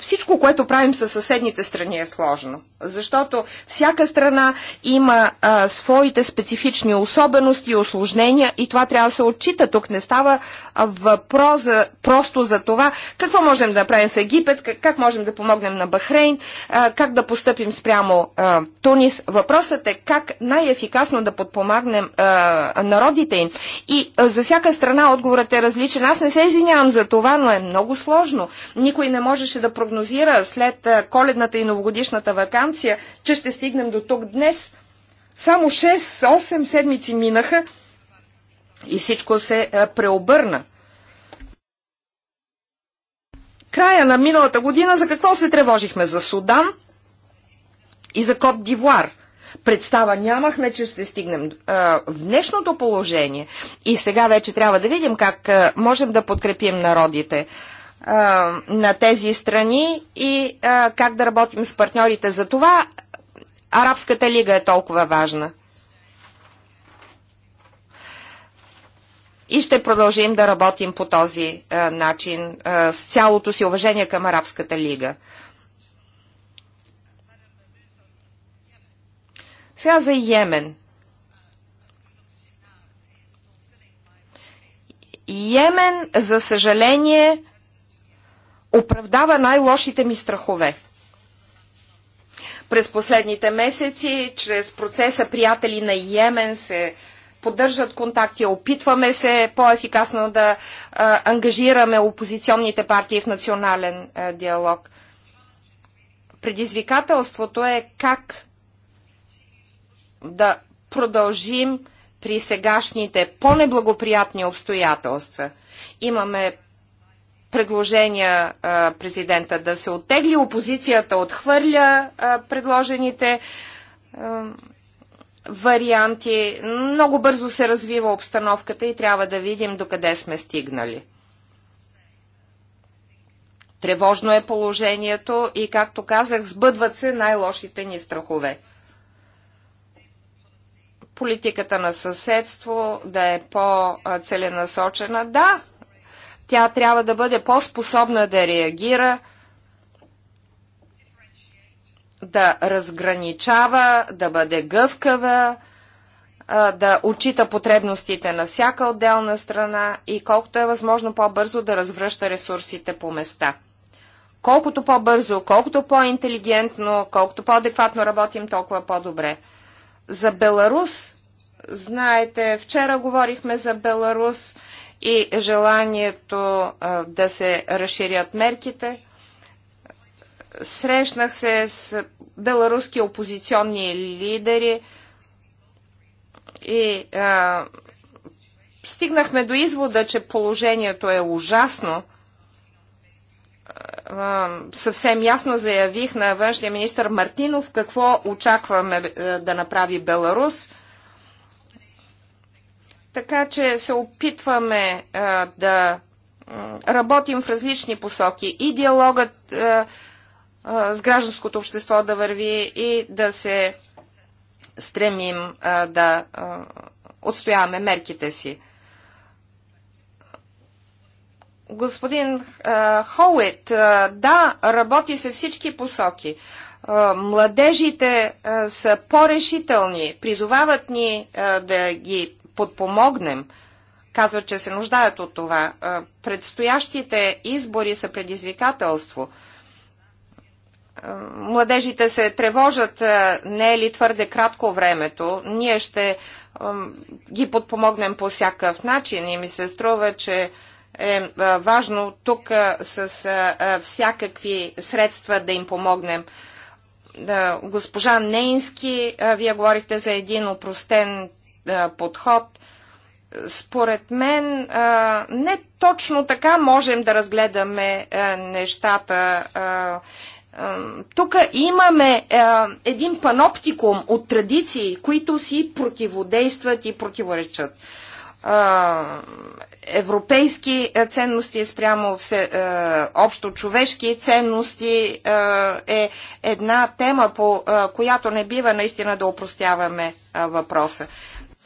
Всичко, което правим със съседните страни е сложно защото всяка страна има а, своите специфични особености и осложнения и това трябва да се отчита. Тук не става въпрос за, просто за това какво можем да направим в Египет, как, как можем да помогнем на Бахрейн, а, как да постъпим спрямо а, Тунис. Въпросът е как най-ефикасно да подпомагнем а, народите им. И а, за всяка страна отговорът е различен. Аз не се извинявам за това, но е много сложно. Никой не можеше да прогнозира след а, коледната и новогодишната вакансия гаранция, че ще стигнем до тук днес. Само 6-8 седмици минаха и всичко се преобърна. Края на миналата година за какво се тревожихме? За Судан и за Кот Дивуар – представа нямахме, че ще стигнем в днешното положение. И сега вече трябва да видим как можем да подкрепим народите на тези страни и а, как да работим с партньорите. За това Арабската лига е толкова важна. И ще продължим да работим по този а, начин а, с цялото си уважение към Арабската лига. Сега за Йемен. Йемен, за съжаление, оправдава най-лошите ми страхове. През последните месеци, чрез процеса приятели на Йемен се поддържат контакти, опитваме се по-ефикасно да а, ангажираме опозиционните партии в национален а, диалог. Предизвикателството е как да продължим при сегашните по-неблагоприятни обстоятелства. Имаме предложения президента да се оттегли, опозицията отхвърля предложените варианти. Много бързо се развива обстановката и трябва да видим докъде сме стигнали. Тревожно е положението и, както казах, сбъдват се най-лошите ни страхове. Политиката на съседство да е по-целенасочена. Да, тя трябва да бъде по-способна да реагира, да разграничава, да бъде гъвкава, да отчита потребностите на всяка отделна страна и колкото е възможно по-бързо да развръща ресурсите по места. Колкото по-бързо, колкото по-интелигентно, колкото по-адекватно работим, толкова по-добре. За Беларус, знаете, вчера говорихме за Беларус, и желанието да се разширят мерките. Срещнах се с беларуски опозиционни лидери и стигнахме до извода, че положението е ужасно. съвсем ясно заявих на външния министр Мартинов какво очакваме да направи Беларус – така че се опитваме а, да работим в различни посоки и диалогът а, а, с гражданското общество да върви и да се стремим а, да а, отстояваме мерките си. Господин Хоуит, да, работи се всички посоки. младежите са по-решителни, призовават ни да ги подпомогнем, казват, че се нуждаят от това. Предстоящите избори са предизвикателство. Младежите се тревожат, не е ли твърде кратко времето. Ние ще ги подпомогнем по всякакъв начин и ми се струва, че е важно тук с всякакви средства да им помогнем. Госпожа Нейнски, вие говорихте за един упростен е, подход. Според мен е, не точно така можем да разгледаме е, нещата. Тук имаме един паноптикум от традиции, които си противодействат и противоречат европейски ценности спрямо все, е, общо човешки ценности е, една тема, по е, която не бива наистина да опростяваме е, въпроса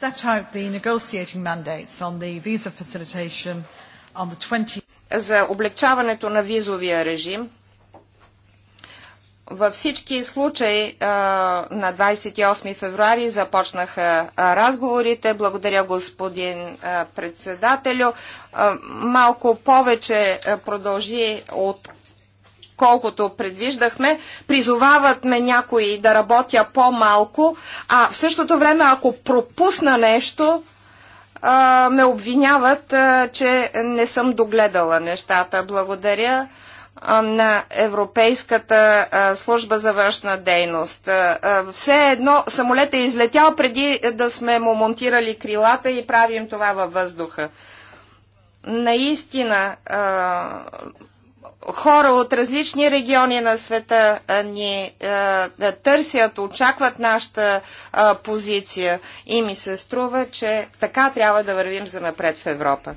set out the negotiating mandates on the visa facilitation on the 20 за облегчаването на визовия режим. Във всички случаи на 28 февруари започнаха разговорите. Благодаря господин председателю. Малко повече продължи от отколкото предвиждахме. Призовават ме някои да работя по-малко, а в същото време, ако пропусна нещо, ме обвиняват, че не съм догледала нещата. Благодаря на Европейската служба за външна дейност. Все едно самолет е излетял преди да сме му монтирали крилата и правим това във въздуха. Наистина хора от различни региони на света ни да търсят, очакват нашата позиция и ми се струва, че така трябва да вървим за напред в Европа.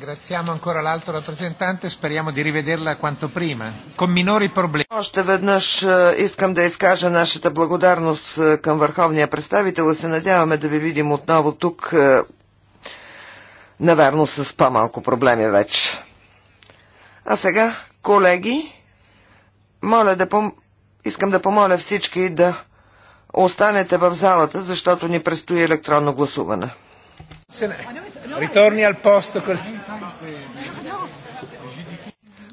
Ringraziamo ancora l'altro rappresentante, speriamo di rivederla quanto prima, con minori problemi. Още веднъж искам да изкажа нашата благодарност към върховния представител и се надяваме да ви видим отново тук навярно с по-малко проблеми вече. А сега, колеги, моля да пом... искам да помоля всички да останете в залата, защото ни предстои електронно гласуване. Риторни al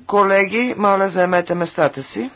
Колеги, моля, заемете местата си.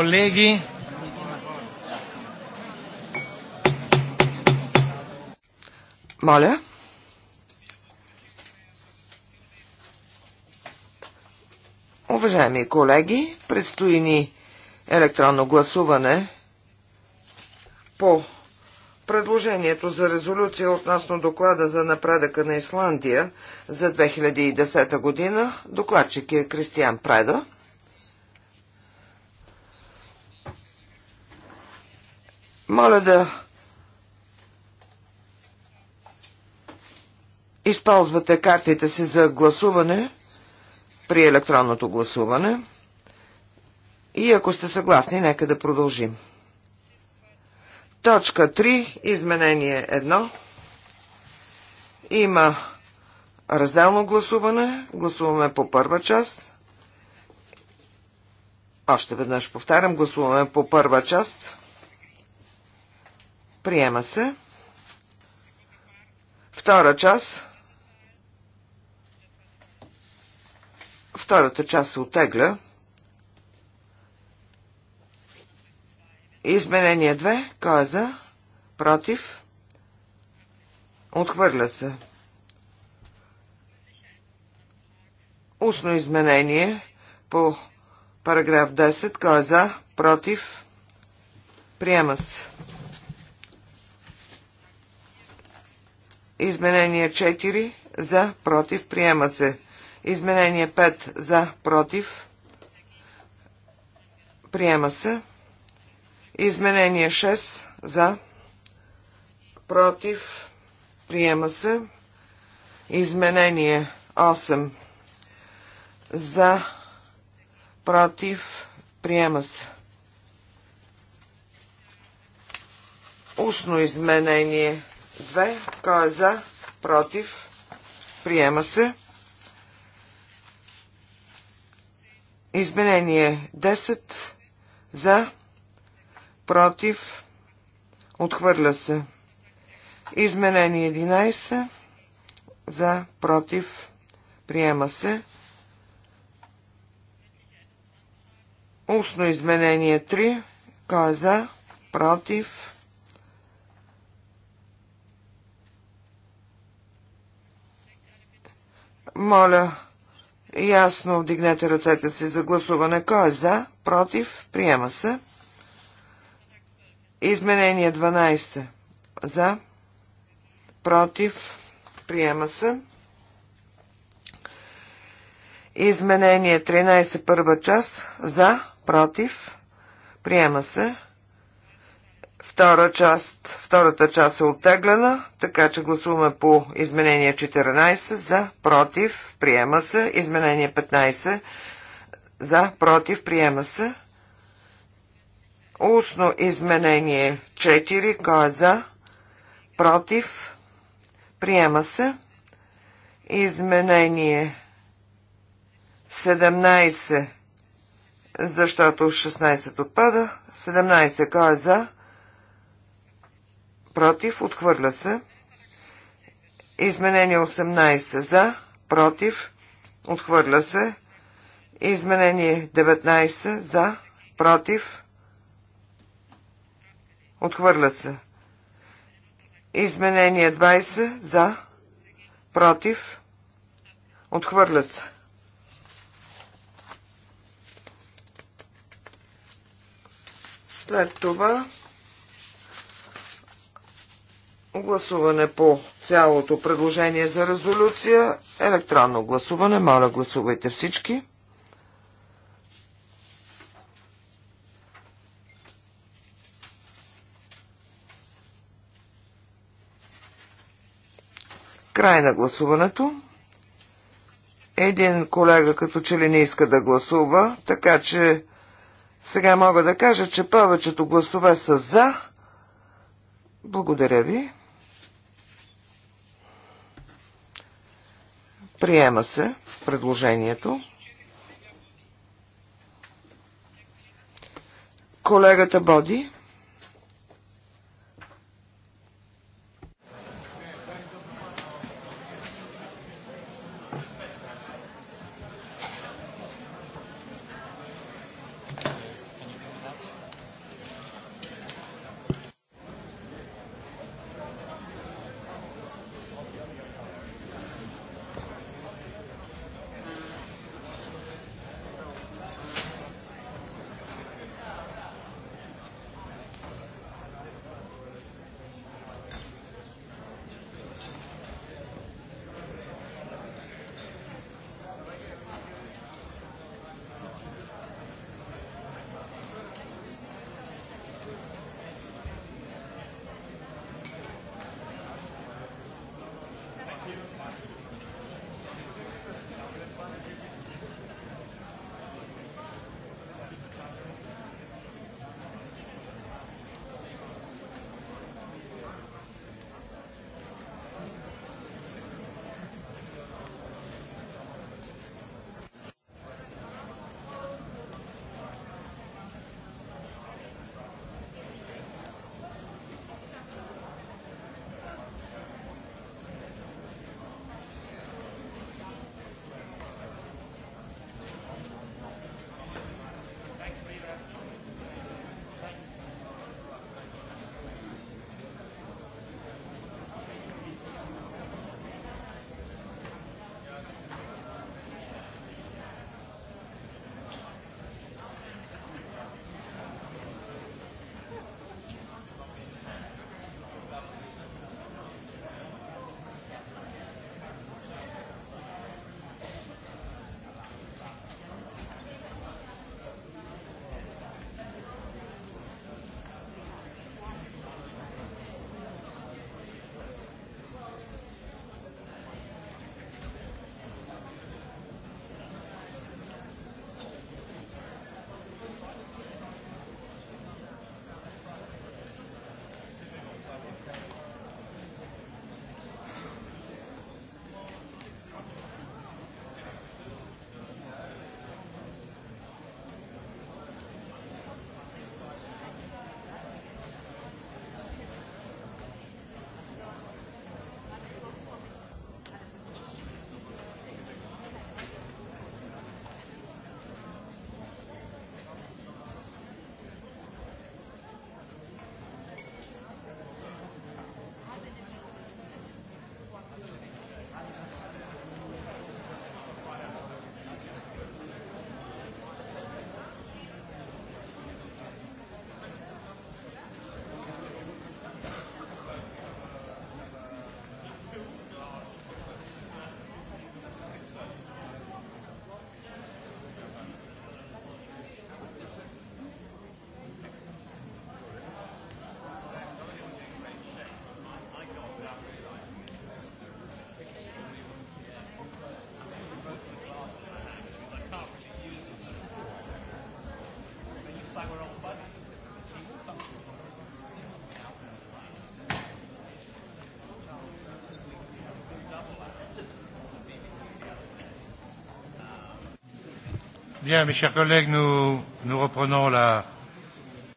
colleghi. Моля. Уважаеми колеги, предстои ни електронно гласуване по предложението за резолюция относно доклада за напредъка на Исландия за 2010 година. Докладчик е Кристиан Преда. Моля да използвате картите си за гласуване при електронното гласуване. И ако сте съгласни, нека да продължим. Точка 3, изменение 1. Има разделно гласуване. Гласуваме по първа част. Още веднъж повтарям, гласуваме по първа част. Приема се. Втора част. Втората част се отегля. Изменение 2. Кой е за? Против? Отхвърля се. Устно изменение по параграф 10. Кой е за? Против? Приема се. Изменение 4 за, против, приема се. Изменение 5 за, против, приема се. Изменение 6 за, против, приема се. Изменение 8 за, против, приема се. Устно изменение 2. Кой е за? Против. Приема се. Изменение 10. За. Против. Отхвърля се. Изменение 11. За. Против. Приема се. Устно изменение 3. Кой е за? Против. Моля, ясно вдигнете ръцете си за гласуване. Кой е за? Против? Приема се. Изменение 12. За? Против? Приема се. Изменение 13 първа част. За? Против? Приема се. Втора част, втората част е оттеглена, така че гласуваме по изменение 14 за, против, приема се. Изменение 15 за, против, приема се. Устно изменение 4, кой е за, против, приема се. Изменение 17, защото 16 отпада. 17, кой е за, против, против, отхвърля се. Изменение 18 за, против, отхвърля се. Изменение 19 за, против, отхвърля се. Изменение 20 за, против, отхвърля се. След това Гласуване по цялото предложение за резолюция. Електронно гласуване. Моля, гласувайте всички. Край на гласуването. Един колега като че ли не иска да гласува, така че сега мога да кажа, че повечето гласове са за. Благодаря ви. Приема се предложението. Колегата Боди.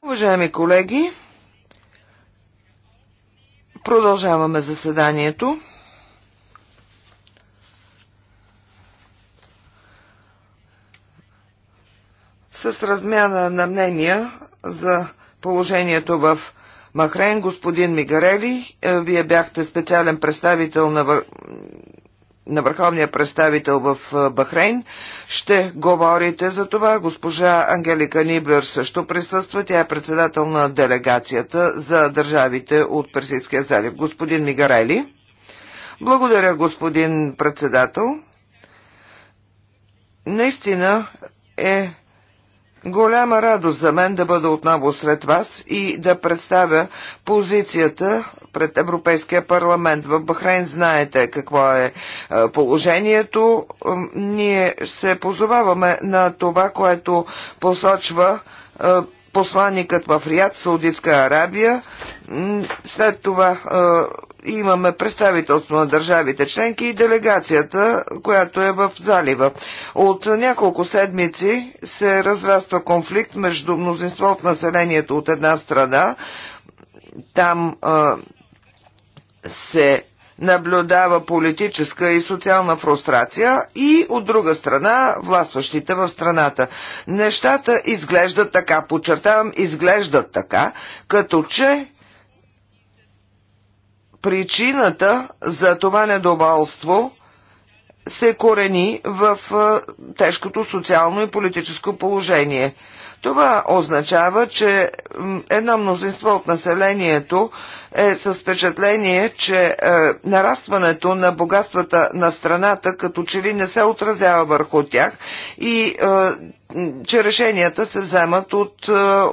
Уважаеми колеги, продължаваме заседанието. С размяна на мнения за положението в Махрен, господин Мигарели, е, вие бяхте специален представител на, вър... на върховния представител в е, Бахрейн ще говорите за това. Госпожа Ангелика Ниблер също присъства. Тя е председател на делегацията за държавите от Персийския залив. Господин Мигарели. Благодаря, господин председател. Наистина е Голяма радост за мен да бъда отново сред вас и да представя позицията пред Европейския парламент. В Бахрейн знаете какво е, е положението. Ние се позоваваме на това, което посочва е, посланникът в Риад, Саудитска Арабия. След това е, имаме представителство на държавите членки и делегацията, която е в залива. От няколко седмици се разраства конфликт между мнозинство от населението от една страна. Там а, се наблюдава политическа и социална фрустрация и от друга страна властващите в страната. Нещата изглеждат така, подчертавам, изглеждат така, като че Причината за това недоволство се корени в тежкото социално и политическо положение. Това означава, че едно мнозинство от населението е с впечатление, че е, нарастването на богатствата на страната като че ли не се отразява върху тях и е, че решенията се вземат от е,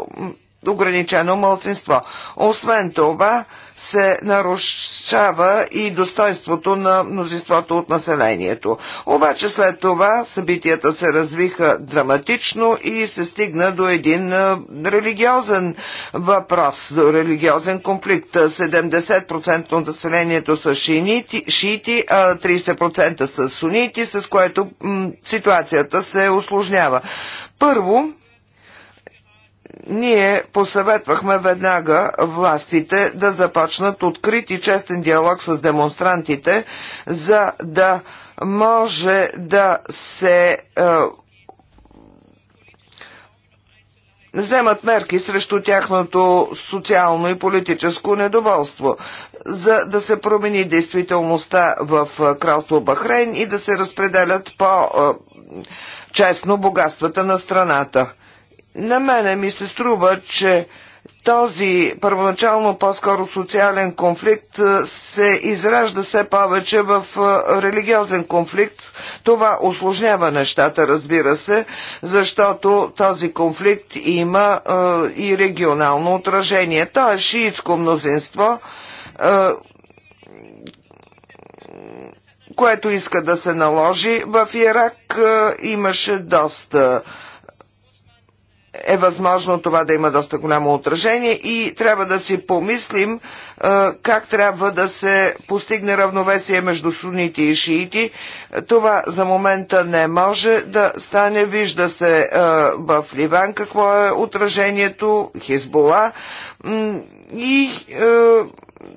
ограничено мълцинство. Освен това, се нарушава и достоинството на мнозинството от населението. Обаче след това събитията се развиха драматично и се стигна до един религиозен въпрос, до религиозен конфликт. 70% от населението са шиити, шиити, а 30% са сунити, с което ситуацията се осложнява. Първо, ние посъветвахме веднага властите да започнат открит и честен диалог с демонстрантите, за да може да се е, вземат мерки срещу тяхното социално и политическо недоволство, за да се промени действителността в е, кралство Бахрейн и да се разпределят по-честно е, богатствата на страната на мене ми се струва, че този първоначално по-скоро социален конфликт е, се изражда все повече в е, религиозен конфликт. Това осложнява нещата, разбира се, защото този конфликт има е, и регионално отражение. То е шиитско мнозинство, е, което иска да се наложи. В Ирак е, имаше доста е, е възможно това да има доста голямо отражение и трябва да си помислим как трябва да се постигне равновесие между сунити и шиити. Това за момента не може да стане. Вижда се в Ливан какво е отражението, Хизбола и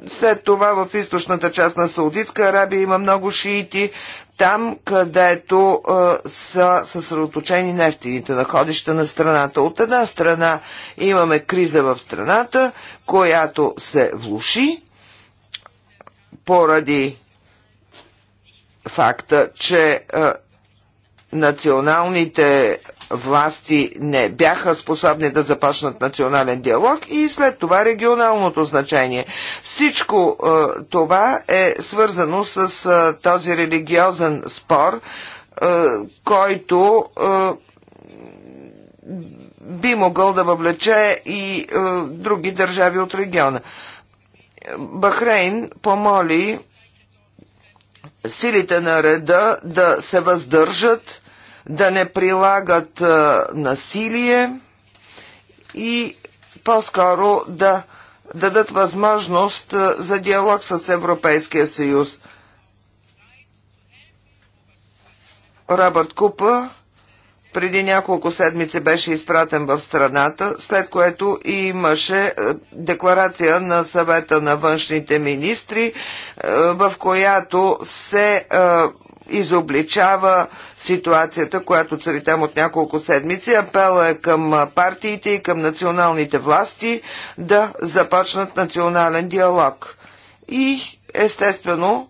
след това в източната част на Саудитска Арабия има много шиити, там където е, са съсредоточени нефтините находища на страната. От една страна имаме криза в страната, която се влуши поради факта, че е, националните власти не бяха способни да започнат национален диалог и след това регионалното значение. Всичко е, това е свързано с е, този религиозен спор, е, който е, би могъл да въвлече и е, други държави от региона. Бахрейн помоли силите на реда да се въздържат да не прилагат насилие и по-скоро да дадат възможност за диалог с Европейския съюз. Робърт Купа преди няколко седмици беше изпратен в страната, след което имаше декларация на съвета на външните министри, в която се изобличава ситуацията, която цари там от няколко седмици. Апела е към партиите и към националните власти да започнат национален диалог. И естествено,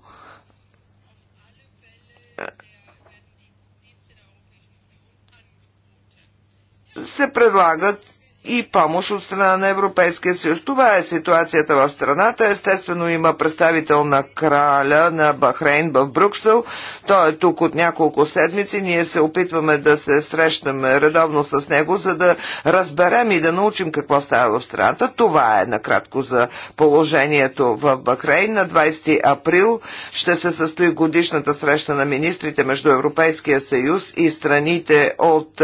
се предлагат и помощ от страна на Европейския съюз. Това е ситуацията в страната. Естествено има представител на краля на Бахрейн в Брюксел. Той е тук от няколко седмици. Ние се опитваме да се срещаме редовно с него, за да разберем и да научим какво става в страната. Това е накратко за положението в Бахрейн. На 20 април ще се състои годишната среща на министрите между Европейския съюз и страните от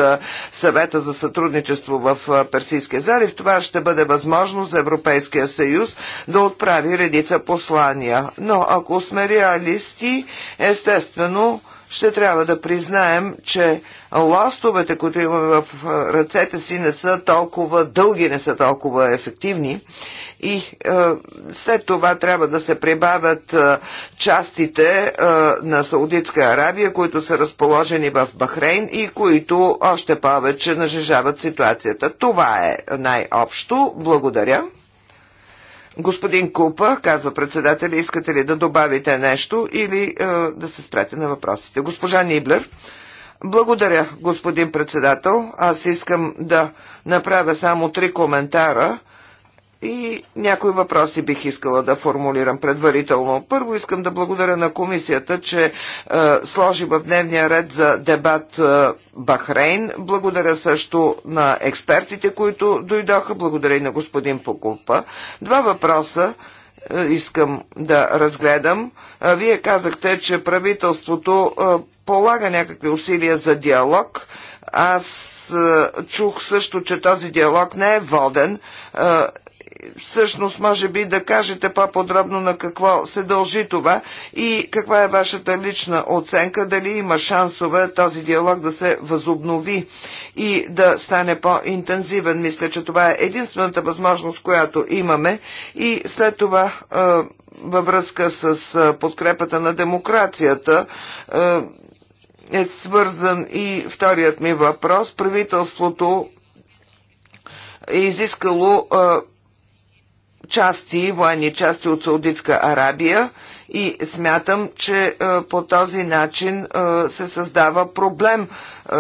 Съвета за сътрудничество в Персия Персийския залив. Това ще бъде възможно за Европейския съюз да отправи редица послания. Но ако сме реалисти, естествено, ще трябва да признаем, че ластовете, които имаме в ръцете си, не са толкова дълги, не са толкова ефективни. И е, след това трябва да се прибавят е, частите е, на Саудитска Арабия, които са разположени в Бахрейн и които още повече нажежават ситуацията. Това е най-общо. Благодаря. Господин Купа, казва председателя, искате ли да добавите нещо или е, да се спрете на въпросите? Госпожа Ниблер. Благодаря, господин председател. Аз искам да направя само три коментара и някои въпроси бих искала да формулирам предварително. Първо искам да благодаря на комисията, че е, сложи в дневния ред за дебат е, Бахрейн. Благодаря също на експертите, които дойдоха. Благодаря и на господин Покупа. Два въпроса е, искам да разгледам. Е, вие казахте, че правителството е, полага някакви усилия за диалог. Аз е, чух също, че този диалог не е воден. Е, всъщност може би да кажете по-подробно на какво се дължи това и каква е вашата лична оценка, дали има шансове този диалог да се възобнови и да стане по-интензивен. Мисля, че това е единствената възможност, която имаме и след това във връзка с подкрепата на демокрацията е свързан и вторият ми въпрос. Правителството е изискало части, военни части от Саудитска Арабия и смятам, че е, по този начин е, се създава проблем е,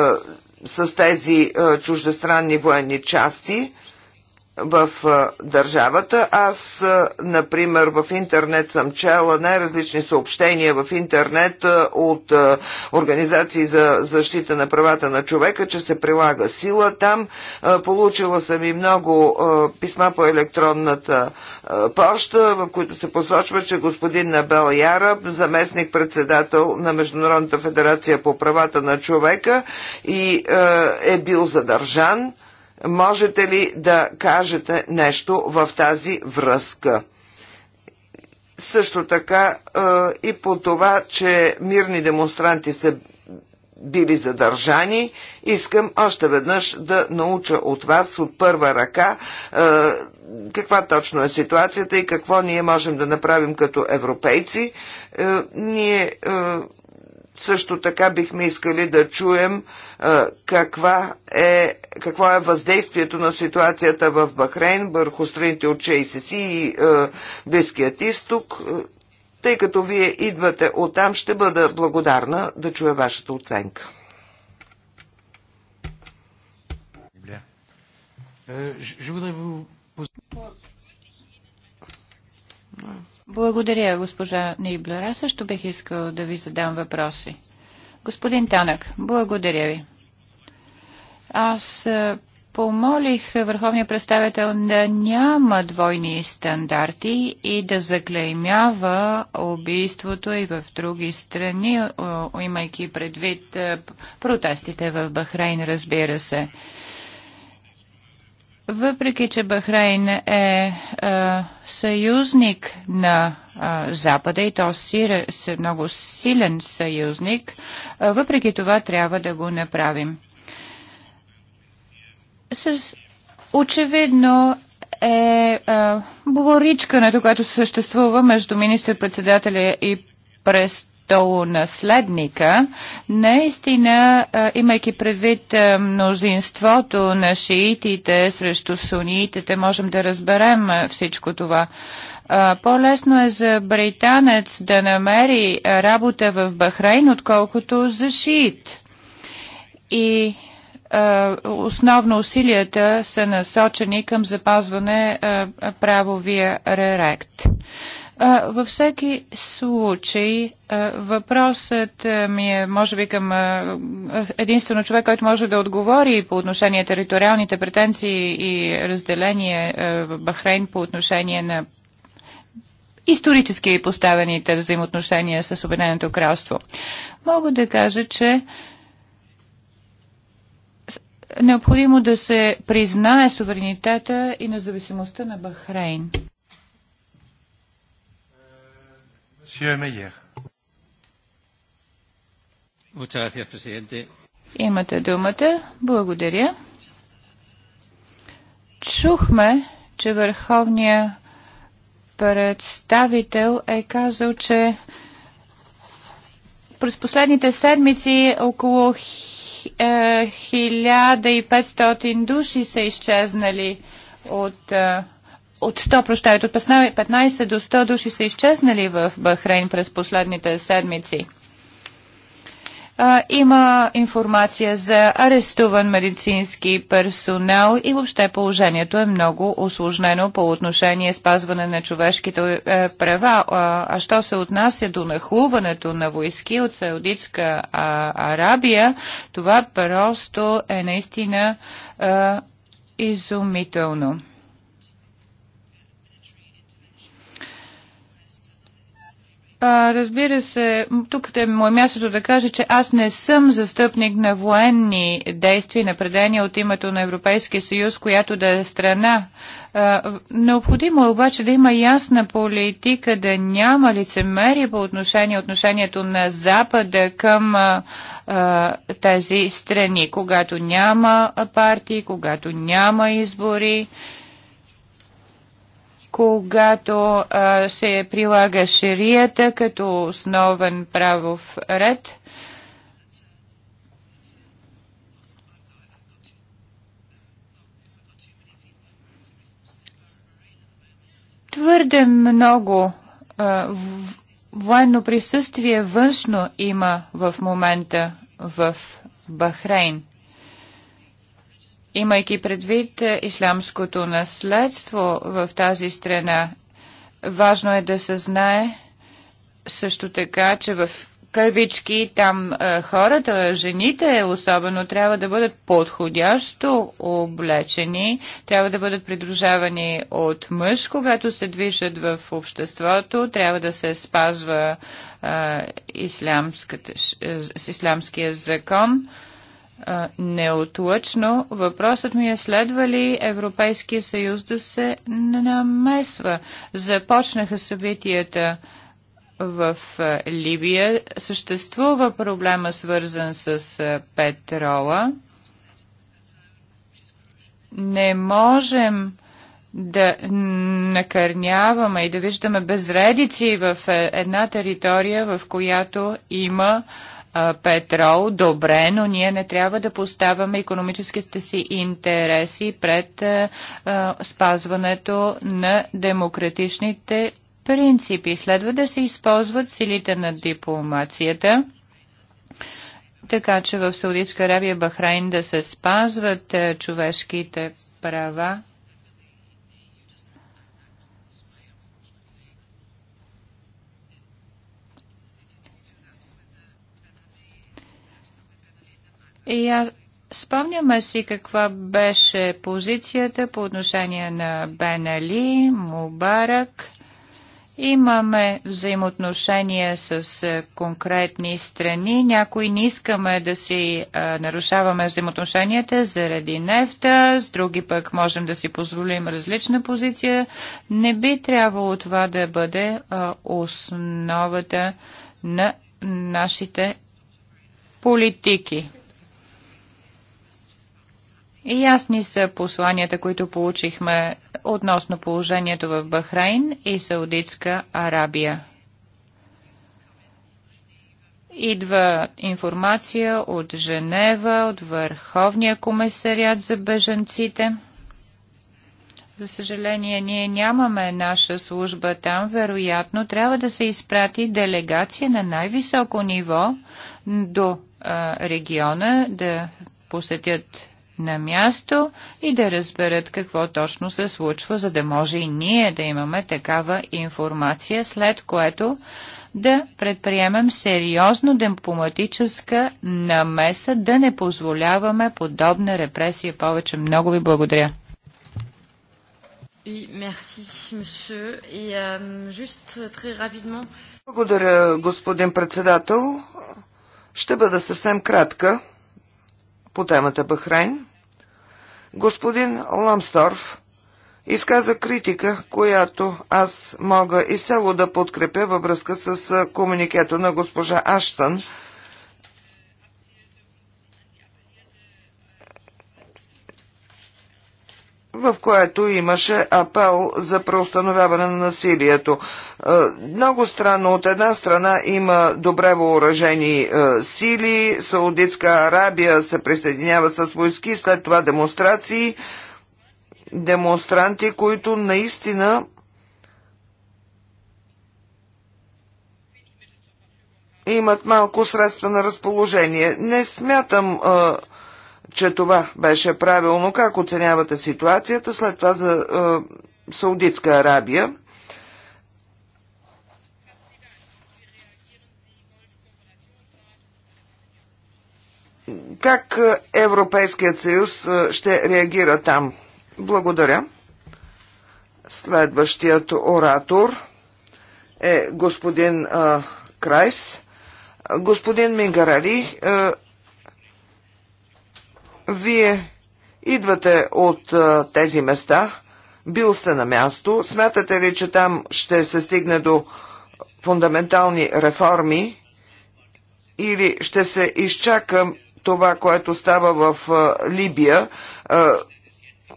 с тези чуждестранни военни части – в държавата. Аз, например, в интернет съм чела най-различни съобщения в интернет от организации за защита на правата на човека, че се прилага сила там. Получила съм и много писма по електронната поща, в които се посочва, че господин Набел Яраб, заместник председател на Международната федерация по правата на човека и е бил задържан Можете ли да кажете нещо в тази връзка? Също така и по това, че мирни демонстранти са били задържани, искам още веднъж да науча от вас от първа ръка каква точно е ситуацията и какво ние можем да направим като европейци. Ние също така бихме искали да чуем каква е, какво е въздействието на ситуацията в Бахрейн върху страните от ЧСС и Близкият изток. Тъй като вие идвате оттам, ще бъда благодарна да чуя вашата оценка. Je voudrais vous poser... Благодаря, госпожа Нейблер. Аз също бих искал да ви задам въпроси. Господин Танък, благодаря ви. Аз помолих върховния представител да няма двойни стандарти и да заклеймява убийството и в други страни, имайки предвид протестите в Бахрейн, разбира се. Въпреки, че Бахрейн е, е съюзник на е, Запада и то си, си, много силен съюзник, е, въпреки това трябва да го направим. С, очевидно е, е боричкането, което съществува между министър-председателя и през то наследника, наистина, имайки предвид мнозинството на шиитите срещу сунитите, можем да разберем всичко това. По-лесно е за британец да намери работа в Бахрейн, отколкото за шиит. И основно усилията са насочени към запазване правовия рерект. Във всеки случай, въпросът ми е, може би, към единствено човек, който може да отговори по отношение териториалните претенции и разделение в Бахрейн по отношение на исторически поставените взаимоотношения с Обединеното кралство. Мога да кажа, че необходимо да се признае суверенитета и независимостта на Бахрейн. Имате думата. Благодаря. Чухме, че върховният представител е казал, че през последните седмици около 1500 е, души са изчезнали от е, от 100, прощавайте, от 15 до 100 души са изчезнали в Бахрейн през последните седмици. А, има информация за арестуван медицински персонал и въобще положението е много осложнено по отношение спазване на човешките е, права. А, а що се отнася до нахлуването на войски от Саудитска а, Арабия, това просто е наистина е, изумително. А, разбира се, тук е мое мястото да кажа, че аз не съм застъпник на военни действия, напредения от името на Европейския съюз, която да е страна. А, необходимо е обаче да има ясна политика, да няма лицемерие по отношение отношението на Запада към а, тези страни, когато няма партии, когато няма избори когато а, се прилага шерията като основен правов ред. Твърде много а, в, военно присъствие външно има в момента в Бахрейн имайки предвид е, ислямското наследство в тази страна, важно е да се знае също така, че в кървички там е, хората, жените особено, трябва да бъдат подходящо облечени, трябва да бъдат придружавани от мъж, когато се движат в обществото, трябва да се спазва е, с ислямския закон неотлъчно. Въпросът ми е следва ли Европейския съюз да се намесва. Започнаха събитията в Либия. Съществува проблема свързан с петрола. Не можем да накърняваме и да виждаме безредици в е, една територия, в която има петрол, добре, но ние не трябва да поставяме економическите си интереси пред спазването на демократичните принципи. Следва да се използват силите на дипломацията така че в Саудитска Арабия Бахрайн да се спазват човешките права И спомняме си каква беше позицията по отношение на Бен Али, Мубарак. Имаме взаимоотношения с е, конкретни страни. Някои не искаме да си а, е, нарушаваме взаимоотношенията заради нефта, с други пък можем да си позволим различна позиция. Не би трябвало това да бъде а, е, основата на нашите политики. И ясни са посланията, които получихме относно положението в Бахрейн и Саудитска Арабия. Идва информация от Женева, от Върховния комисариат за бежанците. За съжаление, ние нямаме наша служба там. Вероятно, трябва да се изпрати делегация на най-високо ниво до а, региона, да посетят на място и да разберат какво точно се случва, за да може и ние да имаме такава информация, след което да предприемем сериозно дипломатическа намеса, да не позволяваме подобна репресия повече. Много ви благодаря. Euh, благодаря, господин председател. Ще бъда съвсем кратка по темата Бахрейн. Господин Ламсторф изказа критика, която аз мога изцяло да подкрепя във връзка с комуникето на госпожа Аштън – в което имаше апел за преустановяване на насилието. Е, много странно, от една страна има добре въоръжени е, сили, Саудитска Арабия се присъединява с войски, след това демонстрации, демонстранти, които наистина имат малко средства на разположение. Не смятам е, че това беше правилно. Как оценявате ситуацията? След това за е, Саудитска Арабия. Как е, Европейският съюз е, ще реагира там? Благодаря. Следващият оратор е господин е, Крайс. Господин Мингарели, вие идвате от тези места, бил сте на място, смятате ли, че там ще се стигне до фундаментални реформи или ще се изчака това, което става в Либия,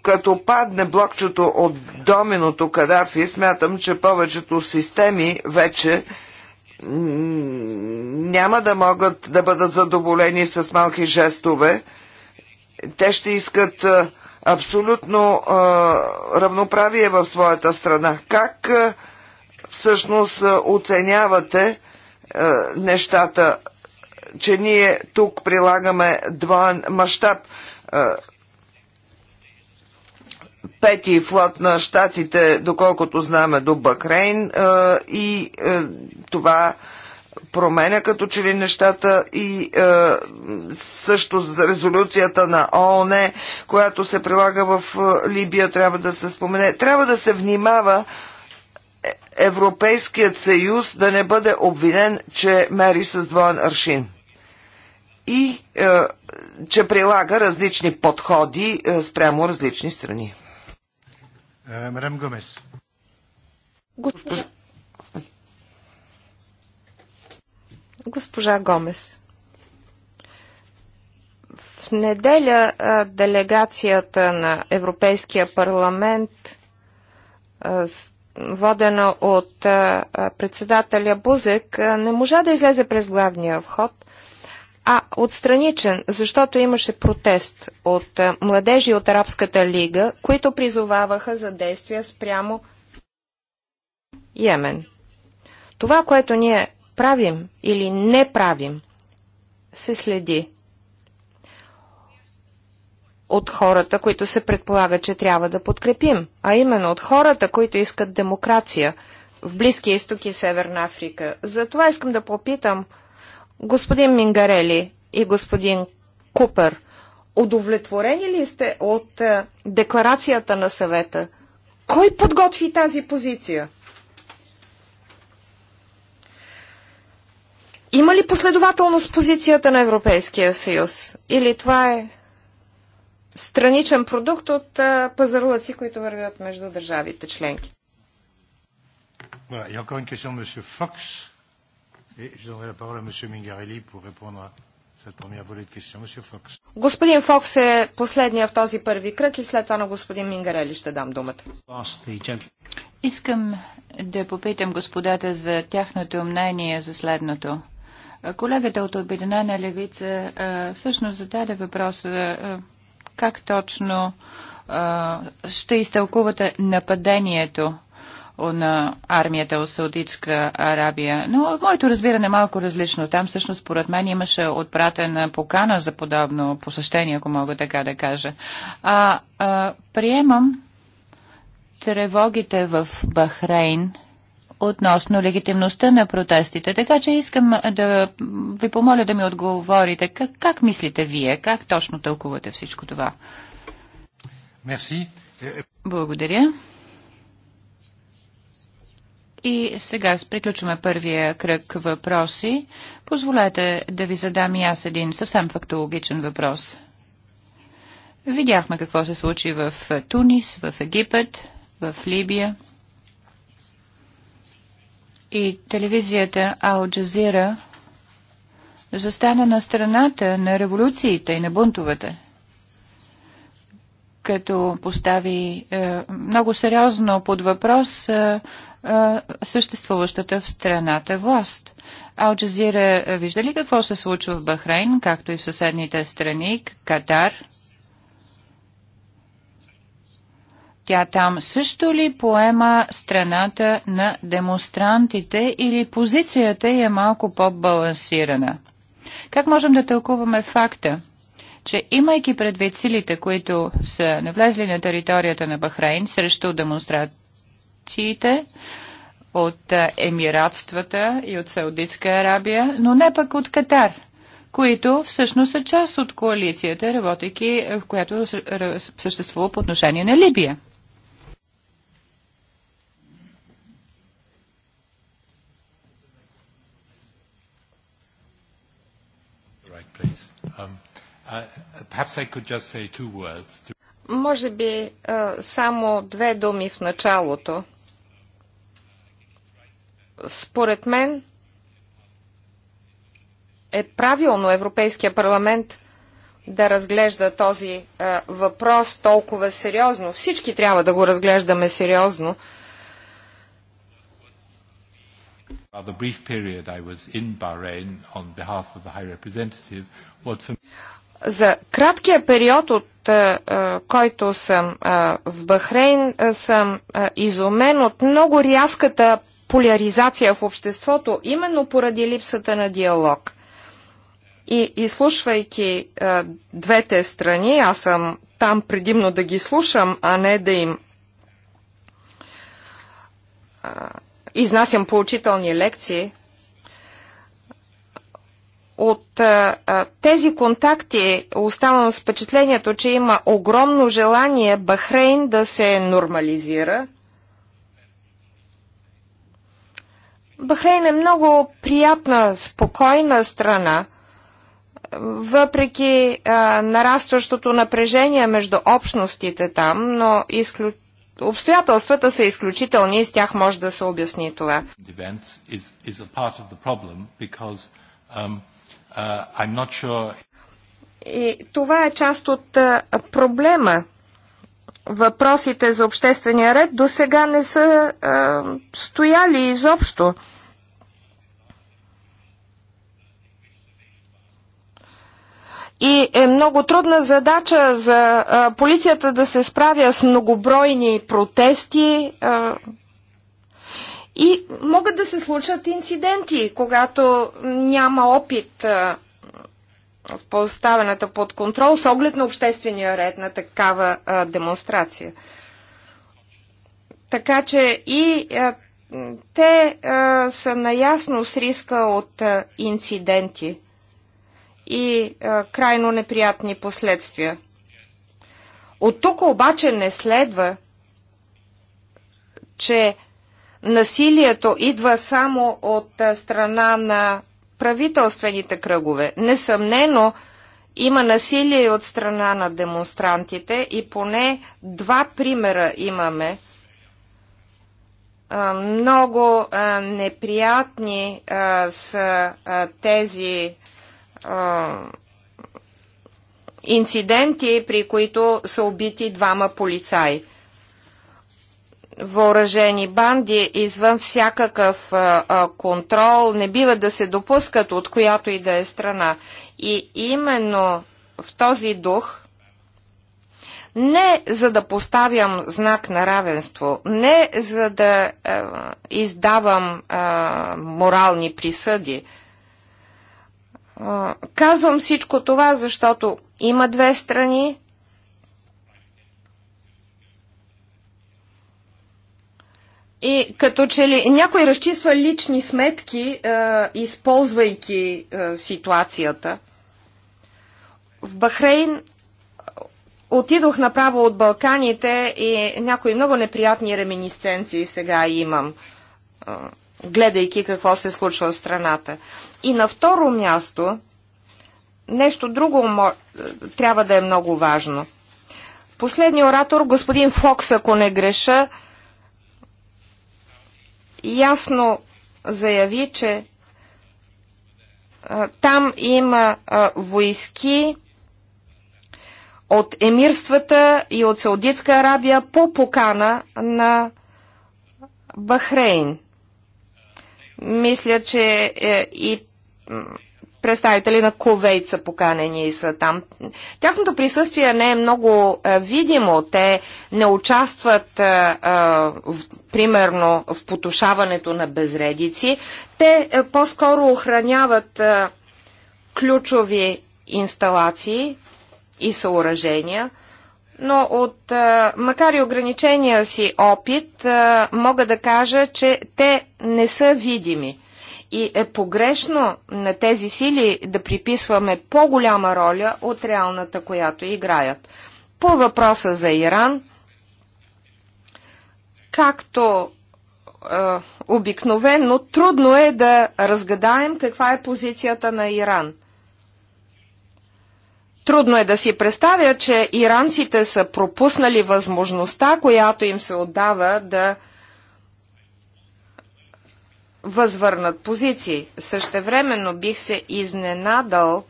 като падне блокчето от доминото Кадафи, смятам, че повечето системи вече няма да могат да бъдат задоволени с малки жестове, те ще искат е, абсолютно е, равноправие в своята страна. Как е, всъщност оценявате нещата, че ние тук прилагаме двоен мащаб? пети флот на щатите, доколкото знаме, до Бакрейн и това променя като че ли нещата и е, също за резолюцията на ООН, която се прилага в е, Либия, трябва да се спомене. Трябва да се внимава е, Европейският съюз да не бъде обвинен, че мери с двоен аршин и е, че прилага различни подходи е, спрямо различни страни. Е, мадам Гомес. Госпожа, Госпожа Гомес. В неделя делегацията на Европейския парламент, водена от председателя Бузек, не можа да излезе през главния вход, а отстраничен, защото имаше протест от младежи от Арабската лига, които призоваваха за действия спрямо Йемен. Това, което ние правим или не правим, се следи от хората, които се предполага, че трябва да подкрепим, а именно от хората, които искат демокрация в Близкия изток и Северна Африка. Затова искам да попитам господин Мингарели и господин Купер, удовлетворени ли сте от е, декларацията на съвета? Кой подготви тази позиция? Има ли последователност позицията на Европейския съюз? Или това е страничен продукт от а, пазарлъци, които вървят между държавите членки? encore une question Fox, et je donnerai la parole à Mingarelli pour répondre à cette première volée de questions. Fox. Господин Фокс е последния в този първи кръг и след това на господин Мингарели ще дам думата. Искам да попитам господата за тяхното мнение за следното. Колегата от Обединена левица всъщност зададе въпрос как точно ще изтълкувате нападението на армията от Саудитска Арабия. Но моето разбиране е малко различно. Там всъщност, според мен, имаше отпратена покана за подобно посещение, ако мога така да кажа. А, а приемам тревогите в Бахрейн – относно легитимността на протестите. Така че искам да ви помоля да ми отговорите. Как, как мислите вие? Как точно тълкувате всичко това? Мерси. Е, е, Благодаря. И сега приключваме първия кръг въпроси. Позволете да ви задам и аз един съвсем фактологичен въпрос. Видяхме какво се случи в Тунис, в Египет, в Либия – и телевизията Ал Джазира застана на страната на революциите и на бунтовете, като постави е, много сериозно под въпрос е, е, съществуващата в страната власт. Ал Джазира е, вижда ли какво се случва в Бахрейн, както и в съседните страни, Катар – Тя там също ли поема страната на демонстрантите или позицията е малко по-балансирана? Как можем да тълкуваме факта, че имайки предвид силите, които са навлезли на територията на Бахрейн срещу демонстрациите от Емиратствата и от Саудитска Арабия, но не пък от Катар – които всъщност са част от коалицията, работейки, в която съществува по отношение на Либия. Um, uh, uh, perhaps I could just say two words. To... Може би е, само две думи в началото. Според мен е правилно Европейския парламент да разглежда този е, въпрос толкова сериозно. Всички трябва да го разглеждаме сериозно – rather brief period I was in Bahrain on behalf of the High Representative, what for за краткия период, от е, е, който съм е, в Бахрейн, съм изумен от много рязката поляризация в обществото, именно поради липсата на диалог. И изслушвайки двете страни, аз съм там предимно да ги слушам, а не да им изнасям поучителни лекции от а, тези контакти оставам с впечатлението, че има огромно желание Бахрейн да се нормализира. Бахрейн е много приятна, спокойна страна, въпреки а, нарастващото напрежение между общностите там, но изключително обстоятелствата са изключителни и с тях може да се обясни това. Um, uh, и това е част от проблема. Въпросите за обществения ред до сега не са а, стояли изобщо и е много трудна задача за а, полицията да се справя с многобройни протести. А, и могат да се случат инциденти, когато няма опит а, в поставената под контрол с оглед на обществения ред на такава а, демонстрация. Така че и а, те а, са наясно с риска от а, инциденти и а, крайно неприятни последствия. От тук обаче не следва, че насилието идва само от страна на правителствените кръгове. Несъмнено, има насилие от страна на демонстрантите и поне два примера имаме. Много неприятни са тези инциденти, при които са убити двама полицаи. Въоръжени банди извън всякакъв а, контрол не бива да се допускат от която и да е страна. И именно в този дух – не за да поставям знак на равенство, не за да е, издавам е, морални присъди, Казвам всичко това, защото има две страни. И като че ли някой разчиства лични сметки, е, използвайки е, ситуацията. В Бахрейн е, отидох направо от Балканите и някои много неприятни реминисценции сега имам, е, гледайки какво се случва в страната. И на второ място, нещо друго трябва да е много важно. Последният оратор, господин Фокс, ако не греша, ясно заяви, че а, там има а, войски от емирствата и от Саудитска Арабия по покана на Бахрейн. Мисля, че е, и представители на Ковейт са поканени и са там. Тяхното присъствие не е много а, видимо. Те не участват, а, а, в, примерно, в потушаването на безредици. Те по-скоро охраняват а, ключови инсталации и съоръжения, но от а, макар и ограничения си опит а, мога да кажа, че те не са видими. И е погрешно на тези сили да приписваме по-голяма роля от реалната, която играят. По въпроса за Иран, както е, обикновено, трудно е да разгадаем каква е позицията на Иран. Трудно е да си представя, че иранците са пропуснали възможността, която им се отдава да възвърнат позиции. Същевременно бих се изненадал,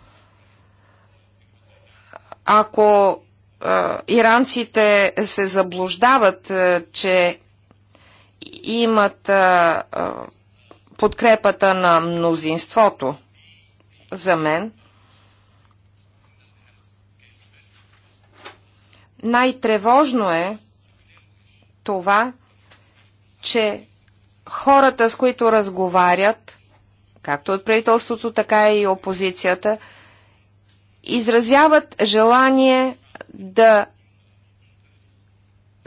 ако иранците се заблуждават, че имат подкрепата на мнозинството за мен. Най-тревожно е това, че хората, с които разговарят, както от правителството, така и опозицията, изразяват желание да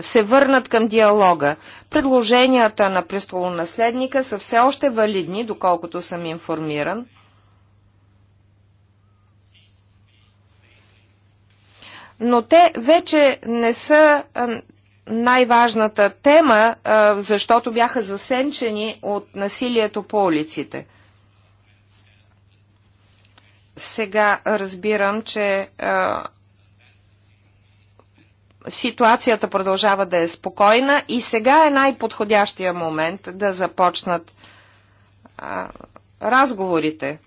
се върнат към диалога. Предложенията на престолонаследника са все още валидни, доколкото съм информиран. Но те вече не са най-важната тема, защото бяха засенчени от насилието по улиците. Сега разбирам, че ситуацията продължава да е спокойна и сега е най-подходящия момент да започнат а, разговорите.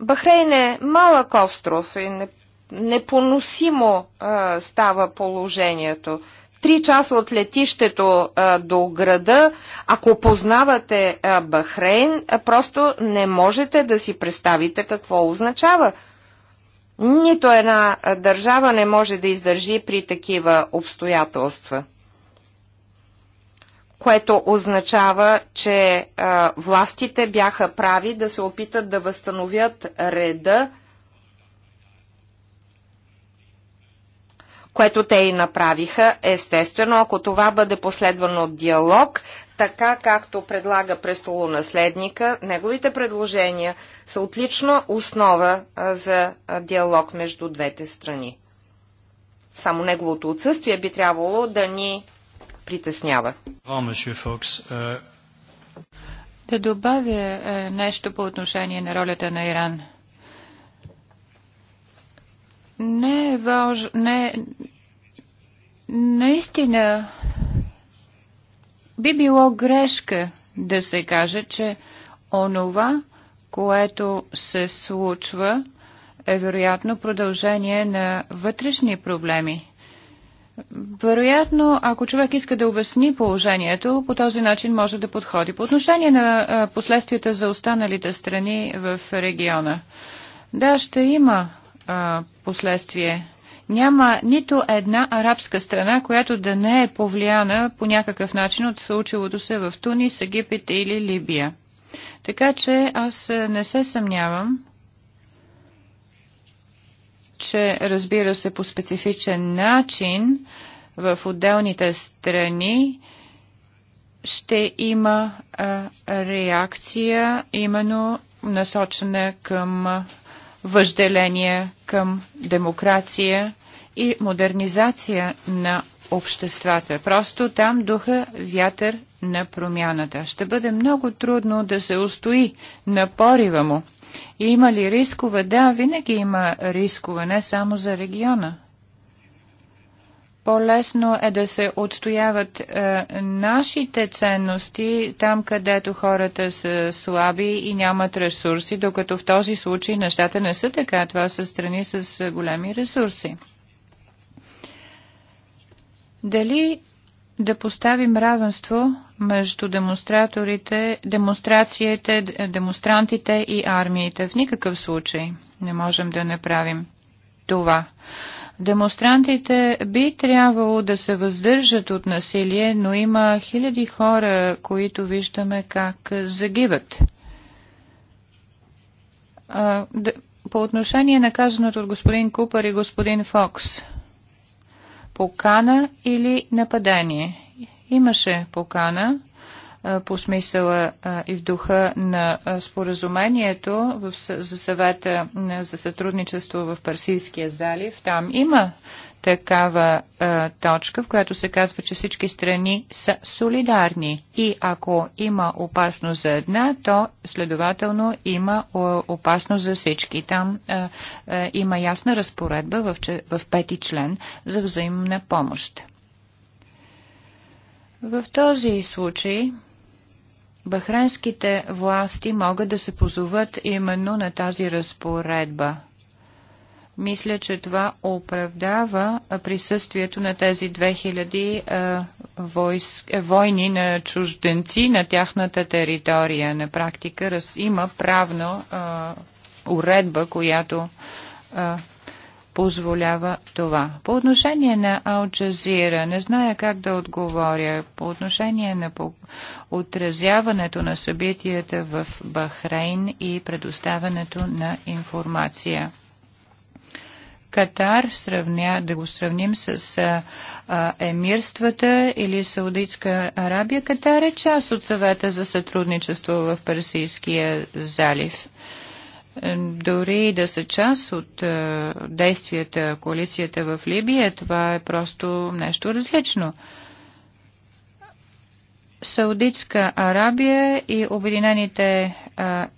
Бахрейн е малък остров и не непоносимо а, става положението. Три часа от летището а, до града, ако познавате а, Бахрейн, а, просто не можете да си представите какво означава. Нито една държава не може да издържи при такива обстоятелства което означава, че а, властите бяха прави да се опитат да възстановят реда което те и направиха. Естествено, ако това бъде последвано от диалог, така както предлага престолонаследника, неговите предложения са отлична основа за диалог между двете страни. Само неговото отсъствие би трябвало да ни притеснява. Uh, да добавя е, нещо по отношение на ролята на Иран не е важно, не, наистина би било грешка да се каже, че онова, което се случва, е вероятно продължение на вътрешни проблеми. Вероятно, ако човек иска да обясни положението, по този начин може да подходи. По отношение на последствията за останалите страни в региона. Да, ще има последствие. Няма нито една арабска страна, която да не е повлияна по някакъв начин от случилото се в Тунис, Египет или Либия. Така че аз не се съмнявам, че разбира се по специфичен начин в отделните страни ще има а, реакция именно насочена към въжделение към демокрация и модернизация на обществата. Просто там духа вятър на промяната. Ще бъде много трудно да се устои на порива му. И има ли рискове? Да, винаги има рискове, не само за региона. По-лесно е да се отстояват е, нашите ценности там, където хората са слаби и нямат ресурси, докато в този случай нещата не са така. Това са страни с големи ресурси. Дали да поставим равенство между демонстраторите, демонстрациите, демонстрантите и армиите. В никакъв случай не можем да направим това. Демонстрантите би трябвало да се въздържат от насилие, но има хиляди хора, които виждаме как загиват. По отношение на казаното от господин Купър и господин Фокс, покана или нападение? Имаше покана по смисъла и в духа на споразумението за съвета за сътрудничество в Парсийския залив. Там има такава а, точка, в която се казва, че всички страни са солидарни. И ако има опасност за една, то следователно има опасност за всички. Там а, а, има ясна разпоредба в, в пети член за взаимна помощ. В този случай Бахренските власти могат да се позоват именно на тази разпоредба. Мисля, че това оправдава присъствието на тези 2000 е, е, войни на чужденци на тяхната територия. На практика раз, има правна е, уредба, която позволява това. По отношение на Алджазира, не зная как да отговоря. По отношение на отразяването на събитията в Бахрейн и предоставянето на информация. Катар сравня, да го сравним с а, емирствата или Саудитска Арабия. Катар е част от съвета за сътрудничество в Персийския залив. Е, дори да са част от е, действията, коалицията в Либия, това е просто нещо различно. Саудитска Арабия и Обединените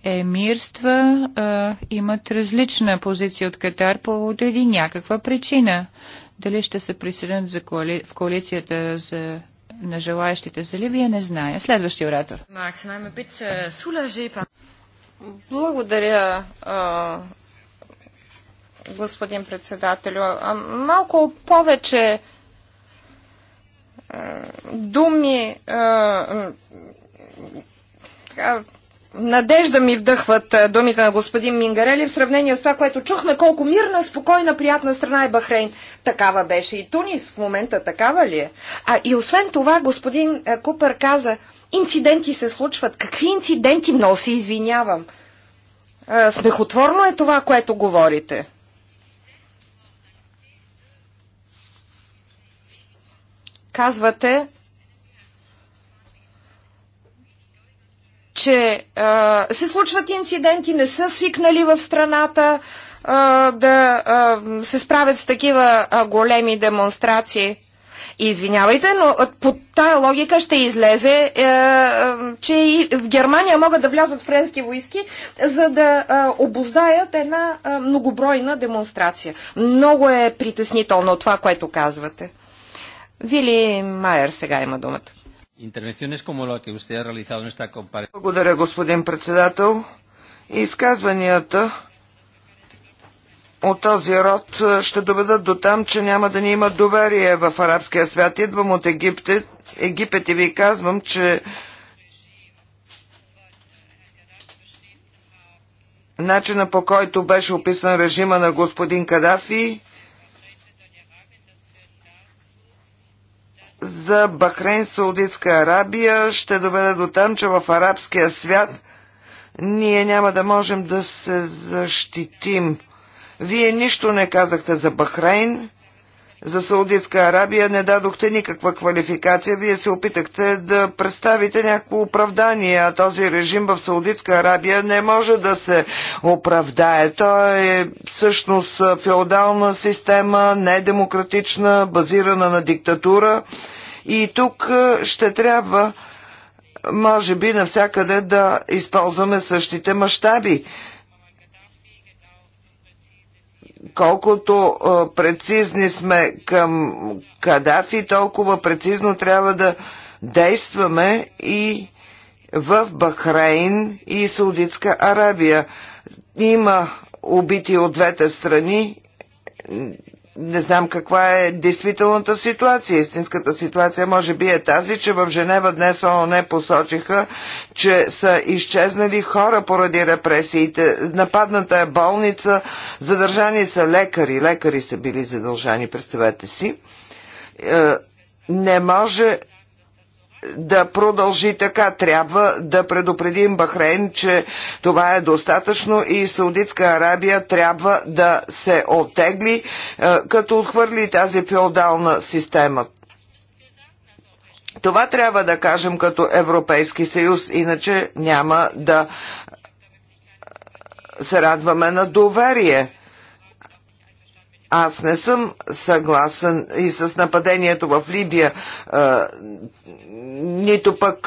емирства имат различна позиция от Катар по или някаква причина. Дали ще се присъединят за коали... в коалицията за на желаящите за Ливия, не зная. Следващия оратор. Благодаря, господин председателю. Малко повече думи, надежда ми вдъхват думите на господин Мингарели в сравнение с това, което чухме, колко мирна, спокойна, приятна страна е Бахрейн. Такава беше и Тунис в момента, такава ли е? А и освен това, господин Купер каза, инциденти се случват. Какви инциденти? Много се извинявам. Смехотворно е това, което говорите. Казвате, че а, се случват инциденти, не са свикнали в страната а, да а, се справят с такива а, големи демонстрации. И извинявайте, но по тая логика ще излезе, е, е, че и в Германия могат да влязат френски войски, за да е, обоздаят една е, многобройна демонстрация. Много е притеснително това, което казвате. Вили Майер сега има думата. Благодаря, господин председател. Изказванията от този род е, ще доведат до там, че няма да ни има доверие в арабския свят. Идвам от Египет, Египет и ви казвам, че начина по който беше описан режима на господин Кадафи за Бахрейн, Саудитска Арабия ще доведе до там, че в арабския свят ние няма да можем да се защитим. Вие нищо не казахте за Бахрейн, за Саудитска Арабия не дадохте никаква квалификация. Вие се опитахте да представите някакво оправдание, а този режим в Саудитска Арабия не може да се оправдае. Той е всъщност феодална система, недемократична, базирана на диктатура. И тук е, ще трябва, може би, навсякъде да използваме същите мащаби колкото прецизни сме към Кадафи, толкова прецизно трябва да действаме и в Бахрейн и Саудитска Арабия. Има убити от двете страни не знам каква е действителната ситуация. Истинската ситуация може би е тази, че в Женева днес ООН посочиха, че са изчезнали хора поради репресиите. Нападната е болница, задържани са лекари. Лекари са били задължани, представете си. Е, не може да продължи така. Трябва да предупредим Бахрейн, че това е достатъчно и Саудитска Арабия трябва да се отегли, е, като отхвърли тази пиодална система. Това трябва да кажем като Европейски съюз, иначе няма да се радваме на доверие. Аз не съм съгласен и с нападението в Либия, нито пък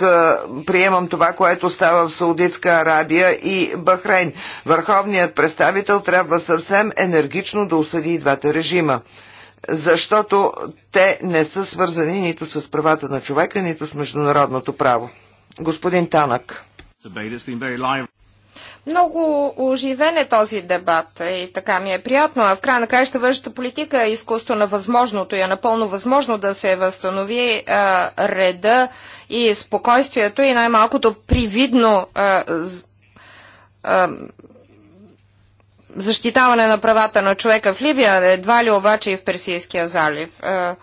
приемам това, което става в Саудитска Арабия и Бахрейн. Върховният представител трябва съвсем енергично да осъди и двата режима, защото те не са свързани нито с правата на човека, нито с международното право. Господин Танък. Много оживен е този дебат и така ми е приятно. А в край на краища външната политика е изкуство на възможното и е напълно възможно да се възстанови а, реда и спокойствието и най-малкото привидно а, а, защитаване на правата на човека в Либия, едва ли обаче и в Персийския залив. А,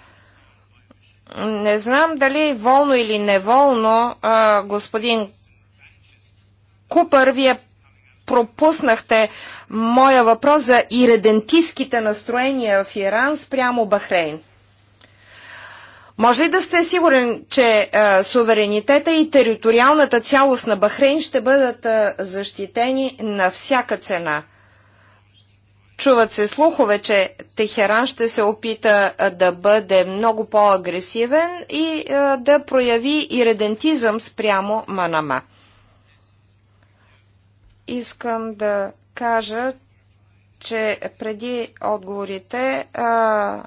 не знам дали волно или неволно а, господин Купър, вие пропуснахте моя въпрос за иредентистските настроения в Иран спрямо Бахрейн. Може ли да сте сигурен, че суверенитета и териториалната цялост на Бахрейн ще бъдат защитени на всяка цена? Чуват се слухове, че Техеран ще се опита да бъде много по-агресивен и да прояви иредентизъм спрямо Манама искам да кажа, че преди отговорите а,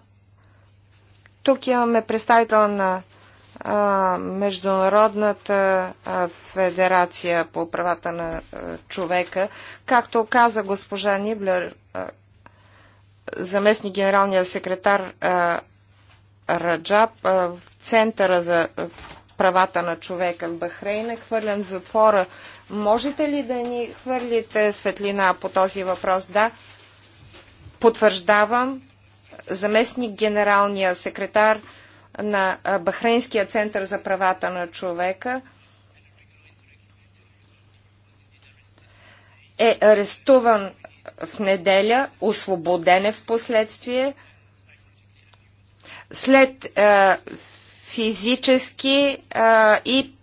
тук имаме представител на а, Международната а, федерация по правата на а, човека. Както каза госпожа Ниблер, заместник генералния секретар а, Раджаб, а, в Центъра за правата на човека в Бахрейн е хвърлен в затвора. Можете ли да ни хвърлите светлина по този въпрос? Да, потвърждавам, заместник генералния секретар на Бахрейнския център за правата на човека е арестуван в неделя, освободен е в последствие, след е, физически а, и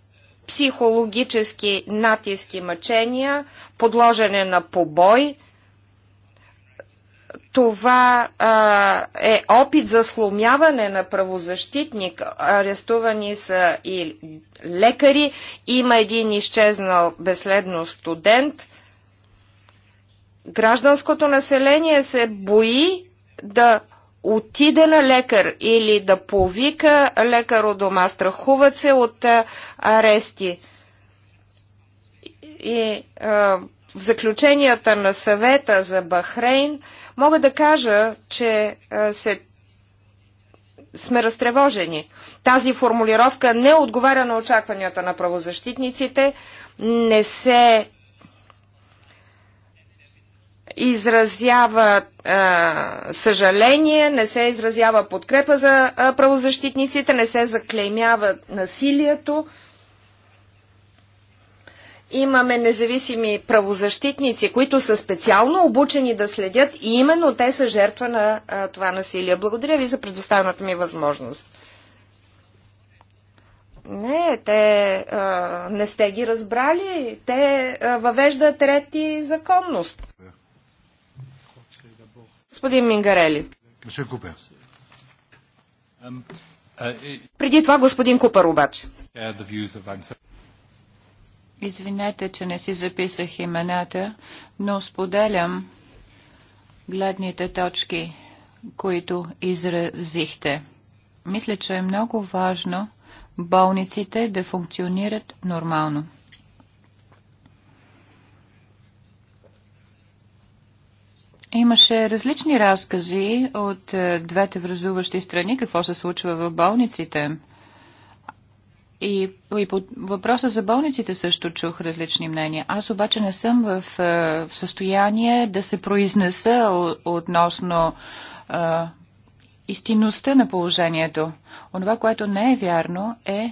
психологически натиски мъчения, подложене на побой. Това а, е опит за сломяване на правозащитник. Арестувани са и лекари. Има един изчезнал безследно студент. Гражданското население се бои да отида на лекар или да повика лекар от дома, страхуват се от арести. И а, в заключенията на съвета за Бахрейн мога да кажа, че а, се сме разтревожени. Тази формулировка не отговаря на очакванията на правозащитниците, не се изразява а, съжаление, не се изразява подкрепа за а, правозащитниците, не се заклеймява насилието. Имаме независими правозащитници, които са специално обучени да следят и именно те са жертва на а, това насилие. Благодаря ви за предоставената ми възможност. Не, те а, не сте ги разбрали. Те а, въвеждат ред и законност. Yeah. Е. Господин Мингарели. Преди това господин Купър обаче. Извинете, че не си записах имената, но споделям гледните точки, които изразихте. Мисля, че е много важно болниците да функционират нормално. Имаше различни разкази от е, двете връзуващи страни, какво се случва в болниците. И, и по въпроса за болниците също чух различни мнения. Аз обаче не съм в, е, в състояние да се произнеса относно а, е, истинността на положението. Онова, което не е вярно, е,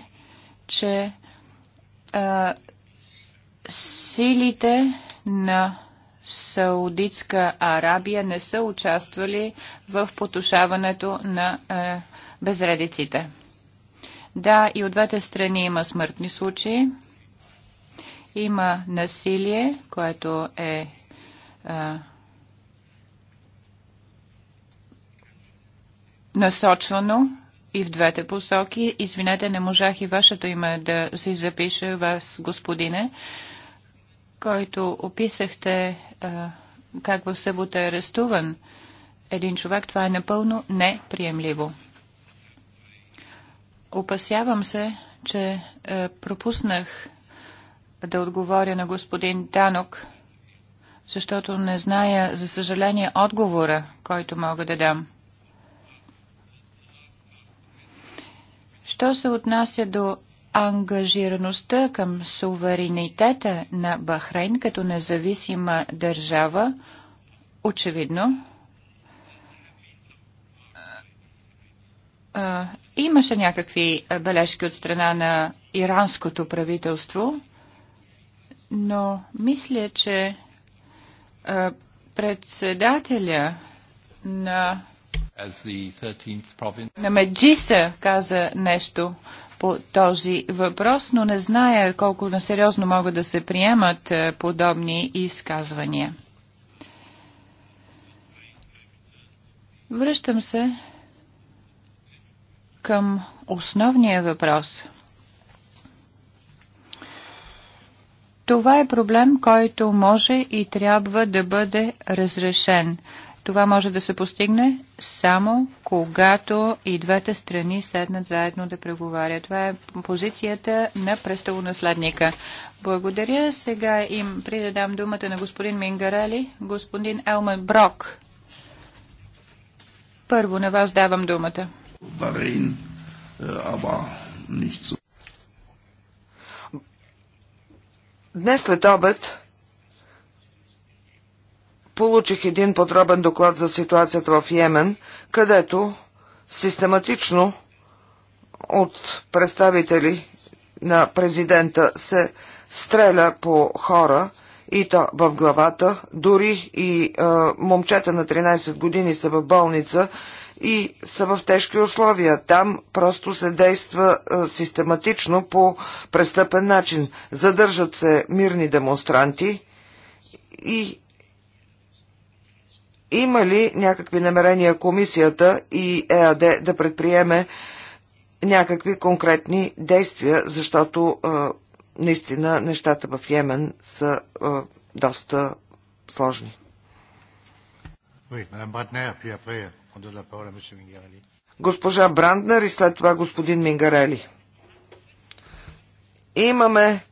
че а, силите на Саудитска Арабия не са участвали в потушаването на е, безредиците. Да, и от двете страни има смъртни случаи, има насилие, което е е насочвано и в двете посоки. Извинете, не можах и вашето име да си запиша, вас, господине, който описахте как в събота е арестуван един човек, това е напълно неприемливо. Опасявам се, че пропуснах да отговоря на господин Танок, защото не зная, за съжаление, отговора, който мога да дам. Що се отнася до ангажираността към суверенитета на Бахрейн като независима държава, очевидно, имаше някакви бележки от страна на иранското правителство, но мисля, че председателя на на Меджиса каза нещо по този въпрос, но не зная колко насериозно могат да се приемат е, подобни изказвания. Връщам се към основния въпрос. Това е проблем, който може и трябва да бъде разрешен. Това може да се постигне само когато и двете страни седнат заедно да преговарят. Това е позицията на престолонаследника. Благодаря. Сега им придадам думата на господин Мингарели, господин Елман Брок. Първо на вас давам думата. Е, Днес след обед получих един подробен доклад за ситуацията в Йемен, където систематично от представители на президента се стреля по хора и то в главата. Дори и е, момчета на 13 години са в болница и са в тежки условия. Там просто се действа е, систематично по престъпен начин. Задържат се мирни демонстранти и има ли някакви намерения комисията и ЕАД да предприеме някакви конкретни действия, защото а, наистина нещата в Йемен са а, доста сложни? Госпожа Бранднер и след това господин Мингарели. Имаме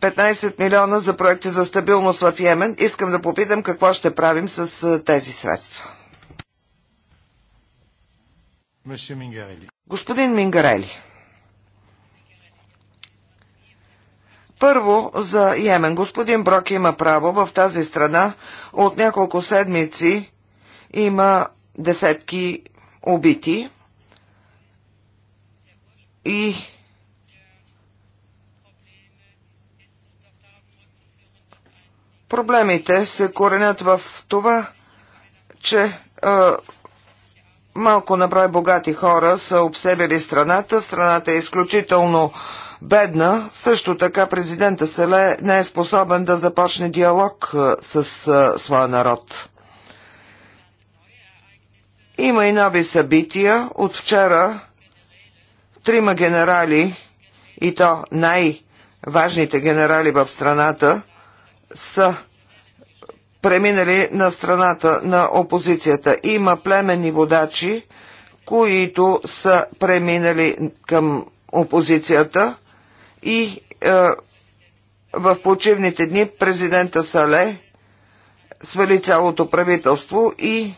15 милиона за проекти за стабилност в Йемен. Искам да попитам какво ще правим с тези средства. Господин Мингарели. Първо за Йемен. Господин Брок има право. В тази страна от няколко седмици има десетки убити и Проблемите се коренят в това, че е, малко наброй богати хора са обсебили страната. Страната е изключително бедна. Също така президента Селе не е способен да започне диалог е, с е, своя народ. Има и нови събития. От вчера трима генерали, и то най-важните генерали в страната, са преминали на страната на опозицията. Има племенни водачи, които са преминали към опозицията и е, в почивните дни президента Сале свали цялото правителство и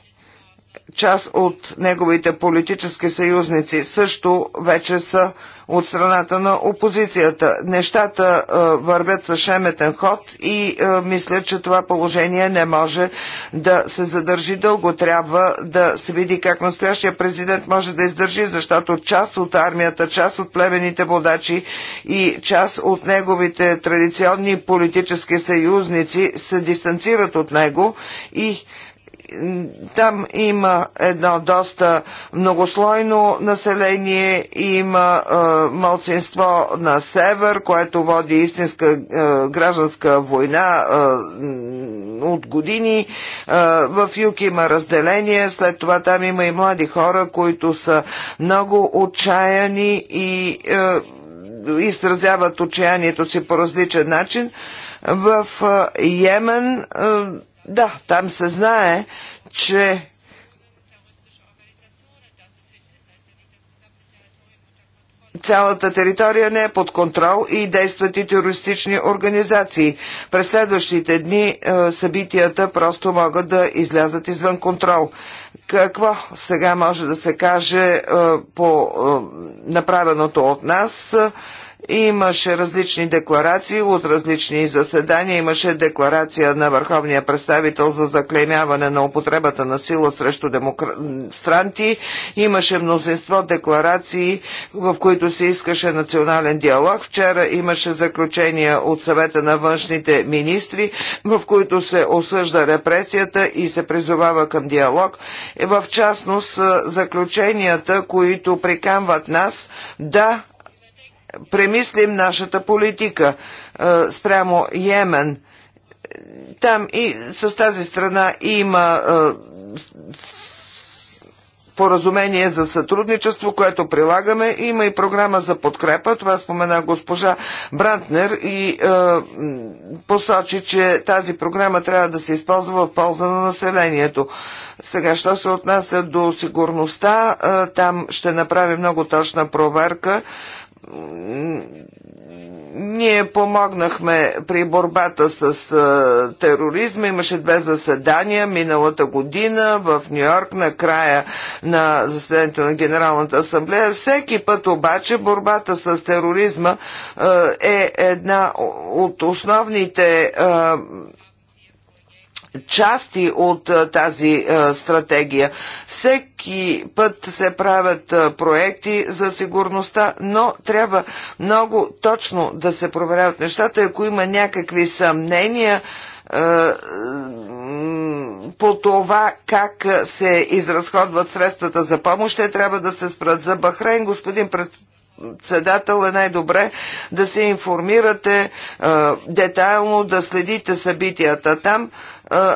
част от неговите политически съюзници също вече са от страната на опозицията. Нещата а, е, вървят със шеметен ход и а, е, мисля, че това положение не може да се задържи дълго. Трябва да се види как настоящия президент може да издържи, защото част от армията, част от племените водачи и част от неговите традиционни политически съюзници се дистанцират от него и там има едно доста многослойно население, има е, малцинство на север, което води истинска е, гражданска война е, от години. Е, в юг има разделение, след това там има и млади хора, които са много отчаяни и е, изразяват отчаянието си по различен начин. В е, Йемен да, там се знае, че цялата територия не е под контрол и действат и терористични организации. През следващите дни е, събитията просто могат да излязат извън контрол. Какво сега може да се каже е, по е, направеното от нас? Имаше различни декларации от различни заседания. Имаше декларация на върховния представител за заклемяване на употребата на сила срещу демонстранти. Имаше мнозинство декларации, в които се искаше национален диалог. Вчера имаше заключения от съвета на външните министри, в които се осъжда репресията и се призовава към диалог. Е, в частност, заключенията, които приканват нас да премислим нашата политика спрямо Йемен. Там и с тази страна има поразумение за сътрудничество, което прилагаме. Има и програма за подкрепа. Това спомена госпожа Брантнер и а, посочи, че тази програма трябва да се използва в полза на населението. Сега, що се отнася до сигурността, а, там ще направи много точна проверка. А, ние помогнахме при борбата с а, тероризма. Имаше две заседания миналата година в Нью Йорк, на края на заседанието на Генералната асамблея. Всеки път обаче борбата с тероризма а, е една от основните а, части от тази стратегия. Всеки път се правят проекти за сигурността, но трябва много точно да се проверяват нещата. Ако има някакви съмнения, по това как се изразходват средствата за помощ, те трябва да се спрат за Бахрейн. Господин председател е най-добре да се информирате детайлно, да следите събитията там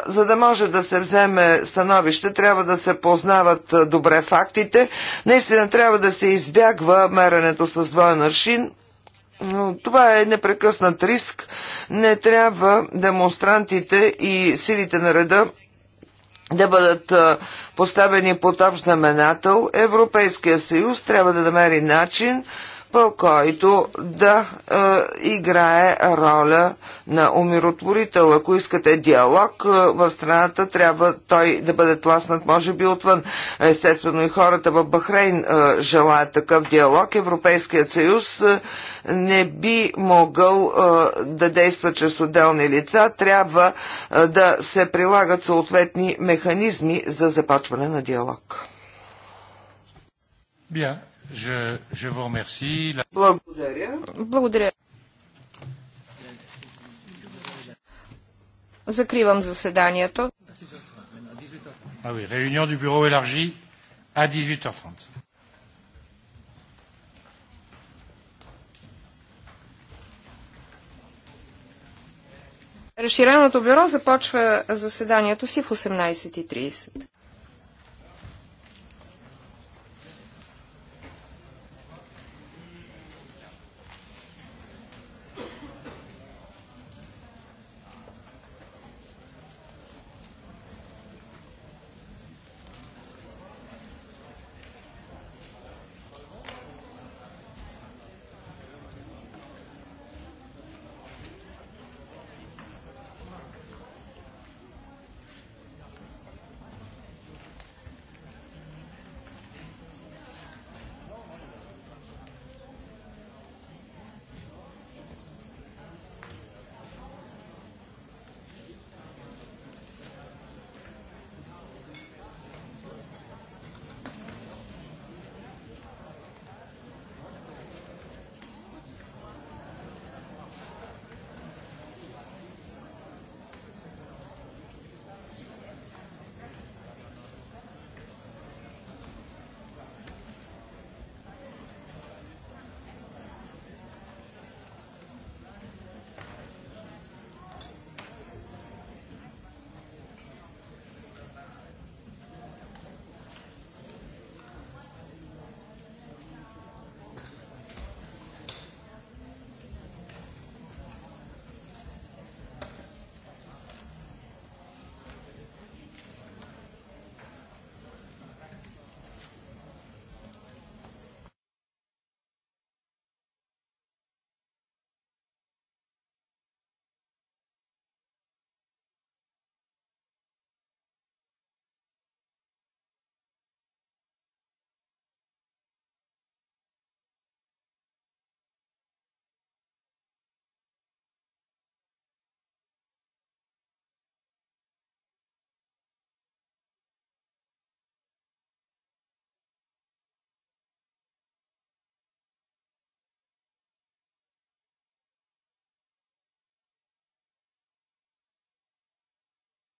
за да може да се вземе становище, трябва да се познават добре фактите. Наистина трябва да се избягва меренето с двоен аршин. Това е непрекъснат риск. Не трябва демонстрантите и силите на реда да бъдат поставени под общ знаменател. Европейския съюз трябва да намери начин по който да е, играе роля на умиротворител. Ако искате диалог е, в страната, трябва той да бъде тласнат, може би, отвън. Естествено и хората в Бахрейн е, желаят такъв диалог. Европейският съюз е, не би могъл е, да действа чрез отделни лица. Трябва е, да се прилагат съответни механизми за започване на диалог. Bien. Благодаря. Благодаря. Закривам заседанието. Ah oui, réunion du bureau élargi à 18h30. Разширеното бюро започва заседанието си в 18.30.